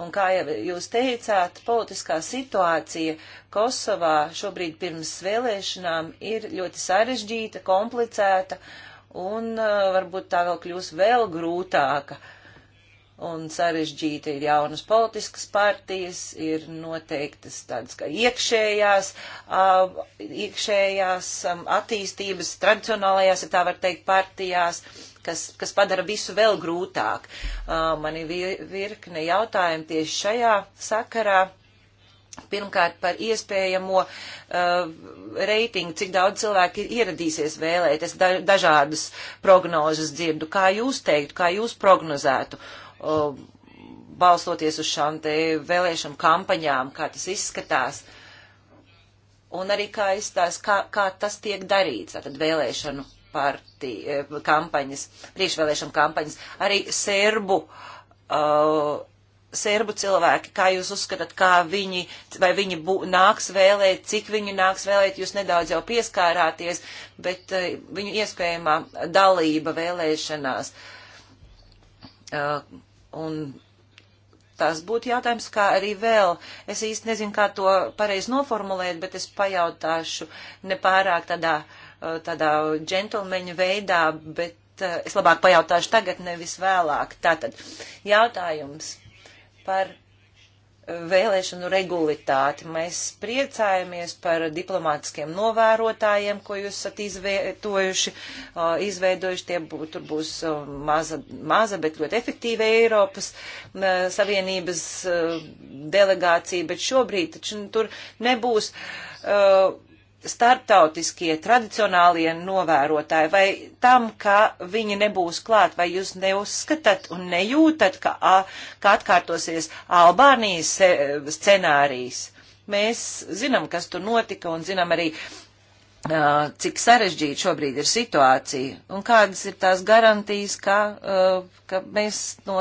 Un kā jau jūs teicāt, politiskā situācija Kosovā šobrīd pirms vēlēšanām ir ļoti sarežģīta, komplicēta un uh, varbūt tā vēl kļūs vēl grūtāka. Uh, un sarežģīti ir jaunas politiskas partijas, ir noteiktas tādas kā iekšējās, uh, iekšējās um, attīstības, tradicionālajās, ja tā var teikt, partijās, kas, kas padara visu vēl grūtāk. Uh, man ir virkne jautājumu tieši šajā sakarā. Pirmkārt, par iespējamo uh, reitingu, cik daudz cilvēku ir ieradīsies vēlēt. Es da dažādas prognozes dzirdu. Kā jūs teiktu, kā jūs prognozētu? Uh, Uh, balstoties uz šām te vēlēšanu kampaņām, kā tas izskatās, un arī kā izstās, kā, kā tas tiek darīts, tātad vēlēšanu partija, eh, kampaņas, priekšvēlēšanu kampaņas, arī serbu, uh, serbu cilvēki, kā jūs uzskatāt, kā viņi, vai viņi bū, nāks vēlēt, cik viņi nāks vēlēt, jūs nedaudz jau pieskārāties, bet uh, viņu iespējamā dalība vēlēšanās. Uh, Un tas būtu jautājums, kā arī vēl. Es īsti nezinu, kā to pareizi noformulēt, bet es pajautāšu nepārāk tādā, uh, tādā džentlmeņa veidā, bet uh, es labāk pajautāšu tagad, nevis vēlāk. Tātad jautājums par vēlēšanu regulitāti. Mēs priecājamies par diplomātiskiem novērotājiem, ko jūs esat izvietojuši, izveidojuši. Tie būs, tur būs maza, maza, bet ļoti efektīva Eiropas Savienības delegācija, bet šobrīd taču tur nebūs. Uh, starptautiskie tradicionālie novērotāji vai tam, ka viņi nebūs klāt, vai jūs neuzskatāt un nejūtat, ka, a, ka atkārtosies Albānijas scenārijs. Mēs zinām, kas tur notika un zinām arī, a, cik sarežģīta šobrīd ir situācija un kādas ir tās garantijas, ka, a, ka mēs no,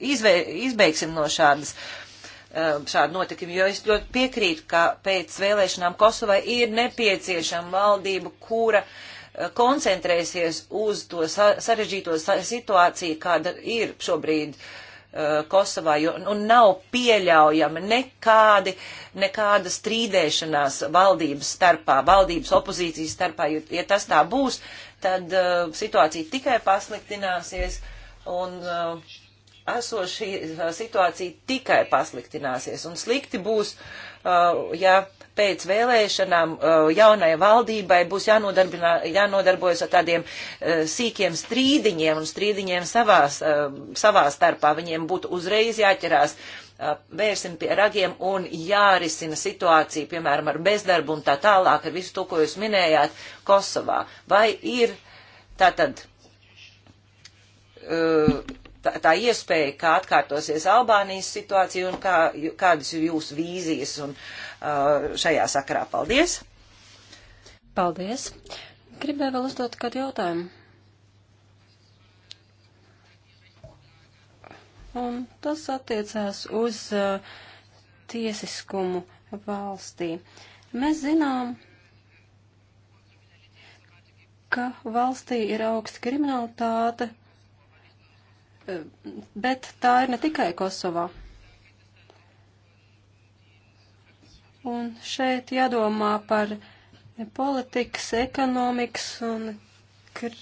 izvē, izbeigsim no šādas uh, Um, šādi notikumi, jo es ļoti piekrītu, ka pēc vēlēšanām Kosovai ir nepieciešama valdība, kura uh, koncentrēsies uz to sarežģīto situāciju, kāda ir šobrīd uh, Kosovā, jo un nav pieļaujama nekādi, nekāda strīdēšanās valdības starpā, valdības opozīcijas starpā, jo, ja tas tā būs, tad uh, situācija tikai pasliktināsies un uh, esošī situācija tikai pasliktināsies un slikti būs, ja pēc vēlēšanām jaunai valdībai būs jānodarbojas ar tādiem sīkiem strīdiņiem un strīdiņiem savās, savā starpā. Viņiem būtu uzreiz jāķerās vērsim pie ragiem un jārisina situācija, piemēram, ar bezdarbu un tā tālāk, ar visu to, ko jūs minējāt Kosovā. Vai ir tātad. Uh, tā, tā iespēja, kā atkārtosies Albānijas situācija un kā, kādas ir jūsu vīzijas un uh, šajā sakarā. Paldies! Paldies! Gribēju vēl uzdot kādu jautājumu. Un tas attiecās uz uh, tiesiskumu valstī. Mēs zinām, ka valstī ir augsta kriminalitāte, Bet tā ir ne tikai Kosovā. Un šeit jādomā par politikas, ekonomikas un kr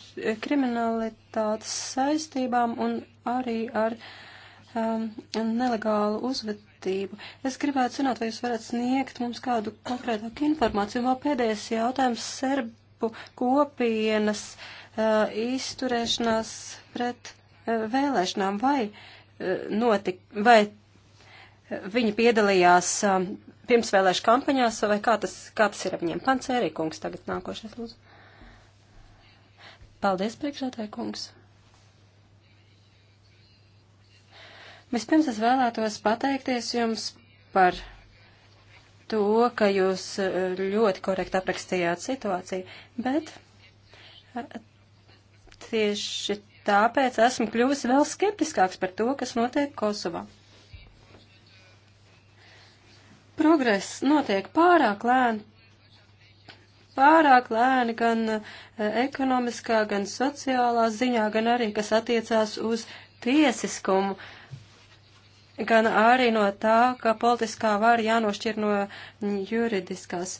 kriminalitātes saistībām un arī ar um, nelegālu uzvedību. Es gribētu zināt, vai jūs varat sniegt mums kādu konkrētāku informāciju. Un vēl pēdējais jautājums - serbu kopienas uh, izturēšanās pret vēlēšanām, vai, eh, notik, vai viņi piedalījās eh, pirmsvēlēšu kampaņās, vai kā tas, kā tas ir ap viņiem. Pants Ērīkungs tagad nākošais, lūdzu. Paldies, priekšētāji kungs. Vispirms es vēlētos pateikties jums par to, ka jūs eh, ļoti korekti aprakstījāt situāciju, bet tieši Tāpēc esmu kļuvis vēl skeptiskāks par to, kas notiek Kosovā. Progress notiek pārāk lēni, pārāk lēni gan eh, ekonomiskā, gan sociālā ziņā, gan arī, kas attiecās uz tiesiskumu, gan arī no tā, ka politiskā vara jānošķir no mm, juridiskās,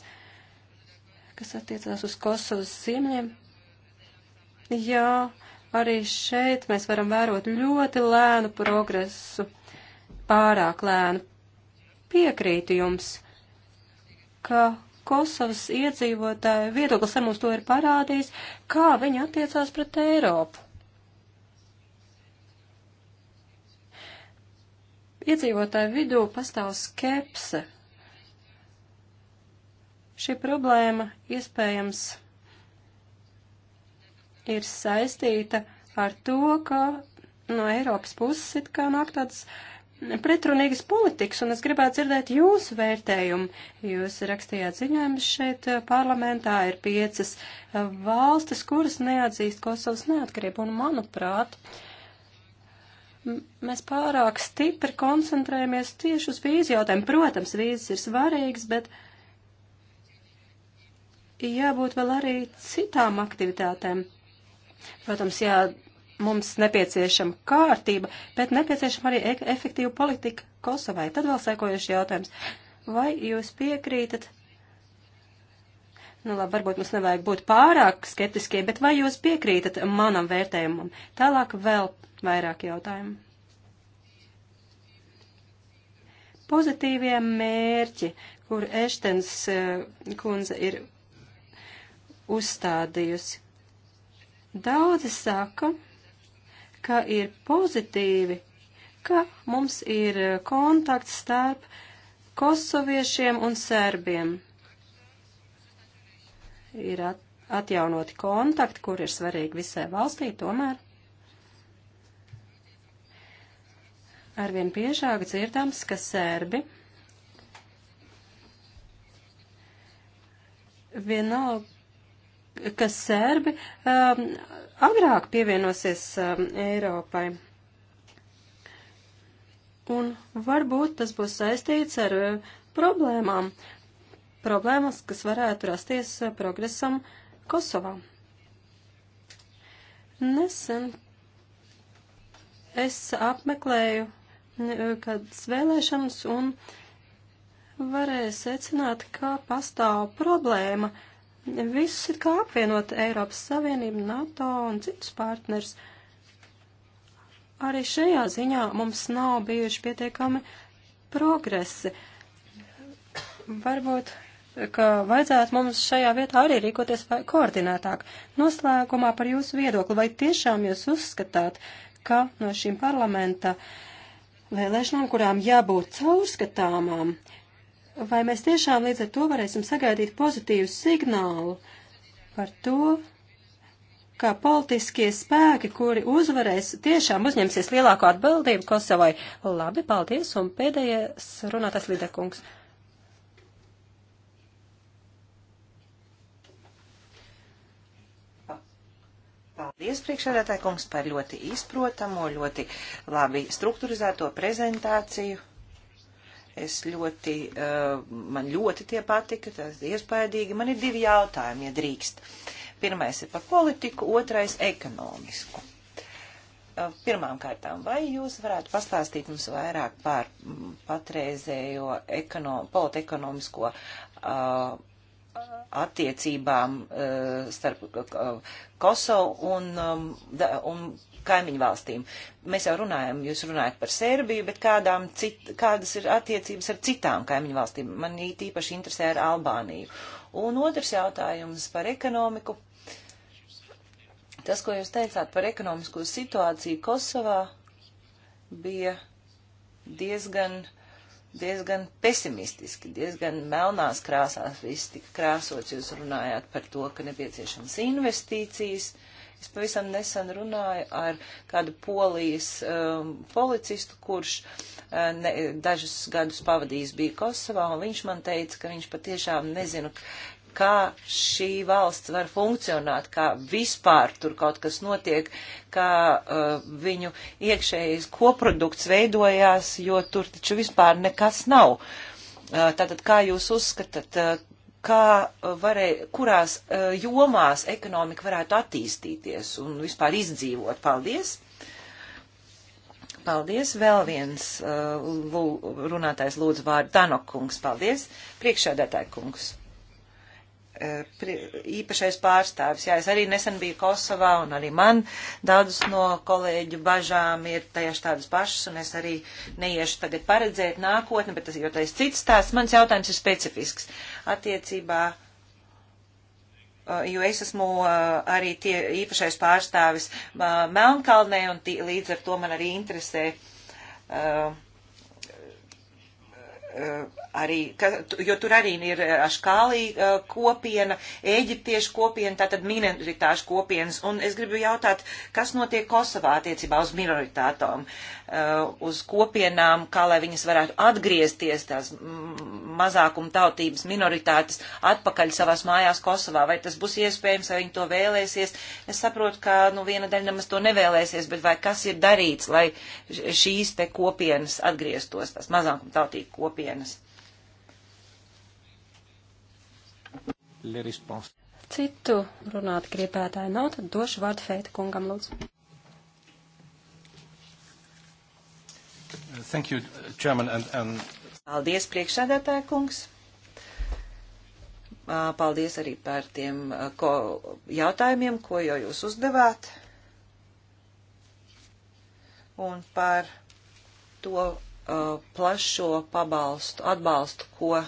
kas attiecās uz Kosovas ziemeļiem. Jā. Ja Arī šeit mēs varam vērot ļoti lēnu progresu, pārāk lēnu. Piekrītu jums, ka Kosovas iedzīvotāju viedoklis ar mums to ir parādījis, kā viņi attiecās pret Eiropu. Iedzīvotāju vidū pastāv skepse. Šī problēma iespējams ir saistīta ar to, ka no Eiropas puses it kā nāk tāds pretrunīgas politikas, un es gribētu dzirdēt jūsu vērtējumu. Jūs rakstījāt ziņojumus šeit eh, parlamentā, ir piecas eh, valstis, kuras neatzīst Kosovas neatkarību, un manuprāt, mēs pārāk stipri koncentrējamies tieši uz vīzu jautājumu. Protams, vīzes ir svarīgas, bet jābūt vēl arī citām aktivitātēm. Protams, jā, mums nepieciešama kārtība, bet nepieciešama arī e efektīva politika Kosovai. Tad vēl sekojuši jautājums. Vai jūs piekrītat? Nu, labi, varbūt mums nevajag būt pārāk skeptiskiem, bet vai jūs piekrītat manam vērtējumam? Tālāk vēl vairāk jautājumu. Pozitīvie mērķi, kur Eštens eh, kundze ir uzstādījusi. Daudzi saka, ka ir pozitīvi, ka mums ir eh, kontakts starp kosoviešiem un serbiem. Ir at atjaunoti kontakti, kur ir svarīgi visai valstī, tomēr arvien biežāk dzirdams, ka sērbi vienalga ka sērbi um, agrāk pievienosies um, Eiropai. Un varbūt tas būs saistīts ar uh, problēmām, problēmas, kas varētu rasties uh, progresam Kosovā. Nesen es apmeklēju uh, kādas vēlēšanas un varēju secināt, ka pastāv problēma uh, visus ir kā apvienot Eiropas Savienību, NATO un citus partners. Arī šajā ziņā mums nav bijuši pietiekami progresi. Varbūt, ka vajadzētu mums šajā vietā arī rīkoties koordinētāk. Noslēgumā par jūsu viedokli, vai tiešām jūs uzskatāt, ka no šīm parlamenta vēlēšanām, kurām jābūt caurskatāmām, uh, vai mēs tiešām līdz ar to varēsim sagaidīt pozitīvu signālu par to, kā politiskie spēki, kuri uzvarēs, tiešām uzņemsies lielāko atbildību Kosovai. Labi, paldies, un pēdējais runātais Lidekungs. Paldies, priekšsēdētāji kungs, par ļoti izprotamo, ļoti labi strukturizēto prezentāciju. Es ļoti, eh, man ļoti tie patika, tas ir iespaidīgi. Man ir divi jautājumi, ja drīkst. Pirmais ir par politiku, otrais ekonomisku. Eh, pirmām kārtām, vai jūs varētu pastāstīt mums vairāk par patreizējo ekono, politekonomisko uh, attiecībām uh, starp uh, Kosovu un, um, da, un kaimiņu valstīm. Mēs jau runājam, jūs runājat par Serbiju, bet kādām cit, kādas ir attiecības ar citām kaimiņu valstīm? Man īpaši interesē ar Albāniju. Un otrs jautājums par ekonomiku. Tas, ko jūs teicāt par ekonomisko situāciju Kosovā, bija diezgan, diezgan pesimistiski, diezgan melnās krāsās viss tika krāsots. Jūs runājāt par to, ka nepieciešams investīcijas, Es pavisam nesen runāju ar kādu polijas um, policistu, kurš uh, ne, dažus gadus pavadījis bija Kosovā, un viņš man teica, ka viņš patiešām nezinu, kā šī valsts var funkcionēt, kā vispār tur kaut kas notiek, kā uh, viņu iekšējais koprodukts veidojās, jo tur taču vispār nekas nav. Uh, tātad, kā jūs uzskatāt, uh, kā uh, varēja, kurās uh, jomās ekonomika varētu attīstīties un vispār izdzīvot. Paldies! Paldies! Vēl viens uh, lū, runātājs lūdzu vārdu Tanokungs. Paldies! Priekšēdētāji kungs! E, īpašais pārstāvis. Jā, es arī nesen biju Kosovā un arī man daudzas no kolēģu bažām ir tieši tādas pašas un es arī neiešu tagad paredzēt nākotni, bet tas ir jau tais cits stāsts. Mans jautājums ir specifisks. Attiecībā, e, jo es esmu e, arī tie īpašais pārstāvis Melnkalnē un tī, līdz ar to man arī interesē. Uh, Eh, arī, ka, jo tur arī ir eh, Aškālī eh, kopiena, Ēģiptiešu kopiena, tātad minoritāšu kopienas, un es gribu jautāt, kas notiek Kosovā attiecībā uz minoritātām, uz kopienām, kā lai viņas varētu atgriezties, tās mazākuma tautības minoritātes, atpakaļ savās mājās Kosovā, vai tas būs iespējams, vai viņi to vēlēsies. Es saprotu, ka, nu, viena daļa nemaz to nevēlēsies, bet vai kas ir darīts, lai šīs te kopienas atgrieztos, tās mazākuma tautība kopienas? ikvienas. Citu runāt gribētāju nav, tad došu vārdu Fēta kungam, lūdzu. Thank you, Chairman, and, and... Paldies, priekšsēdētāja kungs. Paldies arī par tiem ko, jautājumiem, ko jau jūs uzdevāt. Un par to uh, plašo pabalstu, atbalstu, ko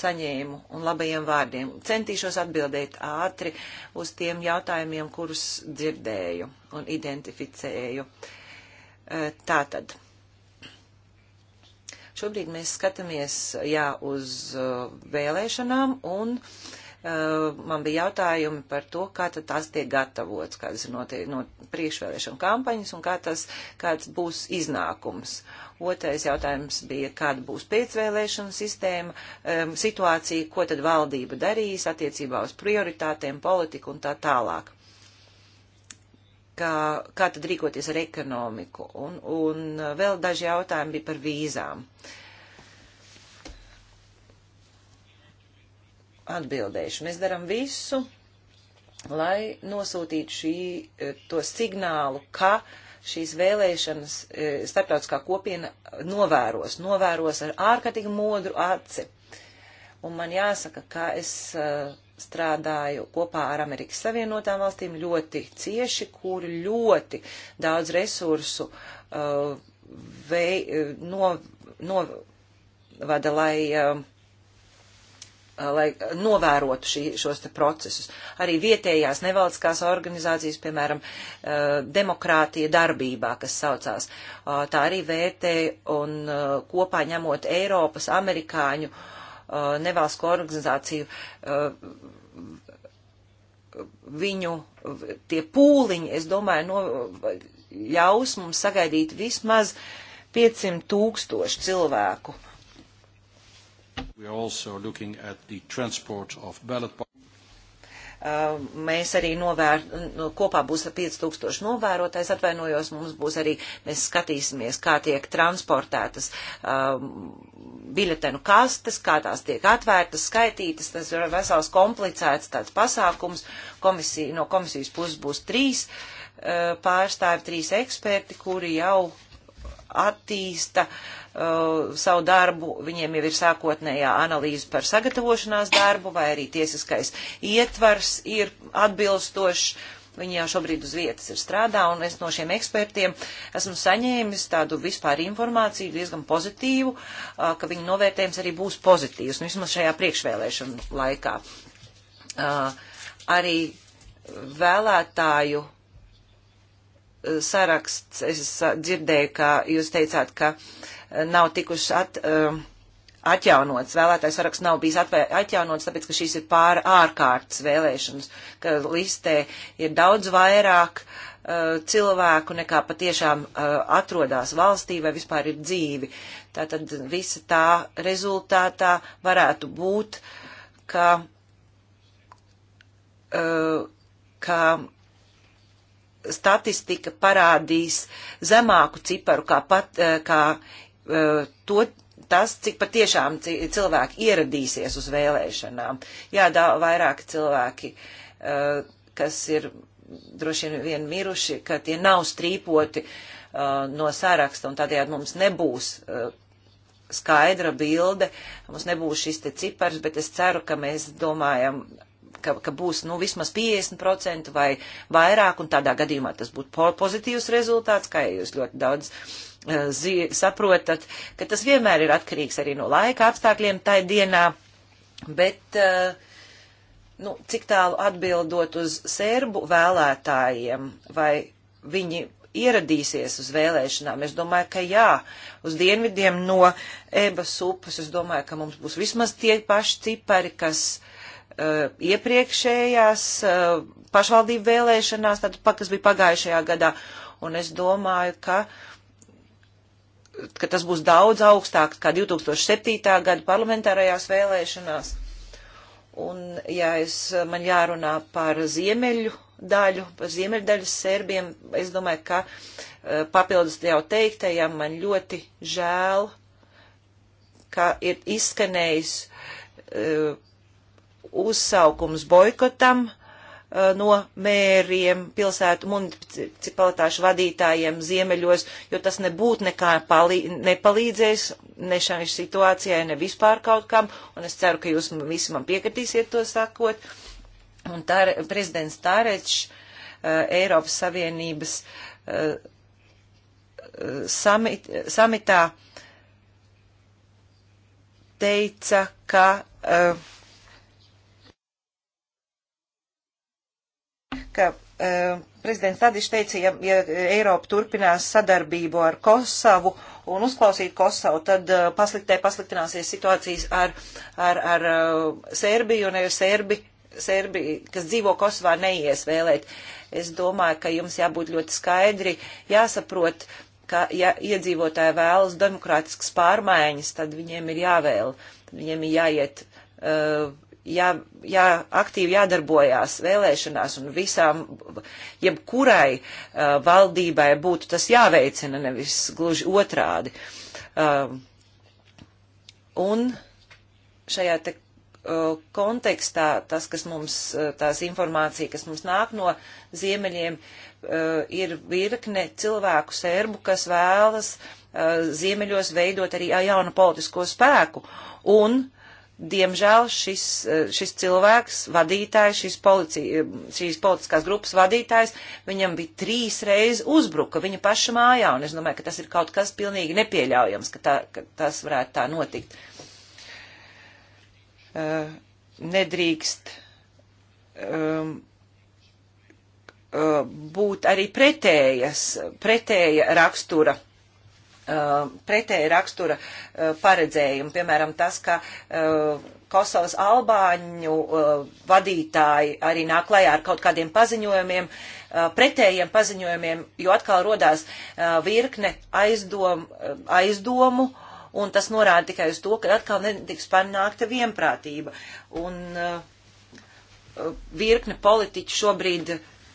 saņēmu un labajiem vārdiem. Centīšos atbildēt ātri uz tiem jautājumiem, kurus dzirdēju un identificēju. Uh, tātad. Šobrīd mēs skatāmies jā, uz uh, vēlēšanām un uh, Eh, man bija jautājumi par to, kā tad tās tiek gatavots, kādas ir notiek, no priekšvēlēšana kampaņas un kā tas, kāds būs iznākums. Otrais jautājums bija, kāda būs pēcvēlēšana sistēma, um, situācija, ko tad valdība darīs attiecībā uz prioritātēm, politiku un tā tālāk. Kā, kā tad rīkoties ar ekonomiku? Un, un eh, vēl daži jautājumi bija par vīzām. Uh, atbildējuši. Mēs darām visu, lai nosūtītu šī, e, to signālu, ka šīs vēlēšanas e, starptautiskā kopiena novēros, novēros ar ārkārtīgi modru aci. Un man jāsaka, ka es e, strādāju kopā ar Amerikas Savienotām valstīm ļoti cieši, kur ļoti daudz resursu uh, vei, no, novada, lai uh, Uh, lai novērotu šī, šos te procesus. Arī vietējās nevalstiskās organizācijas, piemēram, uh, demokrātija darbībā, kas saucās, uh, tā arī vērtē un kopā ņemot Eiropas, amerikāņu nevalstisko organizāciju viņu tie pūliņi, es domāju, no, ļaus mums sagaidīt vismaz 500 tūkstošu cilvēku uh, Ballot... Uh, mēs arī novēr, kopā būs 5000 novērotājs, atvainojos, mums būs arī, mēs skatīsimies, kā tiek transportētas uh, biļetenu kastes, kā tās tiek atvērtas, skaitītas, tas ir vesels komplicēts tāds pasākums, Komisija, no komisijas puses būs trīs uh, pārstāvi, trīs eksperti, kuri jau attīsta uh, savu darbu, viņiem jau ir sākotnējā analīze par sagatavošanās darbu, vai arī tiesiskais ietvars ir atbilstošs. Viņi jau šobrīd uz vietas ir strādā, un es no šiem ekspertiem esmu saņēmis tādu vispār informāciju diezgan pozitīvu, uh, ka viņu novērtējums arī būs pozitīvs, nu vismaz šajā priekšvēlēšanu laikā. Uh, arī vēlētāju saraksts. Es dzirdēju, ka jūs teicāt, ka eh, nav tikuši at, eh, atjaunots. Vēlētājs saraksts nav bijis atvē, atjaunots, tāpēc, ka šīs ir pār ārkārtas vēlēšanas, ka listē ir daudz vairāk eh, cilvēku nekā patiešām atrodās valstī vai vispār ir dzīvi. Tātad visa tā rezultātā varētu būt, ka, ka statistika parādīs zemāku ciparu, kā, pat, eh, kā eh, to, tas, cik patiešām cilvēki ieradīsies uz vēlēšanām. Jā, da, vairāki cilvēki, eh, kas ir droši vien miruši, ka tie nav strīpoti no saraksta un tādējādi mums nebūs skaidra bilde, mums nebūs šis te cipars, bet es ceru, ka mēs domājam ka, ka būs nu, vismaz 50% vai vairāk, un tādā gadījumā tas būtu pozitīvs rezultāts, kā jūs ļoti daudz eh, zi, saprotat, ka tas vienmēr ir atkarīgs arī no laika apstākļiem tai dienā, bet eh, nu, cik tālu atbildot uz serbu vēlētājiem, vai viņi ieradīsies uz vēlēšanām. Es domāju, ka jā, uz dienvidiem no Ebas upes, es domāju, ka mums būs vismaz tie paši cipari, kas Eh, iepriekšējās eh, pašvaldību vēlēšanās, tad, kas bija pagājušajā gadā. Un es domāju, ka ka tas būs daudz augstāks kā 2007. gada parlamentārajās vēlēšanās. Un, ja es, eh, man jārunā par ziemeļu daļu, par ziemeļdaļas serbiem, es domāju, ka papildus jau teiktajam man ļoti žēl, ka ir izskanējis uh, uzsaukums boikotam uh, no mēriem, pilsētu municipalitāšu vadītājiem ziemeļos, jo tas nebūtu nekā palī, nepalīdzējis ne šai situācijai, ne vispār kaut kam, un es ceru, ka jūs visi man piekritīsiet to sakot. Un tā, prezidents Tārečs uh, Eiropas Savienības uh, samit, samitā teica, ka uh, ka e, prezidents Tadiš teica, ja, ja Eiropa turpinās sadarbību ar Kosovu un uzklausīt Kosovu, tad uh, pasliktē pasliktināsies situācijas ar, ar, ar uh, Serbiju un ar Serbi, Serbi, kas dzīvo Kosovā, neies vēlēt. Es domāju, ka jums jābūt ļoti skaidri, jāsaprot, ka ja iedzīvotāji vēlas demokrātiskas pārmaiņas, tad viņiem ir jāvēl, viņiem ir jāiet. Uh, jā, jā, aktīvi jādarbojās vēlēšanās un visām, jebkurai uh, valdībai būtu tas jāveicina, nevis gluži otrādi. Uh, un šajā te uh, kontekstā tas, kas mums, tās informācija, kas mums nāk no ziemeļiem, ir virkne cilvēku serbu, kas vēlas ziemeļos veidot arī jaunu politisko spēku. Un uh, diemžēl šis, eh, šis cilvēks, vadītājs, šis policija, šīs politiskās grupas vadītājs, viņam bija trīs reizes uzbruka viņa paša mājā, un es domāju, ka tas ir kaut kas pilnīgi nepieļaujams, ka, tā, ka tas varētu tā notikt. Uh, nedrīkst um, uh, būt arī pretējas, pretēja rakstura Uh, pretēja rakstura uh, paredzējumu. Piemēram, tas, ka uh, Kosovas albāņu vadītāji arī nāk klajā ar kaut kādiem paziņojumiem, pretējiem paziņojumiem, jo atkal rodās virkne aizdom, aizdomu, un tas norāda tikai uz to, ka atkal netiks panākta vienprātība. Un virkne politiķu šobrīd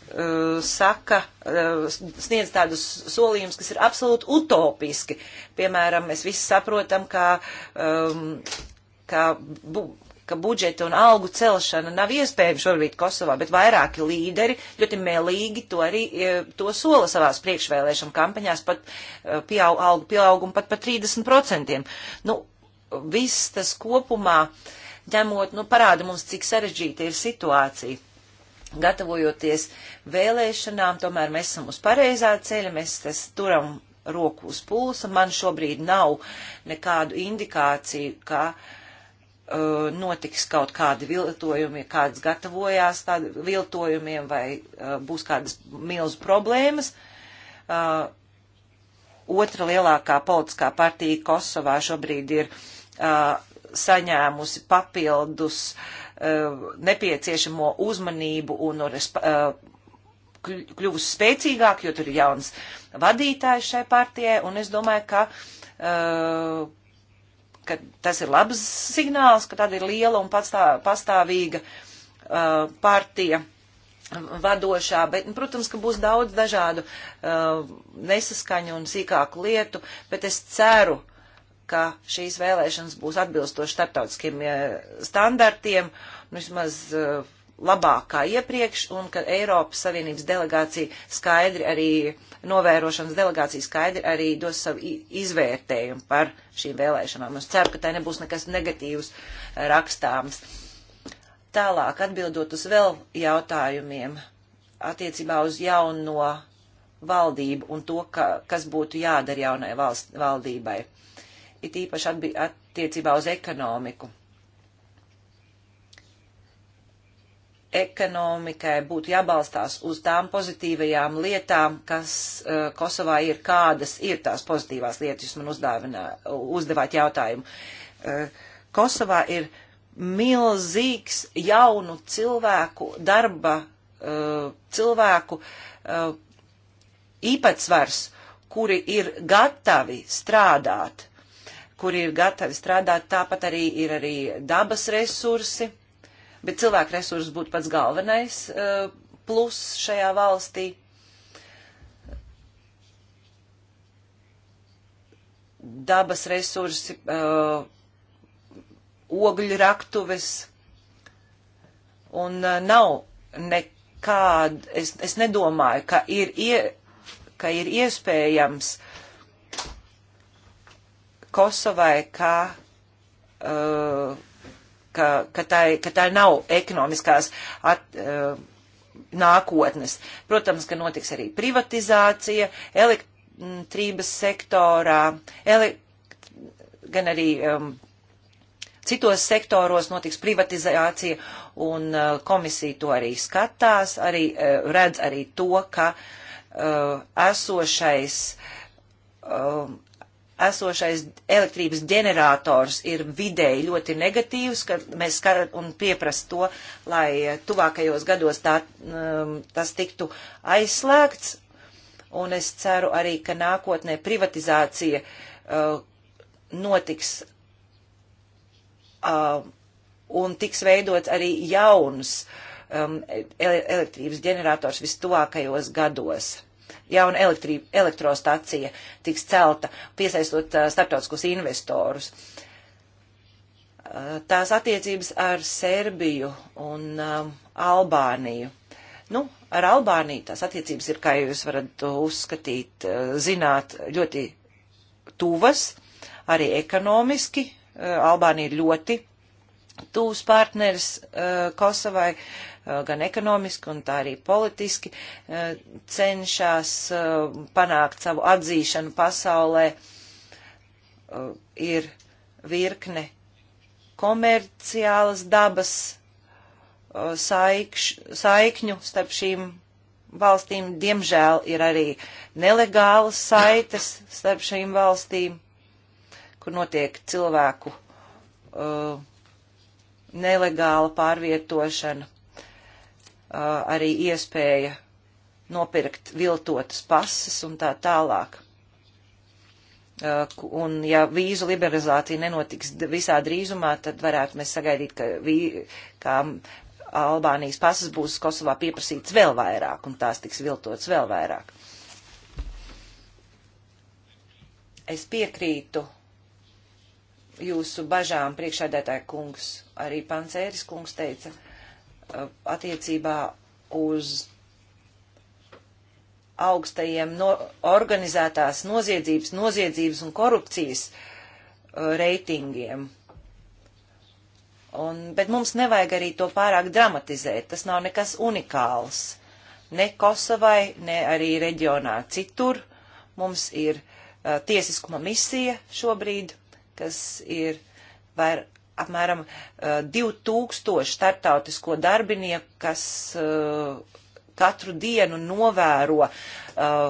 Uh, saka, uh, sniedz tādus solījumus, kas ir absolūti utopiski. Piemēram, mēs visi saprotam, ka, um, ka, bu, ka budžeta un algu celšana nav iespējama šobrīd Kosovā, bet vairāki līderi ļoti melīgi to arī uh, to sola savās priekšvēlēšana kampaņās, pat pieaug, algu pieaugumu pat par 30%. Nu, viss tas kopumā ņemot, nu, parāda mums, cik sarežģīta ir situācija gatavojoties vēlēšanām, tomēr mēs esam uz pareizā ceļa, mēs tas turam roku uz pulsa. Man šobrīd nav nekādu indikāciju, ka uh, notiks kaut kādi viltojumi, kāds gatavojās tādiem viltojumiem vai uh, būs kādas milzu problēmas. Uh, otra lielākā politiskā partija Kosovā šobrīd ir uh, saņēmusi papildus uh, Eh, nepieciešamo uzmanību un eh, kļuvusi spēcīgāk, jo tur ir jauns vadītājs šai partijai, un es domāju, ka, eh, ka tas ir labs signāls, ka tāda ir liela un pastāv, pastāvīga partija vadošā, bet, nu, protams, ka būs daudz dažādu uh, nesaskaņu un sīkāku lietu, bet es ceru, uh, ka šīs vēlēšanas būs atbilstoši starptautiskiem eh, standartiem, vismaz eh, labākā iepriekš, un ka Eiropas Savienības delegācija skaidri arī, novērošanas delegācija skaidri arī dos savu izvērtējumu par šīm vēlēšanām. Es ceru, ka tai nebūs nekas negatīvs eh, rakstāms. Tālāk atbildot uz vēl jautājumiem attiecībā uz jauno valdību un to, ka, kas būtu jādara jaunai valst, valdībai. Uh, it īpaši attiecībā uz ekonomiku. Ekonomikai būtu jābalstās uz tām pozitīvajām lietām, kas uh, Kosovā ir, kādas ir tās pozitīvās lietas, jūs man uzdāvinā, uzdevāt jautājumu. Uh, Kosovā ir milzīgs jaunu cilvēku darba, uh, cilvēku uh, īpatsvars, kuri ir gatavi strādāt kuri ir gatavi strādāt. Tāpat arī ir arī dabas resursi, bet cilvēku resursi būtu pats galvenais uh, plus šajā valstī. Dabas resursi, uh, ogļu raktuves, un uh, nav nekāda, es, es nedomāju, ka ir, ie, ka ir iespējams Kosovai, ka, uh, ka, ka, tai, ka tai nav ekonomiskās at, uh, nākotnes. Protams, ka notiks arī privatizācija elektrības sektorā, elekt gan arī um, citos sektoros notiks privatizācija, un uh, komisija to arī skatās, arī uh, redz arī to, ka uh, esošais um, esošais elektrības ģenerators ir vidēji ļoti negatīvs, ka mēs skaram un pieprast to, lai tuvākajos gados tā, um, tas tiktu aizslēgts. Un es ceru arī, ka nākotnē privatizācija uh, notiks uh, un tiks veidots arī jauns um, e-, elektrības ģenerators vistuvākajos gados jauna elektrī, elektrostacija tiks celta, piesaistot uh, starptautiskus investorus. Uh, tās attiecības ar Serbiju un um, Albāniju. Nu, ar Albāniju tās attiecības ir, kā jūs varat uzskatīt, zināt, ļoti tuvas, arī ekonomiski. Albānija ir ļoti tūs partneris Kosovai. Uh, Eh, gan ekonomiski, un tā arī politiski eh, cenšas eh, panākt savu atzīšanu pasaulē. Ir virkne komerciālas dabas saikš, saikņu starp šīm valstīm. Diemžēl ir arī nelegālas saites starp šīm valstīm, kur notiek cilvēku uh, nelegāla pārvietošana. Uh, arī iespēja nopirkt viltotas pases un tā tālāk. Uh, un ja vīzu liberalizācija nenotiks visā drīzumā, tad varētu mēs sagaidīt, ka, vī, ka Albānijas pasas būs Kosovā pieprasīts vēl vairāk un tās tiks viltots vēl vairāk. Es piekrītu jūsu bažām, priekšādētāja kungs, arī pancēris kungs teica, uh, Uh, attiecībā uz augstajiem no, organizētās noziedzības, noziedzības un korupcijas uh, reitingiem. Un, bet mums nevajag arī to pārāk dramatizēt. Tas nav nekas unikāls. Ne Kosovai, ne arī reģionā citur. Mums ir uh, tiesiskuma misija šobrīd, kas ir vair, apmēram 2000 eh, starptautisko darbinieku, kas eh, katru dienu novēro, eh,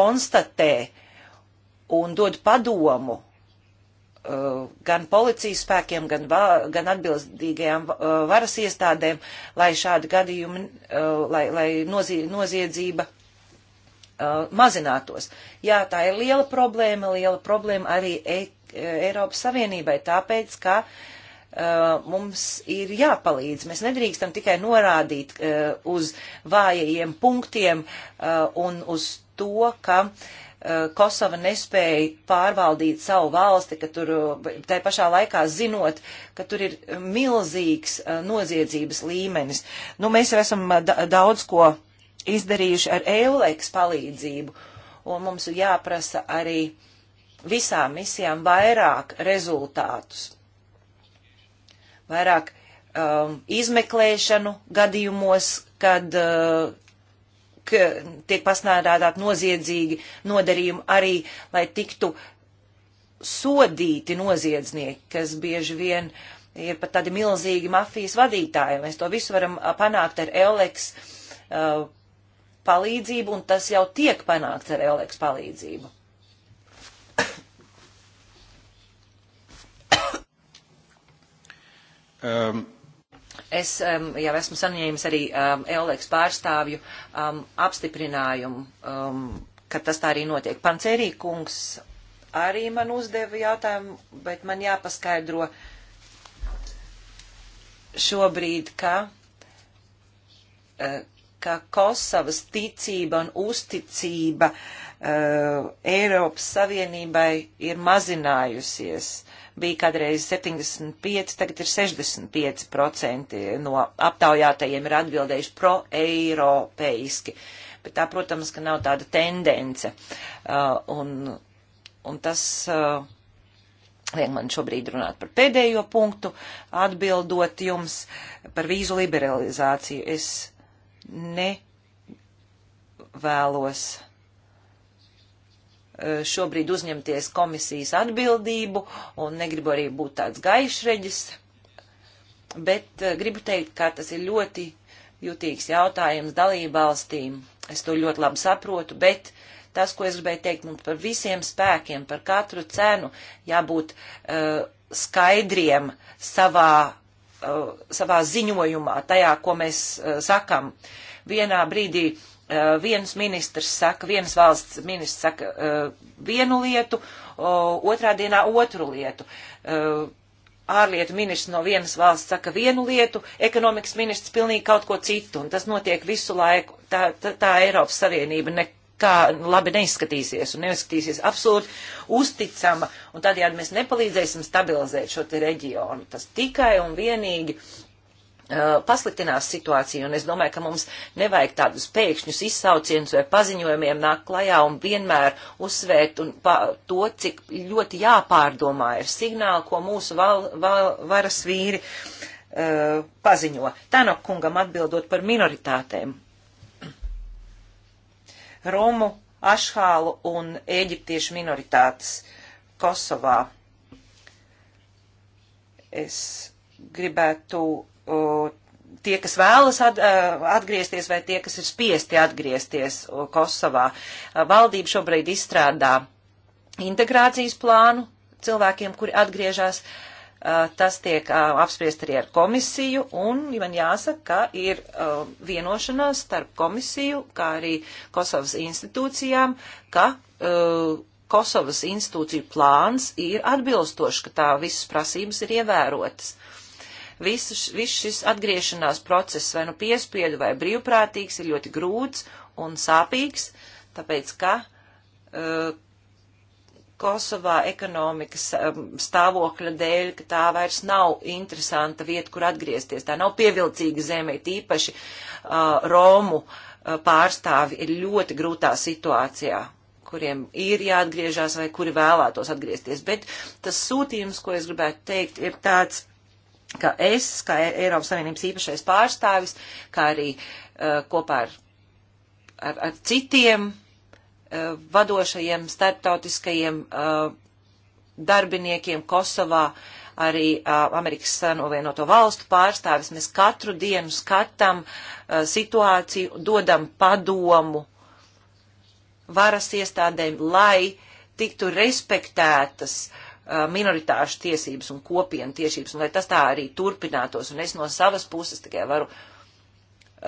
konstatē un dod padomu gan policijas spēkiem, gan, gan atbildīgajām varas iestādēm, lai šādi gadījumi, lai, lai noziedzība mazinātos. Jā, tā ir liela problēma, liela problēma arī e, e Eiropas Savienībai, tāpēc, ka uh, Uh, mums ir jāpalīdz. Mēs nedrīkstam tikai norādīt uh, uz vājajiem punktiem uh, un uz to, ka Kosova nespēja pārvaldīt savu valsti, ka tur tai pašā laikā zinot, ka tur ir milzīgs noziedzības līmenis. Nu, mēs jau esam daudz ko izdarījuši ar Eulēks palīdzību, un mums ir jāprasa arī visām misijām vairāk rezultātus vairāk um, izmeklēšanu gadījumos, kad uh, tiek pasnādātāti noziedzīgi nodarījumi arī, lai tiktu sodīti noziedznieki, kas bieži vien ir pat tādi milzīgi mafijas vadītāji. Mēs to visu varam uh, panākt ar Eoleks uh, palīdzību, un tas jau tiek panākts ar Eoleks palīdzību. Um, Es um, jau esmu saņēmis arī um, Eoleks pārstāvju um, apstiprinājumu, um, ka tas tā arī notiek. Pancerī kungs arī man uzdeva jautājumu, bet man jāpaskaidro šobrīd, ka, uh, ka Kosovas ticība un uzticība uh, Eiropas Savienībai ir mazinājusies bija kādreiz 75, tagad ir 65% no aptaujātajiem ir atbildējuši pro-eiropeiski. Bet tā, protams, ka nav tāda tendence. Uh, un, un tas uh, liek man šobrīd runāt par pēdējo punktu, atbildot jums par vīzu liberalizāciju. Es nevēlos Eh, šobrīd uzņemties komisijas atbildību un negribu arī būt tāds gaišreģis, bet eh, gribu teikt, ka tas ir ļoti jutīgs jautājums dalībvalstīm. Es to ļoti labi saprotu, bet tas, ko es gribēju teikt, mums par visiem spēkiem, par katru cenu jābūt uh, skaidriem savā, uh, savā ziņojumā, tajā, ko mēs uh, sakam. Vienā brīdī uh, Eh, viens ministrs saka, vienas valsts ministrs saka eh, vienu lietu, otrā dienā otru lietu. Eh, ārlietu ministrs no vienas valsts saka vienu lietu, ekonomikas ministrs pilnīgi kaut ko citu, un tas notiek visu laiku. Tā, tā, tā Eiropas Savienība nekā labi neizskatīsies, un neizskatīsies absolūti uzticama, un tādējādi mēs nepalīdzēsim stabilizēt šo te reģionu. Tas tikai un vienīgi uh, Uh, pasliktinās situāciju, un es domāju, ka mums nevajag tādus pēkšņus izsaucienus vai paziņojumiem nāk klajā un vienmēr uzsvērt un to, cik ļoti jāpārdomā ir signāli, ko mūsu val, val, varas vīri uh, paziņo. Tanok kungam atbildot par minoritātēm. Romu, Ašhālu un Eģiptiešu minoritātes Kosovā. Es gribētu tie, kas vēlas atgriezties vai tie, kas ir spiesti atgriezties Kosovā. Valdība šobrīd izstrādā integrācijas plānu cilvēkiem, kuri atgriežas. Tas tiek apspriest arī ar komisiju, un man jāsaka, ka ir vienošanās starp komisiju, kā arī Kosovas institūcijām, ka Kosovas institūciju plāns ir atbilstošs, ka tā visas prasības ir ievērotas. Uh, viss vis šis atgriešanās process, vai nu piespiedu, vai brīvprātīgs, ir ļoti grūts un sāpīgs, tāpēc ka uh, Kosovā ekonomikas um, stāvokļa dēļ, ka tā vairs nav interesanta vieta, kur atgriezties. Tā nav pievilcīga zemē, tīpaši uh, Romu uh, pārstāvi ir ļoti grūtā situācijā kuriem ir jāatgriežas vai kuri vēlētos atgriezties. Bet tas sūtījums, ko es gribētu teikt, ir tāds ka es, kā e- Eiropas Savienības īpašais pārstāvis, kā arī uh, kopā ar, ar, ar citiem uh, vadošajiem starptautiskajiem uh, darbiniekiem Kosovā, arī uh, Amerikas Savienoto valstu pārstāvis, mēs katru dienu skatām uh, situāciju, dodam padomu varas iestādēm, lai tiktu respektētas uh, Uh, minoritāšu tiesības un kopienu tiesības, un lai tas tā arī turpinātos. Un es no savas puses tikai varu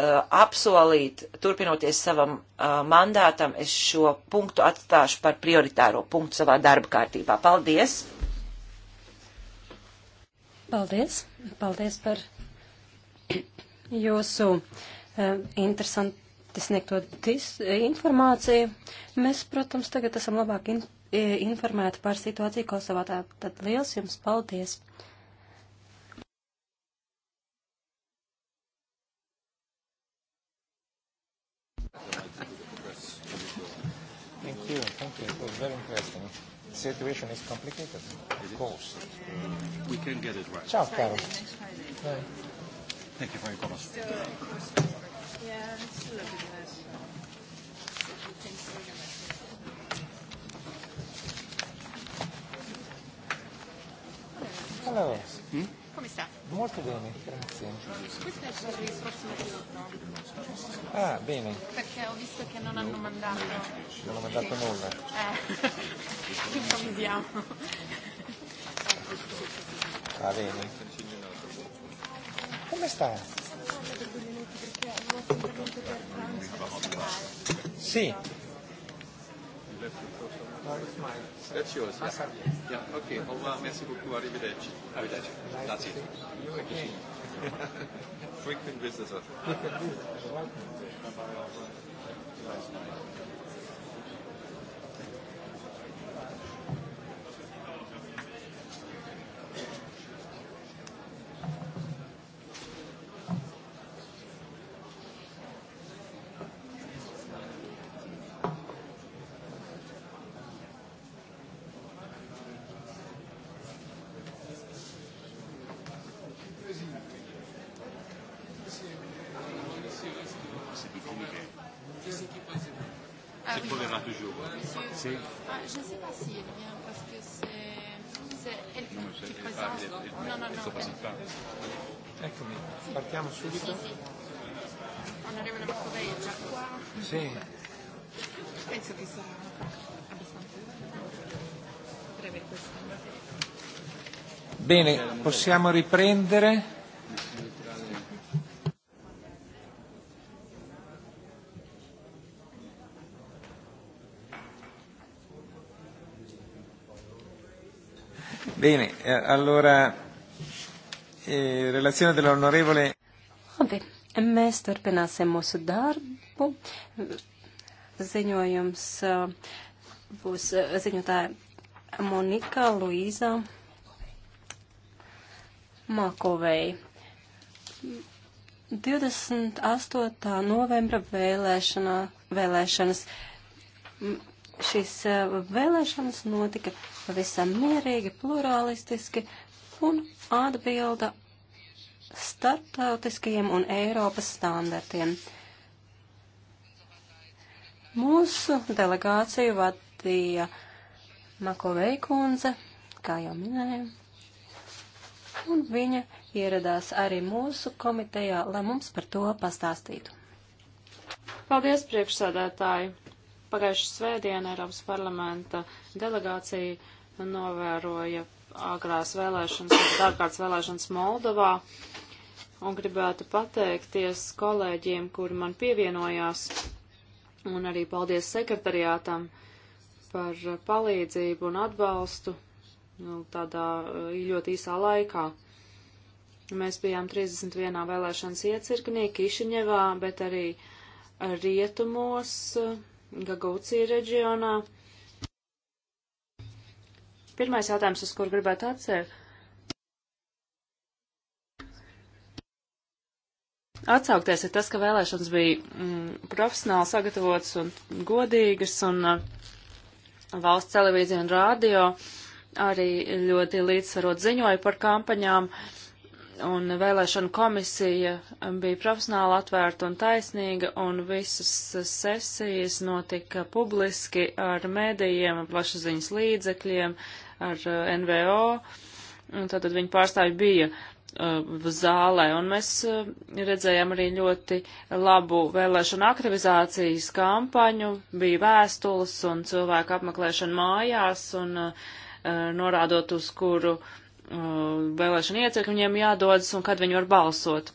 Uh, apsolīt, turpinoties savam uh, mandātam, es šo punktu atstāšu par prioritāro punktu savā darba kārtībā. Paldies! Paldies! Paldies par jūsu uh, interesanti sniegto informāciju. Mēs, protams, tagad esam labāk informēti E, informēti par situāciju Kosovā. Tad liels jums paldies! Thank you, thank you. It was very interesting. The situation is complicated, of course. We can get it right. Ciao, Carol. Bye. Thank you for your comments. So, yeah, it's a little bit less. So you can say that. Allora, mm? come sta? Molto bene, grazie. Questo è per il prossimo giorno. Ah, bene. Perché ho visto che non hanno mandato. Non hanno mandato sì. nulla. Eh, improvvisiamo. Va ah, bene. Come sta? Sì. That's yours. Yeah. yeah. Okay. Au revoir. Merci beaucoup. Arrivederci. Arrivederci. That's it. You again. Frequent visitor. Frequent visitor. Welcome. Last night. passé ah, Je ne sais pas si elle vient parce que c'est elle non, qui présente. Ah, elle, elle, non, non, elle no, presenta. no. Elle... Eccomi, sì. partiamo subito. Sì, sì. Onorevole Maccovei è già qua. Sì. Penso che sarà abbastanza breve questa. Bene, possiamo riprendere. Bene, eh, allora, eh, relazione dell'onorevole. Labi, mēs turpināsim mūsu darbu. Ziņojums eh, būs eh, ziņotāja Monika Luīza Makovei. 28. novembra vēlēšanā, vēlēšanas šīs eh, vēlēšanas notika pavisam mierīgi, pluralistiski un atbilda starptautiskajiem un Eiropas standartiem. Mūsu delegāciju vadīja Makovei kundze, kā jau minēju, un viņa ieradās arī mūsu komitejā, lai mums par to pastāstītu. Paldies, priekšsēdētāji! Pagājušā svētdiena Eiropas parlamenta delegācija novēroja agrās vēlēšanas, ārkārtas vēlēšanas Moldovā un gribētu pateikties kolēģiem, kuri man pievienojās un arī paldies sekretariātam par palīdzību un atbalstu nu, tādā eh, ļoti īsā laikā. Mēs bijām 31. vēlēšanas iecirknī Kišiņevā, bet arī rietumos eh, Gagūcija reģionā. Pirmais jautājums, uz kur gribētu atcelt. Atsaukties ir tas, ka vēlēšanas bija mm, profesionāli sagatavotas un godīgas, un uh, valsts televīzija un rādio arī ļoti līdzsvarot ziņoja par kampaņām. Uh, un vēlēšana komisija bija profesionāli atvērta un taisnīga, un visas sesijas notika publiski ar mēdījiem, plašsaziņas līdzekļiem, ar eh, NVO, un tātad viņa pārstāvji bija uh, zālē, un mēs uh, redzējām arī ļoti labu vēlēšanu aktivizācijas kampaņu, bija vēstules un cilvēku apmeklēšana mājās, un uh, norādot uz kuru uh, Uh, vēlēšana iecirkņi viņiem jādodas un kad viņi var balsot.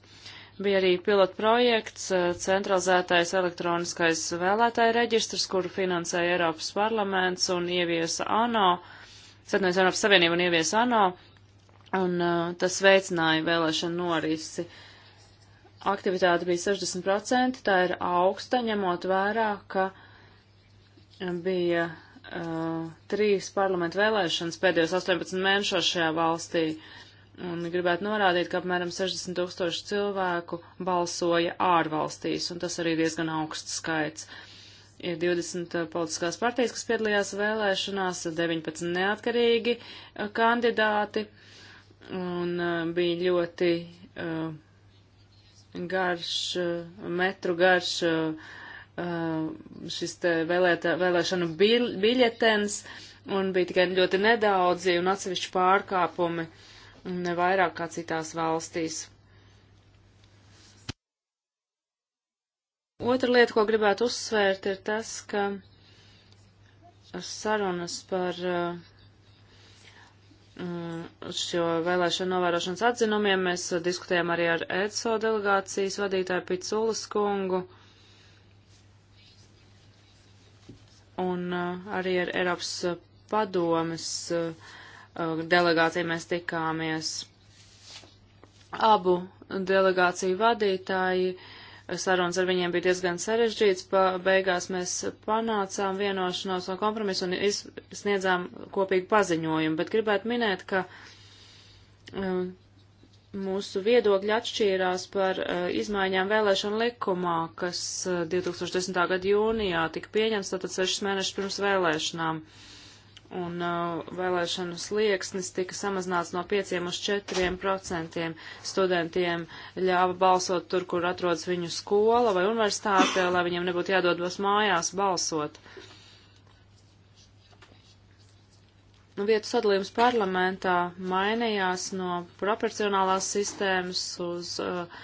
Bija arī pilota projekts, uh, centralizētais elektroniskais vēlētāju reģistrs, kuru finansēja Eiropas parlaments un ieviesa ANO, Satnēs Eiropas Savienība un ieviesa ANO, un uh, tas veicināja vēlēšanu norisi. Aktivitāte bija 60%, tā ir augsta, ņemot vērā, ka bija uh, trīs parlamentu vēlēšanas pēdējos 18 mēnešos šajā valstī. Un gribētu norādīt, ka apmēram 60 tūkstoši cilvēku balsoja ārvalstīs, un tas arī diezgan augsts skaits. Ir 20 uh, politiskās partijas, kas piedalījās vēlēšanās, 19 neatkarīgi uh, kandidāti, un uh, bija ļoti uh, garš, uh, metru garš uh, Uh, šis te vēlētā, vēlēšanu biļetens, un bija tikai ļoti nedaudzi un atsevišķi pārkāpumi, ne vairāk kā citās valstīs. Otra lieta, ko gribētu uzsvērt, ir tas, ka sarunas par uh, mm, šo vēlēšanu novērošanas atzinumiem mēs diskutējām arī ar EDSO delegācijas vadītāju Piculas kungu. Uh, un uh, arī ar Eiropas uh, padomes uh, delegāciju mēs tikāmies. Abu delegāciju vadītāji sarunas ar viņiem bija diezgan sarežģīts. Pa, beigās mēs panācām vienošanos un kompromisu un sniedzām kopīgu paziņojumu, bet gribētu minēt, ka um, mūsu viedokļi atšķīrās par uh, izmaiņām vēlēšanu likumā, kas uh, eh, 2010. gada jūnijā tika pieņemts, tātad sešas mēnešas pirms vēlēšanām. Un uh, vēlēšanu slieksnis tika samazināts no 5 uz 4 procentiem. Studentiem ļāva balsot tur, kur atrodas viņu skola vai universitāte, lai viņiem nebūtu jādodas mājās balsot. Uh, Nu, vietu sadalījums parlamentā mainījās no proporcionālās sistēmas uz uh,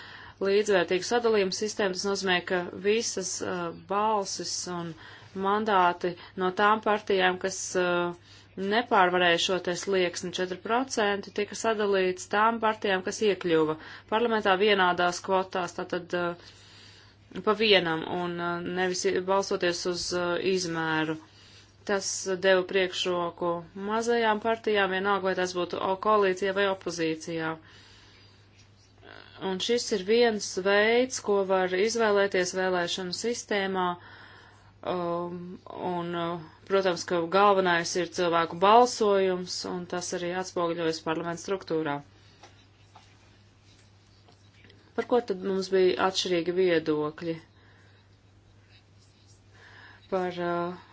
līdzvērtīgu sadalījumu sistēmu. Tas nozīmē, ka visas uh, balsis un mandāti no tām partijām, kas uh, nepārvarēja šo te slieksni 4%, tika sadalīts tām partijām, kas iekļuva parlamentā vienādās kvotās, tātad uh, pa vienam un uh, nevis balsoties uz uh, izmēru. Tas deva priekšroku mazajām partijām, vienalga, vai tas būtu koalīcijā vai opozīcijā. Un šis ir viens veids, ko var izvēlēties vēlēšanu sistēmā. Um, un, uh, protams, ka galvenais ir cilvēku balsojums, un tas arī atspoguļojas parlamentu struktūrā. Par ko tad mums bija atšķirīgi viedokļi? Par uh,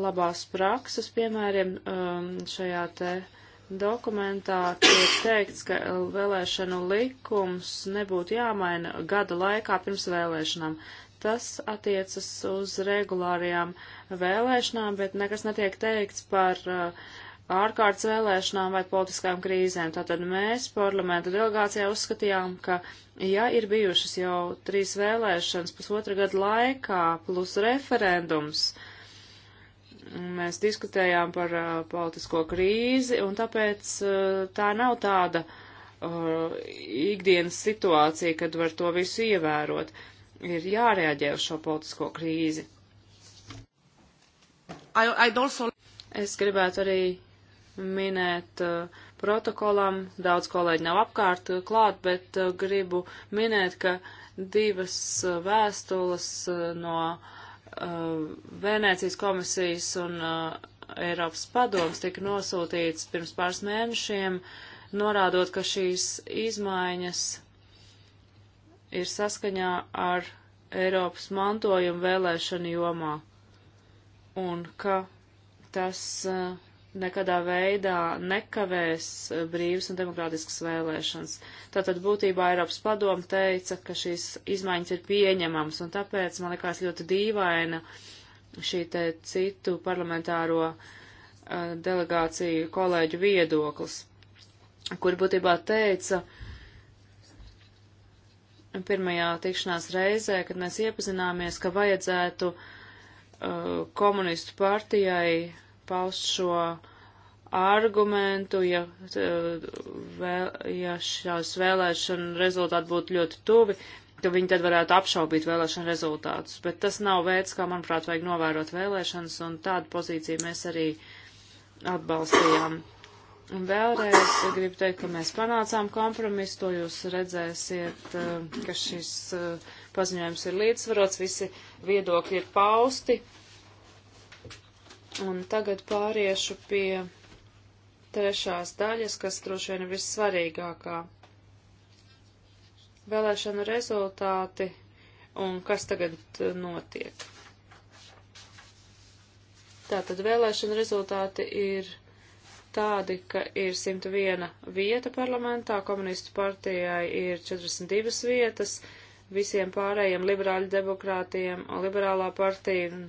labās prakses piemēriem um, šajā te dokumentā tiek teikts, ka vēlēšanu likums nebūtu jāmaina gada laikā pirms vēlēšanām. Tas attiecas uz regulārajām vēlēšanām, bet nekas netiek teikts par uh, ārkārtas vēlēšanām vai politiskām krīzēm. Tātad mēs parlamenta delegācijā uzskatījām, ka ja ir bijušas jau trīs vēlēšanas pusotra gada laikā plus referendums, uh, Mēs diskutējām par uh, politisko krīzi, un tāpēc uh, tā nav tāda uh, ikdienas situācija, kad var to visu ievērot. Ir jārēģē uz šo politisko krīzi. I, I'd also... Es gribētu arī minēt uh, protokolam, daudz kolēģi nav apkārt uh, klāt, bet uh, gribu minēt, ka divas uh, vēstules uh, no uh, Uh, Vēnēcijas komisijas un uh, Eiropas padoms tika nosūtīts pirms pāris mēnešiem, norādot, ka šīs izmaiņas ir saskaņā ar Eiropas mantojumu vēlēšanu jomā un ka tas uh, nekādā veidā nekavēs brīvas un demokrātiskas vēlēšanas. Tātad būtībā Eiropas padoma teica, ka šīs izmaiņas ir pieņemamas, un tāpēc man liekas ļoti dīvaina šī te citu parlamentāro uh, delegāciju kolēģu viedoklis, kur būtībā teica, pirmajā tikšanās reizē, kad mēs iepazināmies, ka vajadzētu uh, komunistu partijai paust šo argumentu, ja, vēl, ja šās vēlēšana rezultāti būtu ļoti tuvi, ka viņi tad varētu apšaubīt vēlēšana rezultātus. Bet tas nav veids, kā, manuprāt, vajag novērot vēlēšanas, un tādu pozīciju mēs arī atbalstījām. Un vēlreiz gribu teikt, ka mēs panācām kompromisu, to jūs redzēsiet, eh, ka šis eh, paziņojums ir līdzsvarots, visi viedokļi ir pausti, Un tagad pāriešu pie trešās daļas, kas droši vien ir vissvarīgākā. Vēlēšanu rezultāti un kas tagad notiek. Tātad vēlēšana rezultāti ir tādi, ka ir 101 vieta parlamentā, komunistu partijai ir 42 vietas, visiem pārējiem liberāļu demokrātiem, liberālā partija,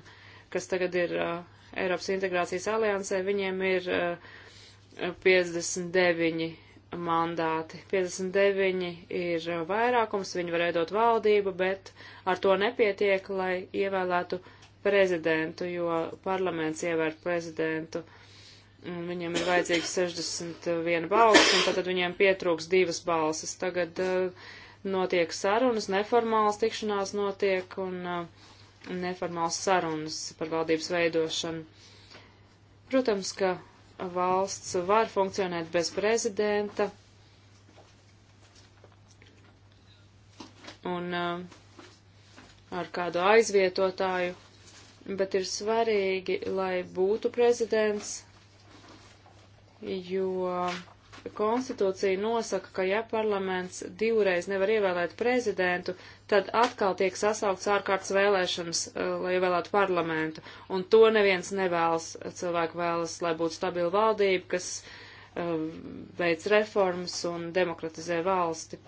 kas tagad ir uh, Eiropas integrācijas aliansē, viņiem ir 59 eh, mandāti. 59 ir eh, vairākums, viņi var veidot valdību, bet ar to nepietiek, lai ievēlētu prezidentu, jo parlaments ievērt prezidentu. Un mm, viņiem ir vajadzīgs 61 balss, un tad viņiem pietrūks divas balsas. Tagad uh, notiek sarunas, neformāls tikšanās notiek, un uh, neformāls sarunas par valdības veidošanu. Protams, ka valsts var funkcionēt bez prezidenta, un uh, ar kādu aizvietotāju, bet ir svarīgi, lai būtu prezidents, jo konstitūcija nosaka, ka ja parlaments divreiz nevar ievēlēt prezidentu, tad atkal tiek sasaukts ārkārtas vēlēšanas, eh, lai ievēlētu parlamentu. Un to neviens nevēlas. Cilvēki vēlas, lai būtu stabila valdība, kas eh, veic reformas un demokratizē valsti.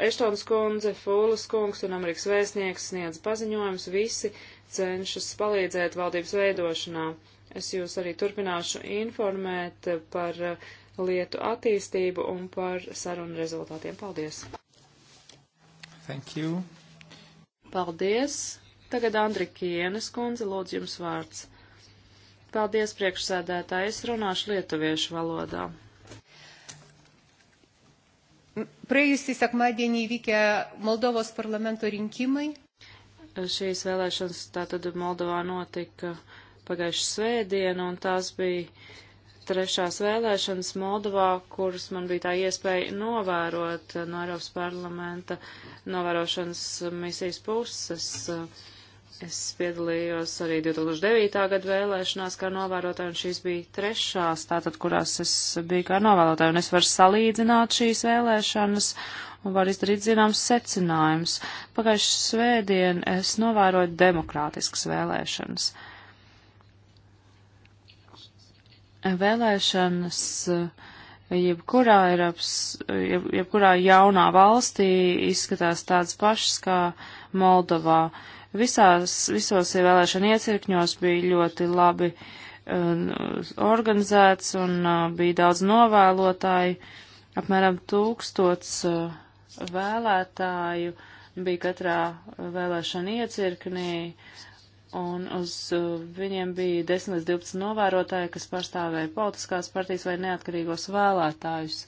Eštons kundze, Fūlas kungs un Amerikas vēstnieks sniedz paziņojumus visi cenšas palīdzēt valdības veidošanā. Es jūs arī turpināšu informēt par uh, lietu attīstību un par sarunu rezultātiem. Paldies! Thank you! Paldies! Tagad Andrikienes kundze, lūdzu jums vārds. Paldies, priekšsēdētāji, es runāšu lietuviešu valodā. Praėjusį sekmadienį įvykę Moldovos parlamento rinkimai šīs vēlēšanas tātad Moldovā notika pagājuši svētdien, un tās bija trešās vēlēšanas Moldovā, kuras man bija tā iespēja novērot no Eiropas parlamenta novērošanas misijas puses. Es piedalījos arī 2009. gada vēlēšanās kā novērotāja, un šīs bija trešās, tātad, kurās es biju kā novērotāja, un es varu salīdzināt šīs vēlēšanas un var izdarīt zināms secinājums. Pagājušajā svētdien es novēroju demokrātiskas vēlēšanas. Vēlēšanas eh, jebkurā, Eiropas, jeb, jebkurā jaunā valstī izskatās tādas pašas kā Moldovā. Visās, visos ievēlēšana iecirkņos bija ļoti labi uh, organizēts un eh, bija daudz novēlotāju, apmēram tūkstots vēlētāju bija katrā vēlēšana iecirknī, un uz uh, viņiem bija 10 līdz 12 novērotāji, kas pārstāvēja politiskās partijas vai neatkarīgos vēlētājus.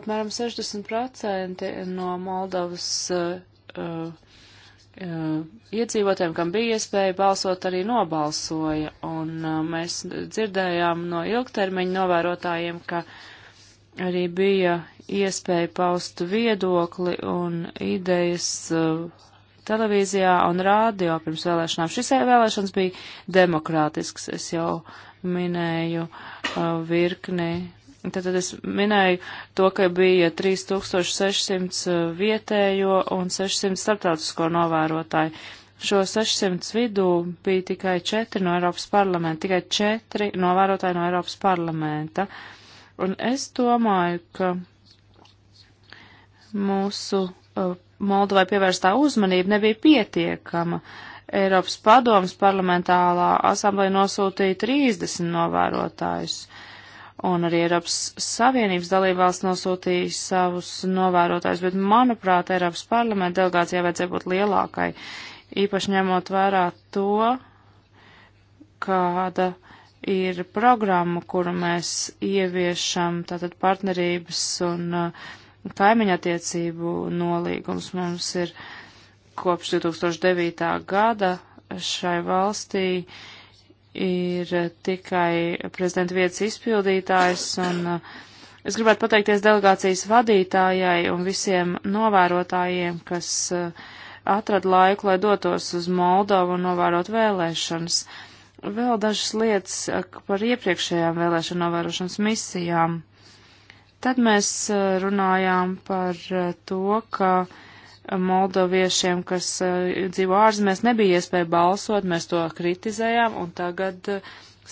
Apmēram 60% no Moldovas uh, uh iedzīvotājiem, kam bija iespēja balsot, arī nobalsoja. Un uh, mēs dzirdējām no ilgtermiņa novērotājiem, ka arī bija iespēja paust viedokli un idejas uh, televīzijā un rādio pirms vēlēšanām. Šis vēlēšanas bija demokrātisks, es jau minēju uh, virkni. Tad, tad es minēju to, ka bija 3600 uh, vietējo un 600 starptautisko novērotāju. Šo 600 vidū bija tikai 4 no Eiropas parlamenta, tikai 4 novērotāji no Eiropas parlamenta. Uh, Un es domāju, ka mūsu uh, Moldovai pievērstā uzmanība nebija pietiekama. Eiropas padomas parlamentārā asamblēja nosūtīja 30 novērotājus, un arī Eiropas Savienības dalībvalsts nosūtīja savus novērotājus, bet, manuprāt, Eiropas parlamenta delegācijā vajadzēja būt lielākai, īpaši ņemot vērā to, kāda uh, ir programma, kuru mēs ieviešam, tātad partnerības un uh, kaimiņattiecību nolīgums. Mums ir kopš 2009. gada šai valstī ir tikai prezidenta vietas izpildītājs un uh, es gribētu pateikties delegācijas vadītājai un visiem novērotājiem, kas uh, atrada laiku, lai dotos uz Moldovu un novērot vēlēšanas. Uh, Vēl dažas lietas eh, par iepriekšējām vēlēšanu novērošanas misijām. Tad mēs eh, runājām par eh, to, ka moldoviešiem, kas dzīvo ārzemēs, nebija iespēja balsot, mēs to kritizējām, un tagad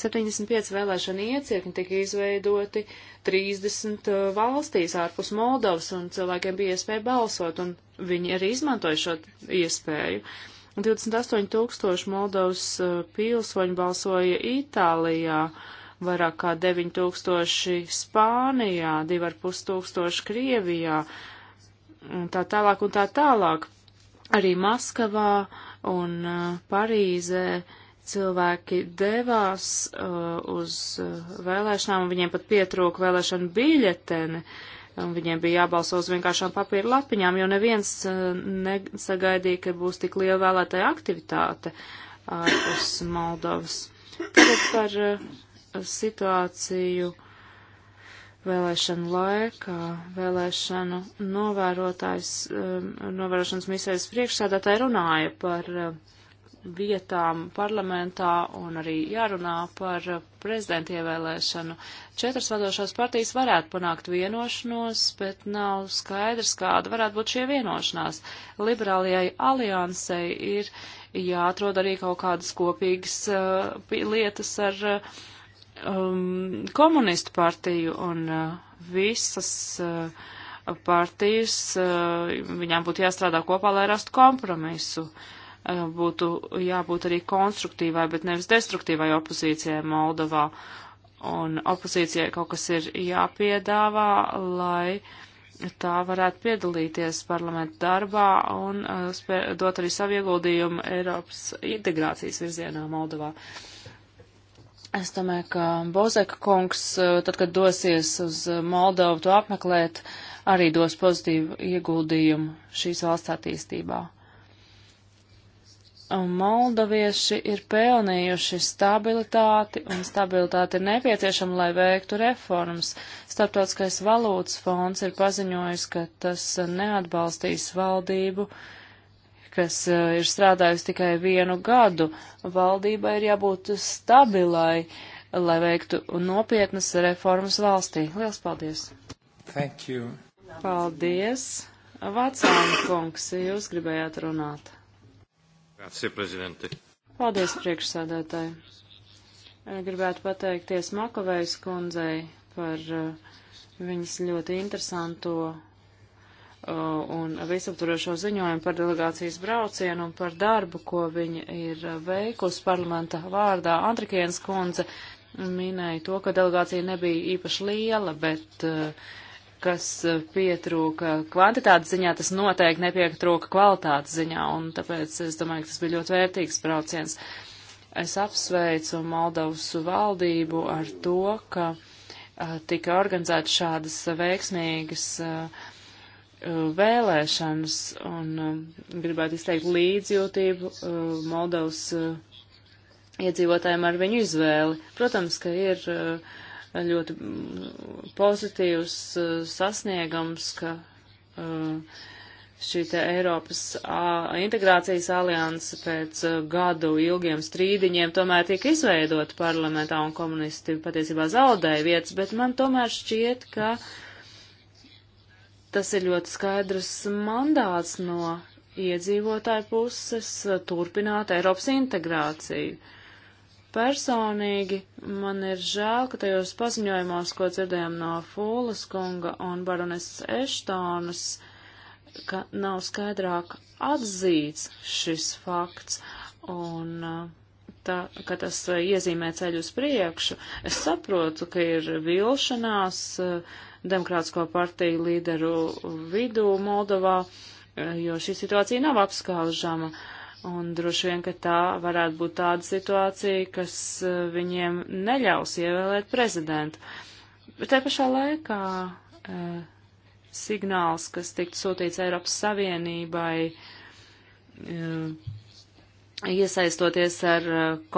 75 vēlēšana iecirkņi tika izveidoti 30 valstīs ārpus Moldovas, un cilvēkiem bija iespēja balsot, un viņi arī izmantoja šo iespēju. Uh, 28 tūkstoši Moldovas eh, pilsoņu balsoja Itālijā, vairāk kā 9 tūkstoši Spānijā, 2,5 tūkstoši Krievijā, un tā tālāk un tā tālāk. Arī Maskavā un eh, Parīzē cilvēki devās uh, uz vēlēšanām, un viņiem pat pietrūka vēlēšana biļetene. Uh, un viņiem bija jābalso uz vienkāršām papīra lapiņām, jo neviens eh, nesagaidīja, ka būs tik liela vēlētāja aktivitāte ārpus Moldovas. Tagad par eh, situāciju vēlēšanu laikā, vēlēšanu novērotājs, eh, novērošanas misijas priekšsēdētāji runāja par vietām parlamentā un arī jārunā par prezidentievēlēšanu četras vadošās partijas varētu panākt vienošanos, bet nav skaidrs, kāda varētu būt šie vienošanās. Liberālajai aliansei ir jāatrod arī kaut kādas kopīgas uh, lietas ar uh, um, komunistu partiju un uh, visas uh, partijas, uh, viņām būtu jāstrādā kopā, lai rastu kompromisu. Uh, būtu jābūt arī konstruktīvai, bet nevis destruktīvai opozīcijai Moldovā. Uh, un opozīcijai kaut kas ir jāpiedāvā, lai tā varētu piedalīties parlamentu darbā un uh, dot arī savu ieguldījumu Eiropas integrācijas virzienā Moldovā. Es domāju, ka Bozeka kungs, uh, tad, kad dosies uz Moldovu to apmeklēt, arī dos pozitīvu ieguldījumu šīs valsts attīstībā. Moldovieši ir pelnījuši stabilitāti, un stabilitāte ir nepieciešama, lai veiktu reformas. Starptautiskais valūtas fonds ir paziņojis, ka tas neatbalstīs valdību, kas eh, ir strādājusi tikai vienu gadu. Valdībai ir jābūt stabilai, lai veiktu nopietnas reformas valstī. Lielas paldies! Thank you! Paldies! Vacāna kungs, jūs gribējāt runāt. Grazie, prezidente. Paldies, priekšsēdētāji. Eh, gribētu pateikties Makovejas kundzei par eh, viņas ļoti interesanto eh, un visaptvarošo ziņojumu par delegācijas braucienu un par darbu, ko viņa ir veikusi parlamenta vārdā. Andrikienas kundze minēja to, ka delegācija nebija īpaši liela, bet uh, kas eh, pietrūka kvantitātes ziņā, tas noteikti nepietrūka kvalitātes ziņā, un tāpēc es domāju, ka tas bija ļoti vērtīgs brauciens. Es apsveicu Moldovas valdību ar to, ka a, eh, tika organizētas šādas veiksmīgas a, eh, vēlēšanas, un a, gribētu izteikt līdzjūtību Moldovas iedzīvotājiem ar viņu izvēli. Protams, ka ir uh, ļoti mm, pozitīvs eh, sasniegums, ka eh, šī te Eiropas integrācijas alianse pēc eh, gadu ilgiem strīdiņiem tomēr tika izveidota parlamentā un komunisti patiesībā zaudēja vietas, bet man tomēr šķiet, ka tas ir ļoti skaidrs mandāts no iedzīvotāju puses turpināt Eiropas integrāciju. Personīgi man ir žēl, ka tajos paziņojumos, ko dzirdējām no Fūlas kunga un baroneses Eštonas, ka nav skaidrāk atzīts šis fakts un uh, tā, ka tas uh, iezīmē ceļu uz priekšu. Es saprotu, ka ir vilšanās uh, Demokrātsko partiju līderu vidū Moldovā, jo šī situācija nav apskaužama. Uh, Un droši vien, ka tā varētu būt tāda situācija, kas eh, viņiem neļaus ievēlēt prezidentu. Bet te pašā laikā e, signāls, kas tiktu sūtīts Eiropas Savienībai, e, iesaistoties ar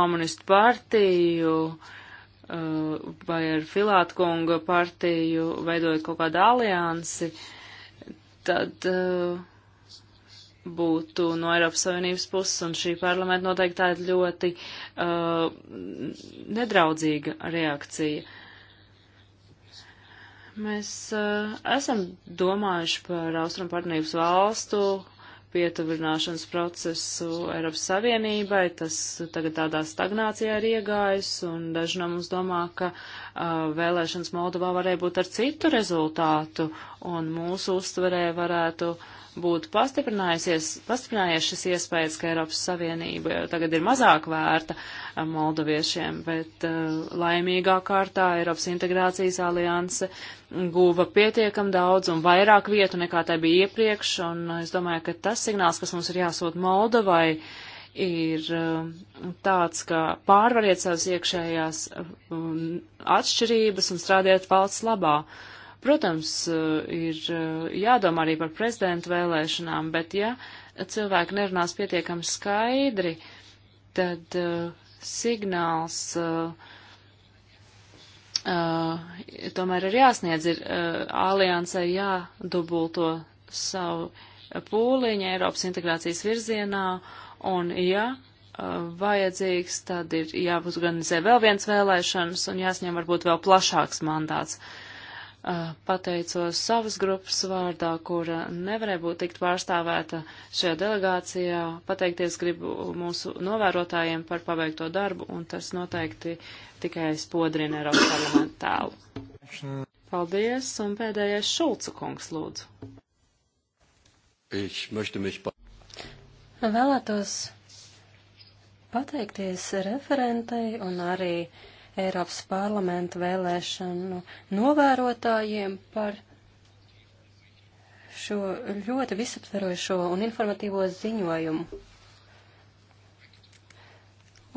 komunistu partiju e, vai ar Filātkunga partiju, veidojot kaut kādu aliansi, tad. E, būtu no Eiropas Savienības puses, un šī parlamenta noteikti tāda ļoti uh, nedraudzīga reakcija. Mēs uh, esam domājuši par Austrum partnerības valstu pietuvināšanas procesu Eiropas Savienībai. Tas tagad tādā stagnācijā ir iegājis, un daži no mums domā, ka uh, vēlēšanas Moldovā varēja būt ar citu rezultātu, un mūsu uztverē varētu būtu pastiprinājies šis iespējas, ka Eiropas Savienība tagad ir mazāk vērta moldoviešiem, bet uh, laimīgā kārtā Eiropas integrācijas alianse guva pietiekam daudz un vairāk vietu nekā tai bija iepriekš, un es domāju, ka tas signāls, kas mums ir jāsūt Moldovai, uh, ir um, tāds, ka pārvariet savas iekšējās um, atšķirības un strādiet valsts labā. Protams, uh, ir uh, jādomā arī par prezidentu vēlēšanām, bet ja cilvēki nerunās pietiekami skaidri, tad uh, signāls uh, uh, tomēr ir jāsniedz, ir uh, aliansai jādubulto savu pūliņu Eiropas integrācijas virzienā Un, ja vajadzīgs, tad ir jāuzorganizē vēl viens vēlēšanas un jāsņem varbūt vēl plašāks mandāts. Pateicos savas grupas vārdā, kura nevarēja būt tikt pārstāvēta šajā delegācijā. Pateikties gribu mūsu novērotājiem par paveikto darbu, un tas noteikti tikai spodrina Eiropas parlamentu tēlu. Paldies, un pēdējais Šulcu kungs lūdzu. Ich möchte mich bei Vēlētos pateikties referentei un arī Eiropas parlamenta vēlēšanu novērotājiem par šo ļoti visaptverošo un informatīvo ziņojumu.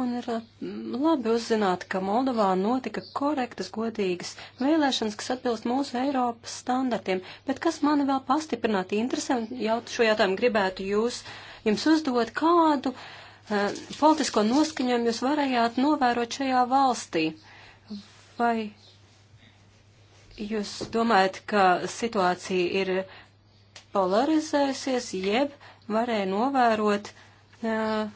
Un ir mm, labi uzzināt, ka Moldovā notika korektas, godīgas vēlēšanas, kas atbilst mūsu Eiropas standartiem. Bet kas mani vēl pastiprināt interesē, jau šo jautājumu gribētu jūs uh, jums uzdot, kādu uh, politisko noskaņojumu jūs varējāt novērot šajā valstī? Vai jūs domājat, ka situācija ir polarizējusies, jeb varēja novērot uh,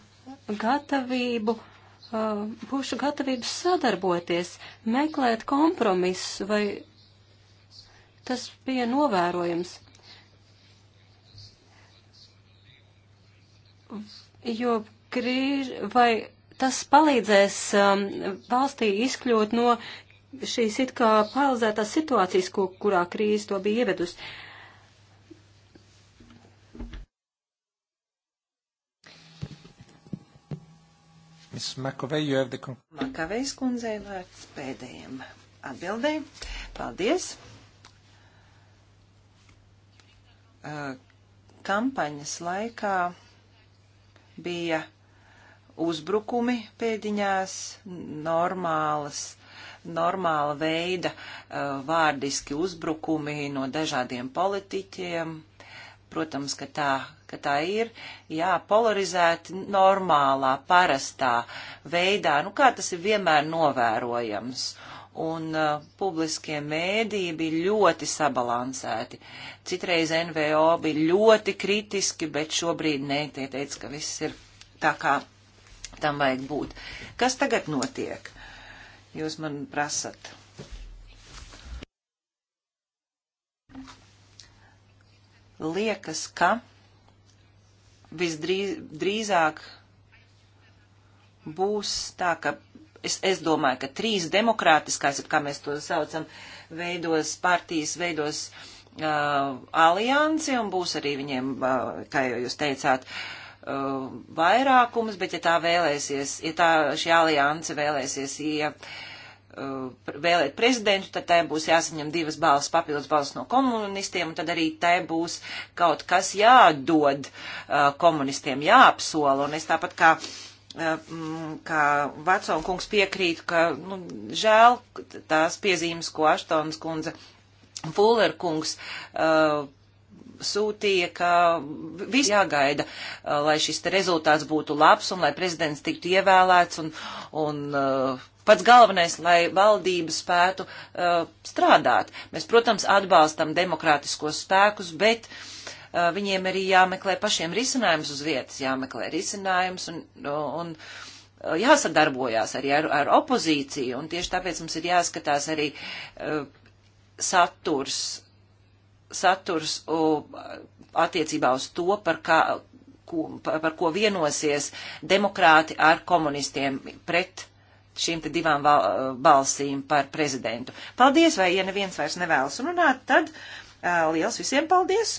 gatavību uh, būšu gatavības sadarboties, meklēt kompromisu, vai tas bija novērojams. jo krīž, vai tas palīdzēs um, valstī izkļūt no šīs it kā paralizētās situācijas, ko, kurā krīze to bija ievedus. Makavejs kundzei vārds pēdējiem atbildēji. Paldies. Uh, kampaņas laikā bija uzbrukumi pēdiņās, normālas, normāla veida eh, vārdiski uzbrukumi no dažādiem politiķiem. Protams, ka tā, ka tā ir, jā, polarizēti normālā, parastā veidā, nu kā tas ir vienmēr novērojams. Uh, un uh, publiskie mēdīji bija ļoti sabalansēti. Citreiz NVO bija ļoti kritiski, bet šobrīd nē, tie teica, ka viss ir tā kā tam vajag būt. Kas tagad notiek? Jūs man prasat. Liekas, ka visdrīzāk būs tā, ka es, es domāju, ka trīs demokrātiskās, kā mēs to saucam, veidos partijas, veidos uh, aliansi un būs arī viņiem, uh, kā jau jūs teicāt, uh, vairākums, bet ja tā vēlēsies, ja tā šī alianse vēlēsies, ja uh, vēlēt prezidentu, tad tai būs jāsaņem divas balvas, papildus balvas no komunistiem, un tad arī tai būs kaut kas jādod uh, komunistiem, jāapsola. Un es tāpat kā uh, Eh, mm, kā Vatsona kungs piekrīt, ka nu, žēl tās piezīmes, ko Aštons kundze Fuller kungs uh, sūtīja, ka viss jāgaida, uh, lai šis rezultāts būtu labs un lai prezidents tiktu ievēlēts un, un uh, pats galvenais, lai valdība spētu strādāt. Mēs, protams, atbalstam demokrātiskos spēkus, bet uh, viņiem arī jāmeklē pašiem risinājums uz vietas, jāmeklē risinājums un, nu, un jāsadarbojās arī ar, ar opozīciju. Un tieši tāpēc mums ir jāskatās arī saturs, saturs attiecībā uz to, par kā, ko, par ko vienosies demokrāti ar komunistiem pret šīm te divām balsīm par prezidentu. Paldies, vai ja neviens vairs nevēlas runāt, tad uh, liels visiem paldies!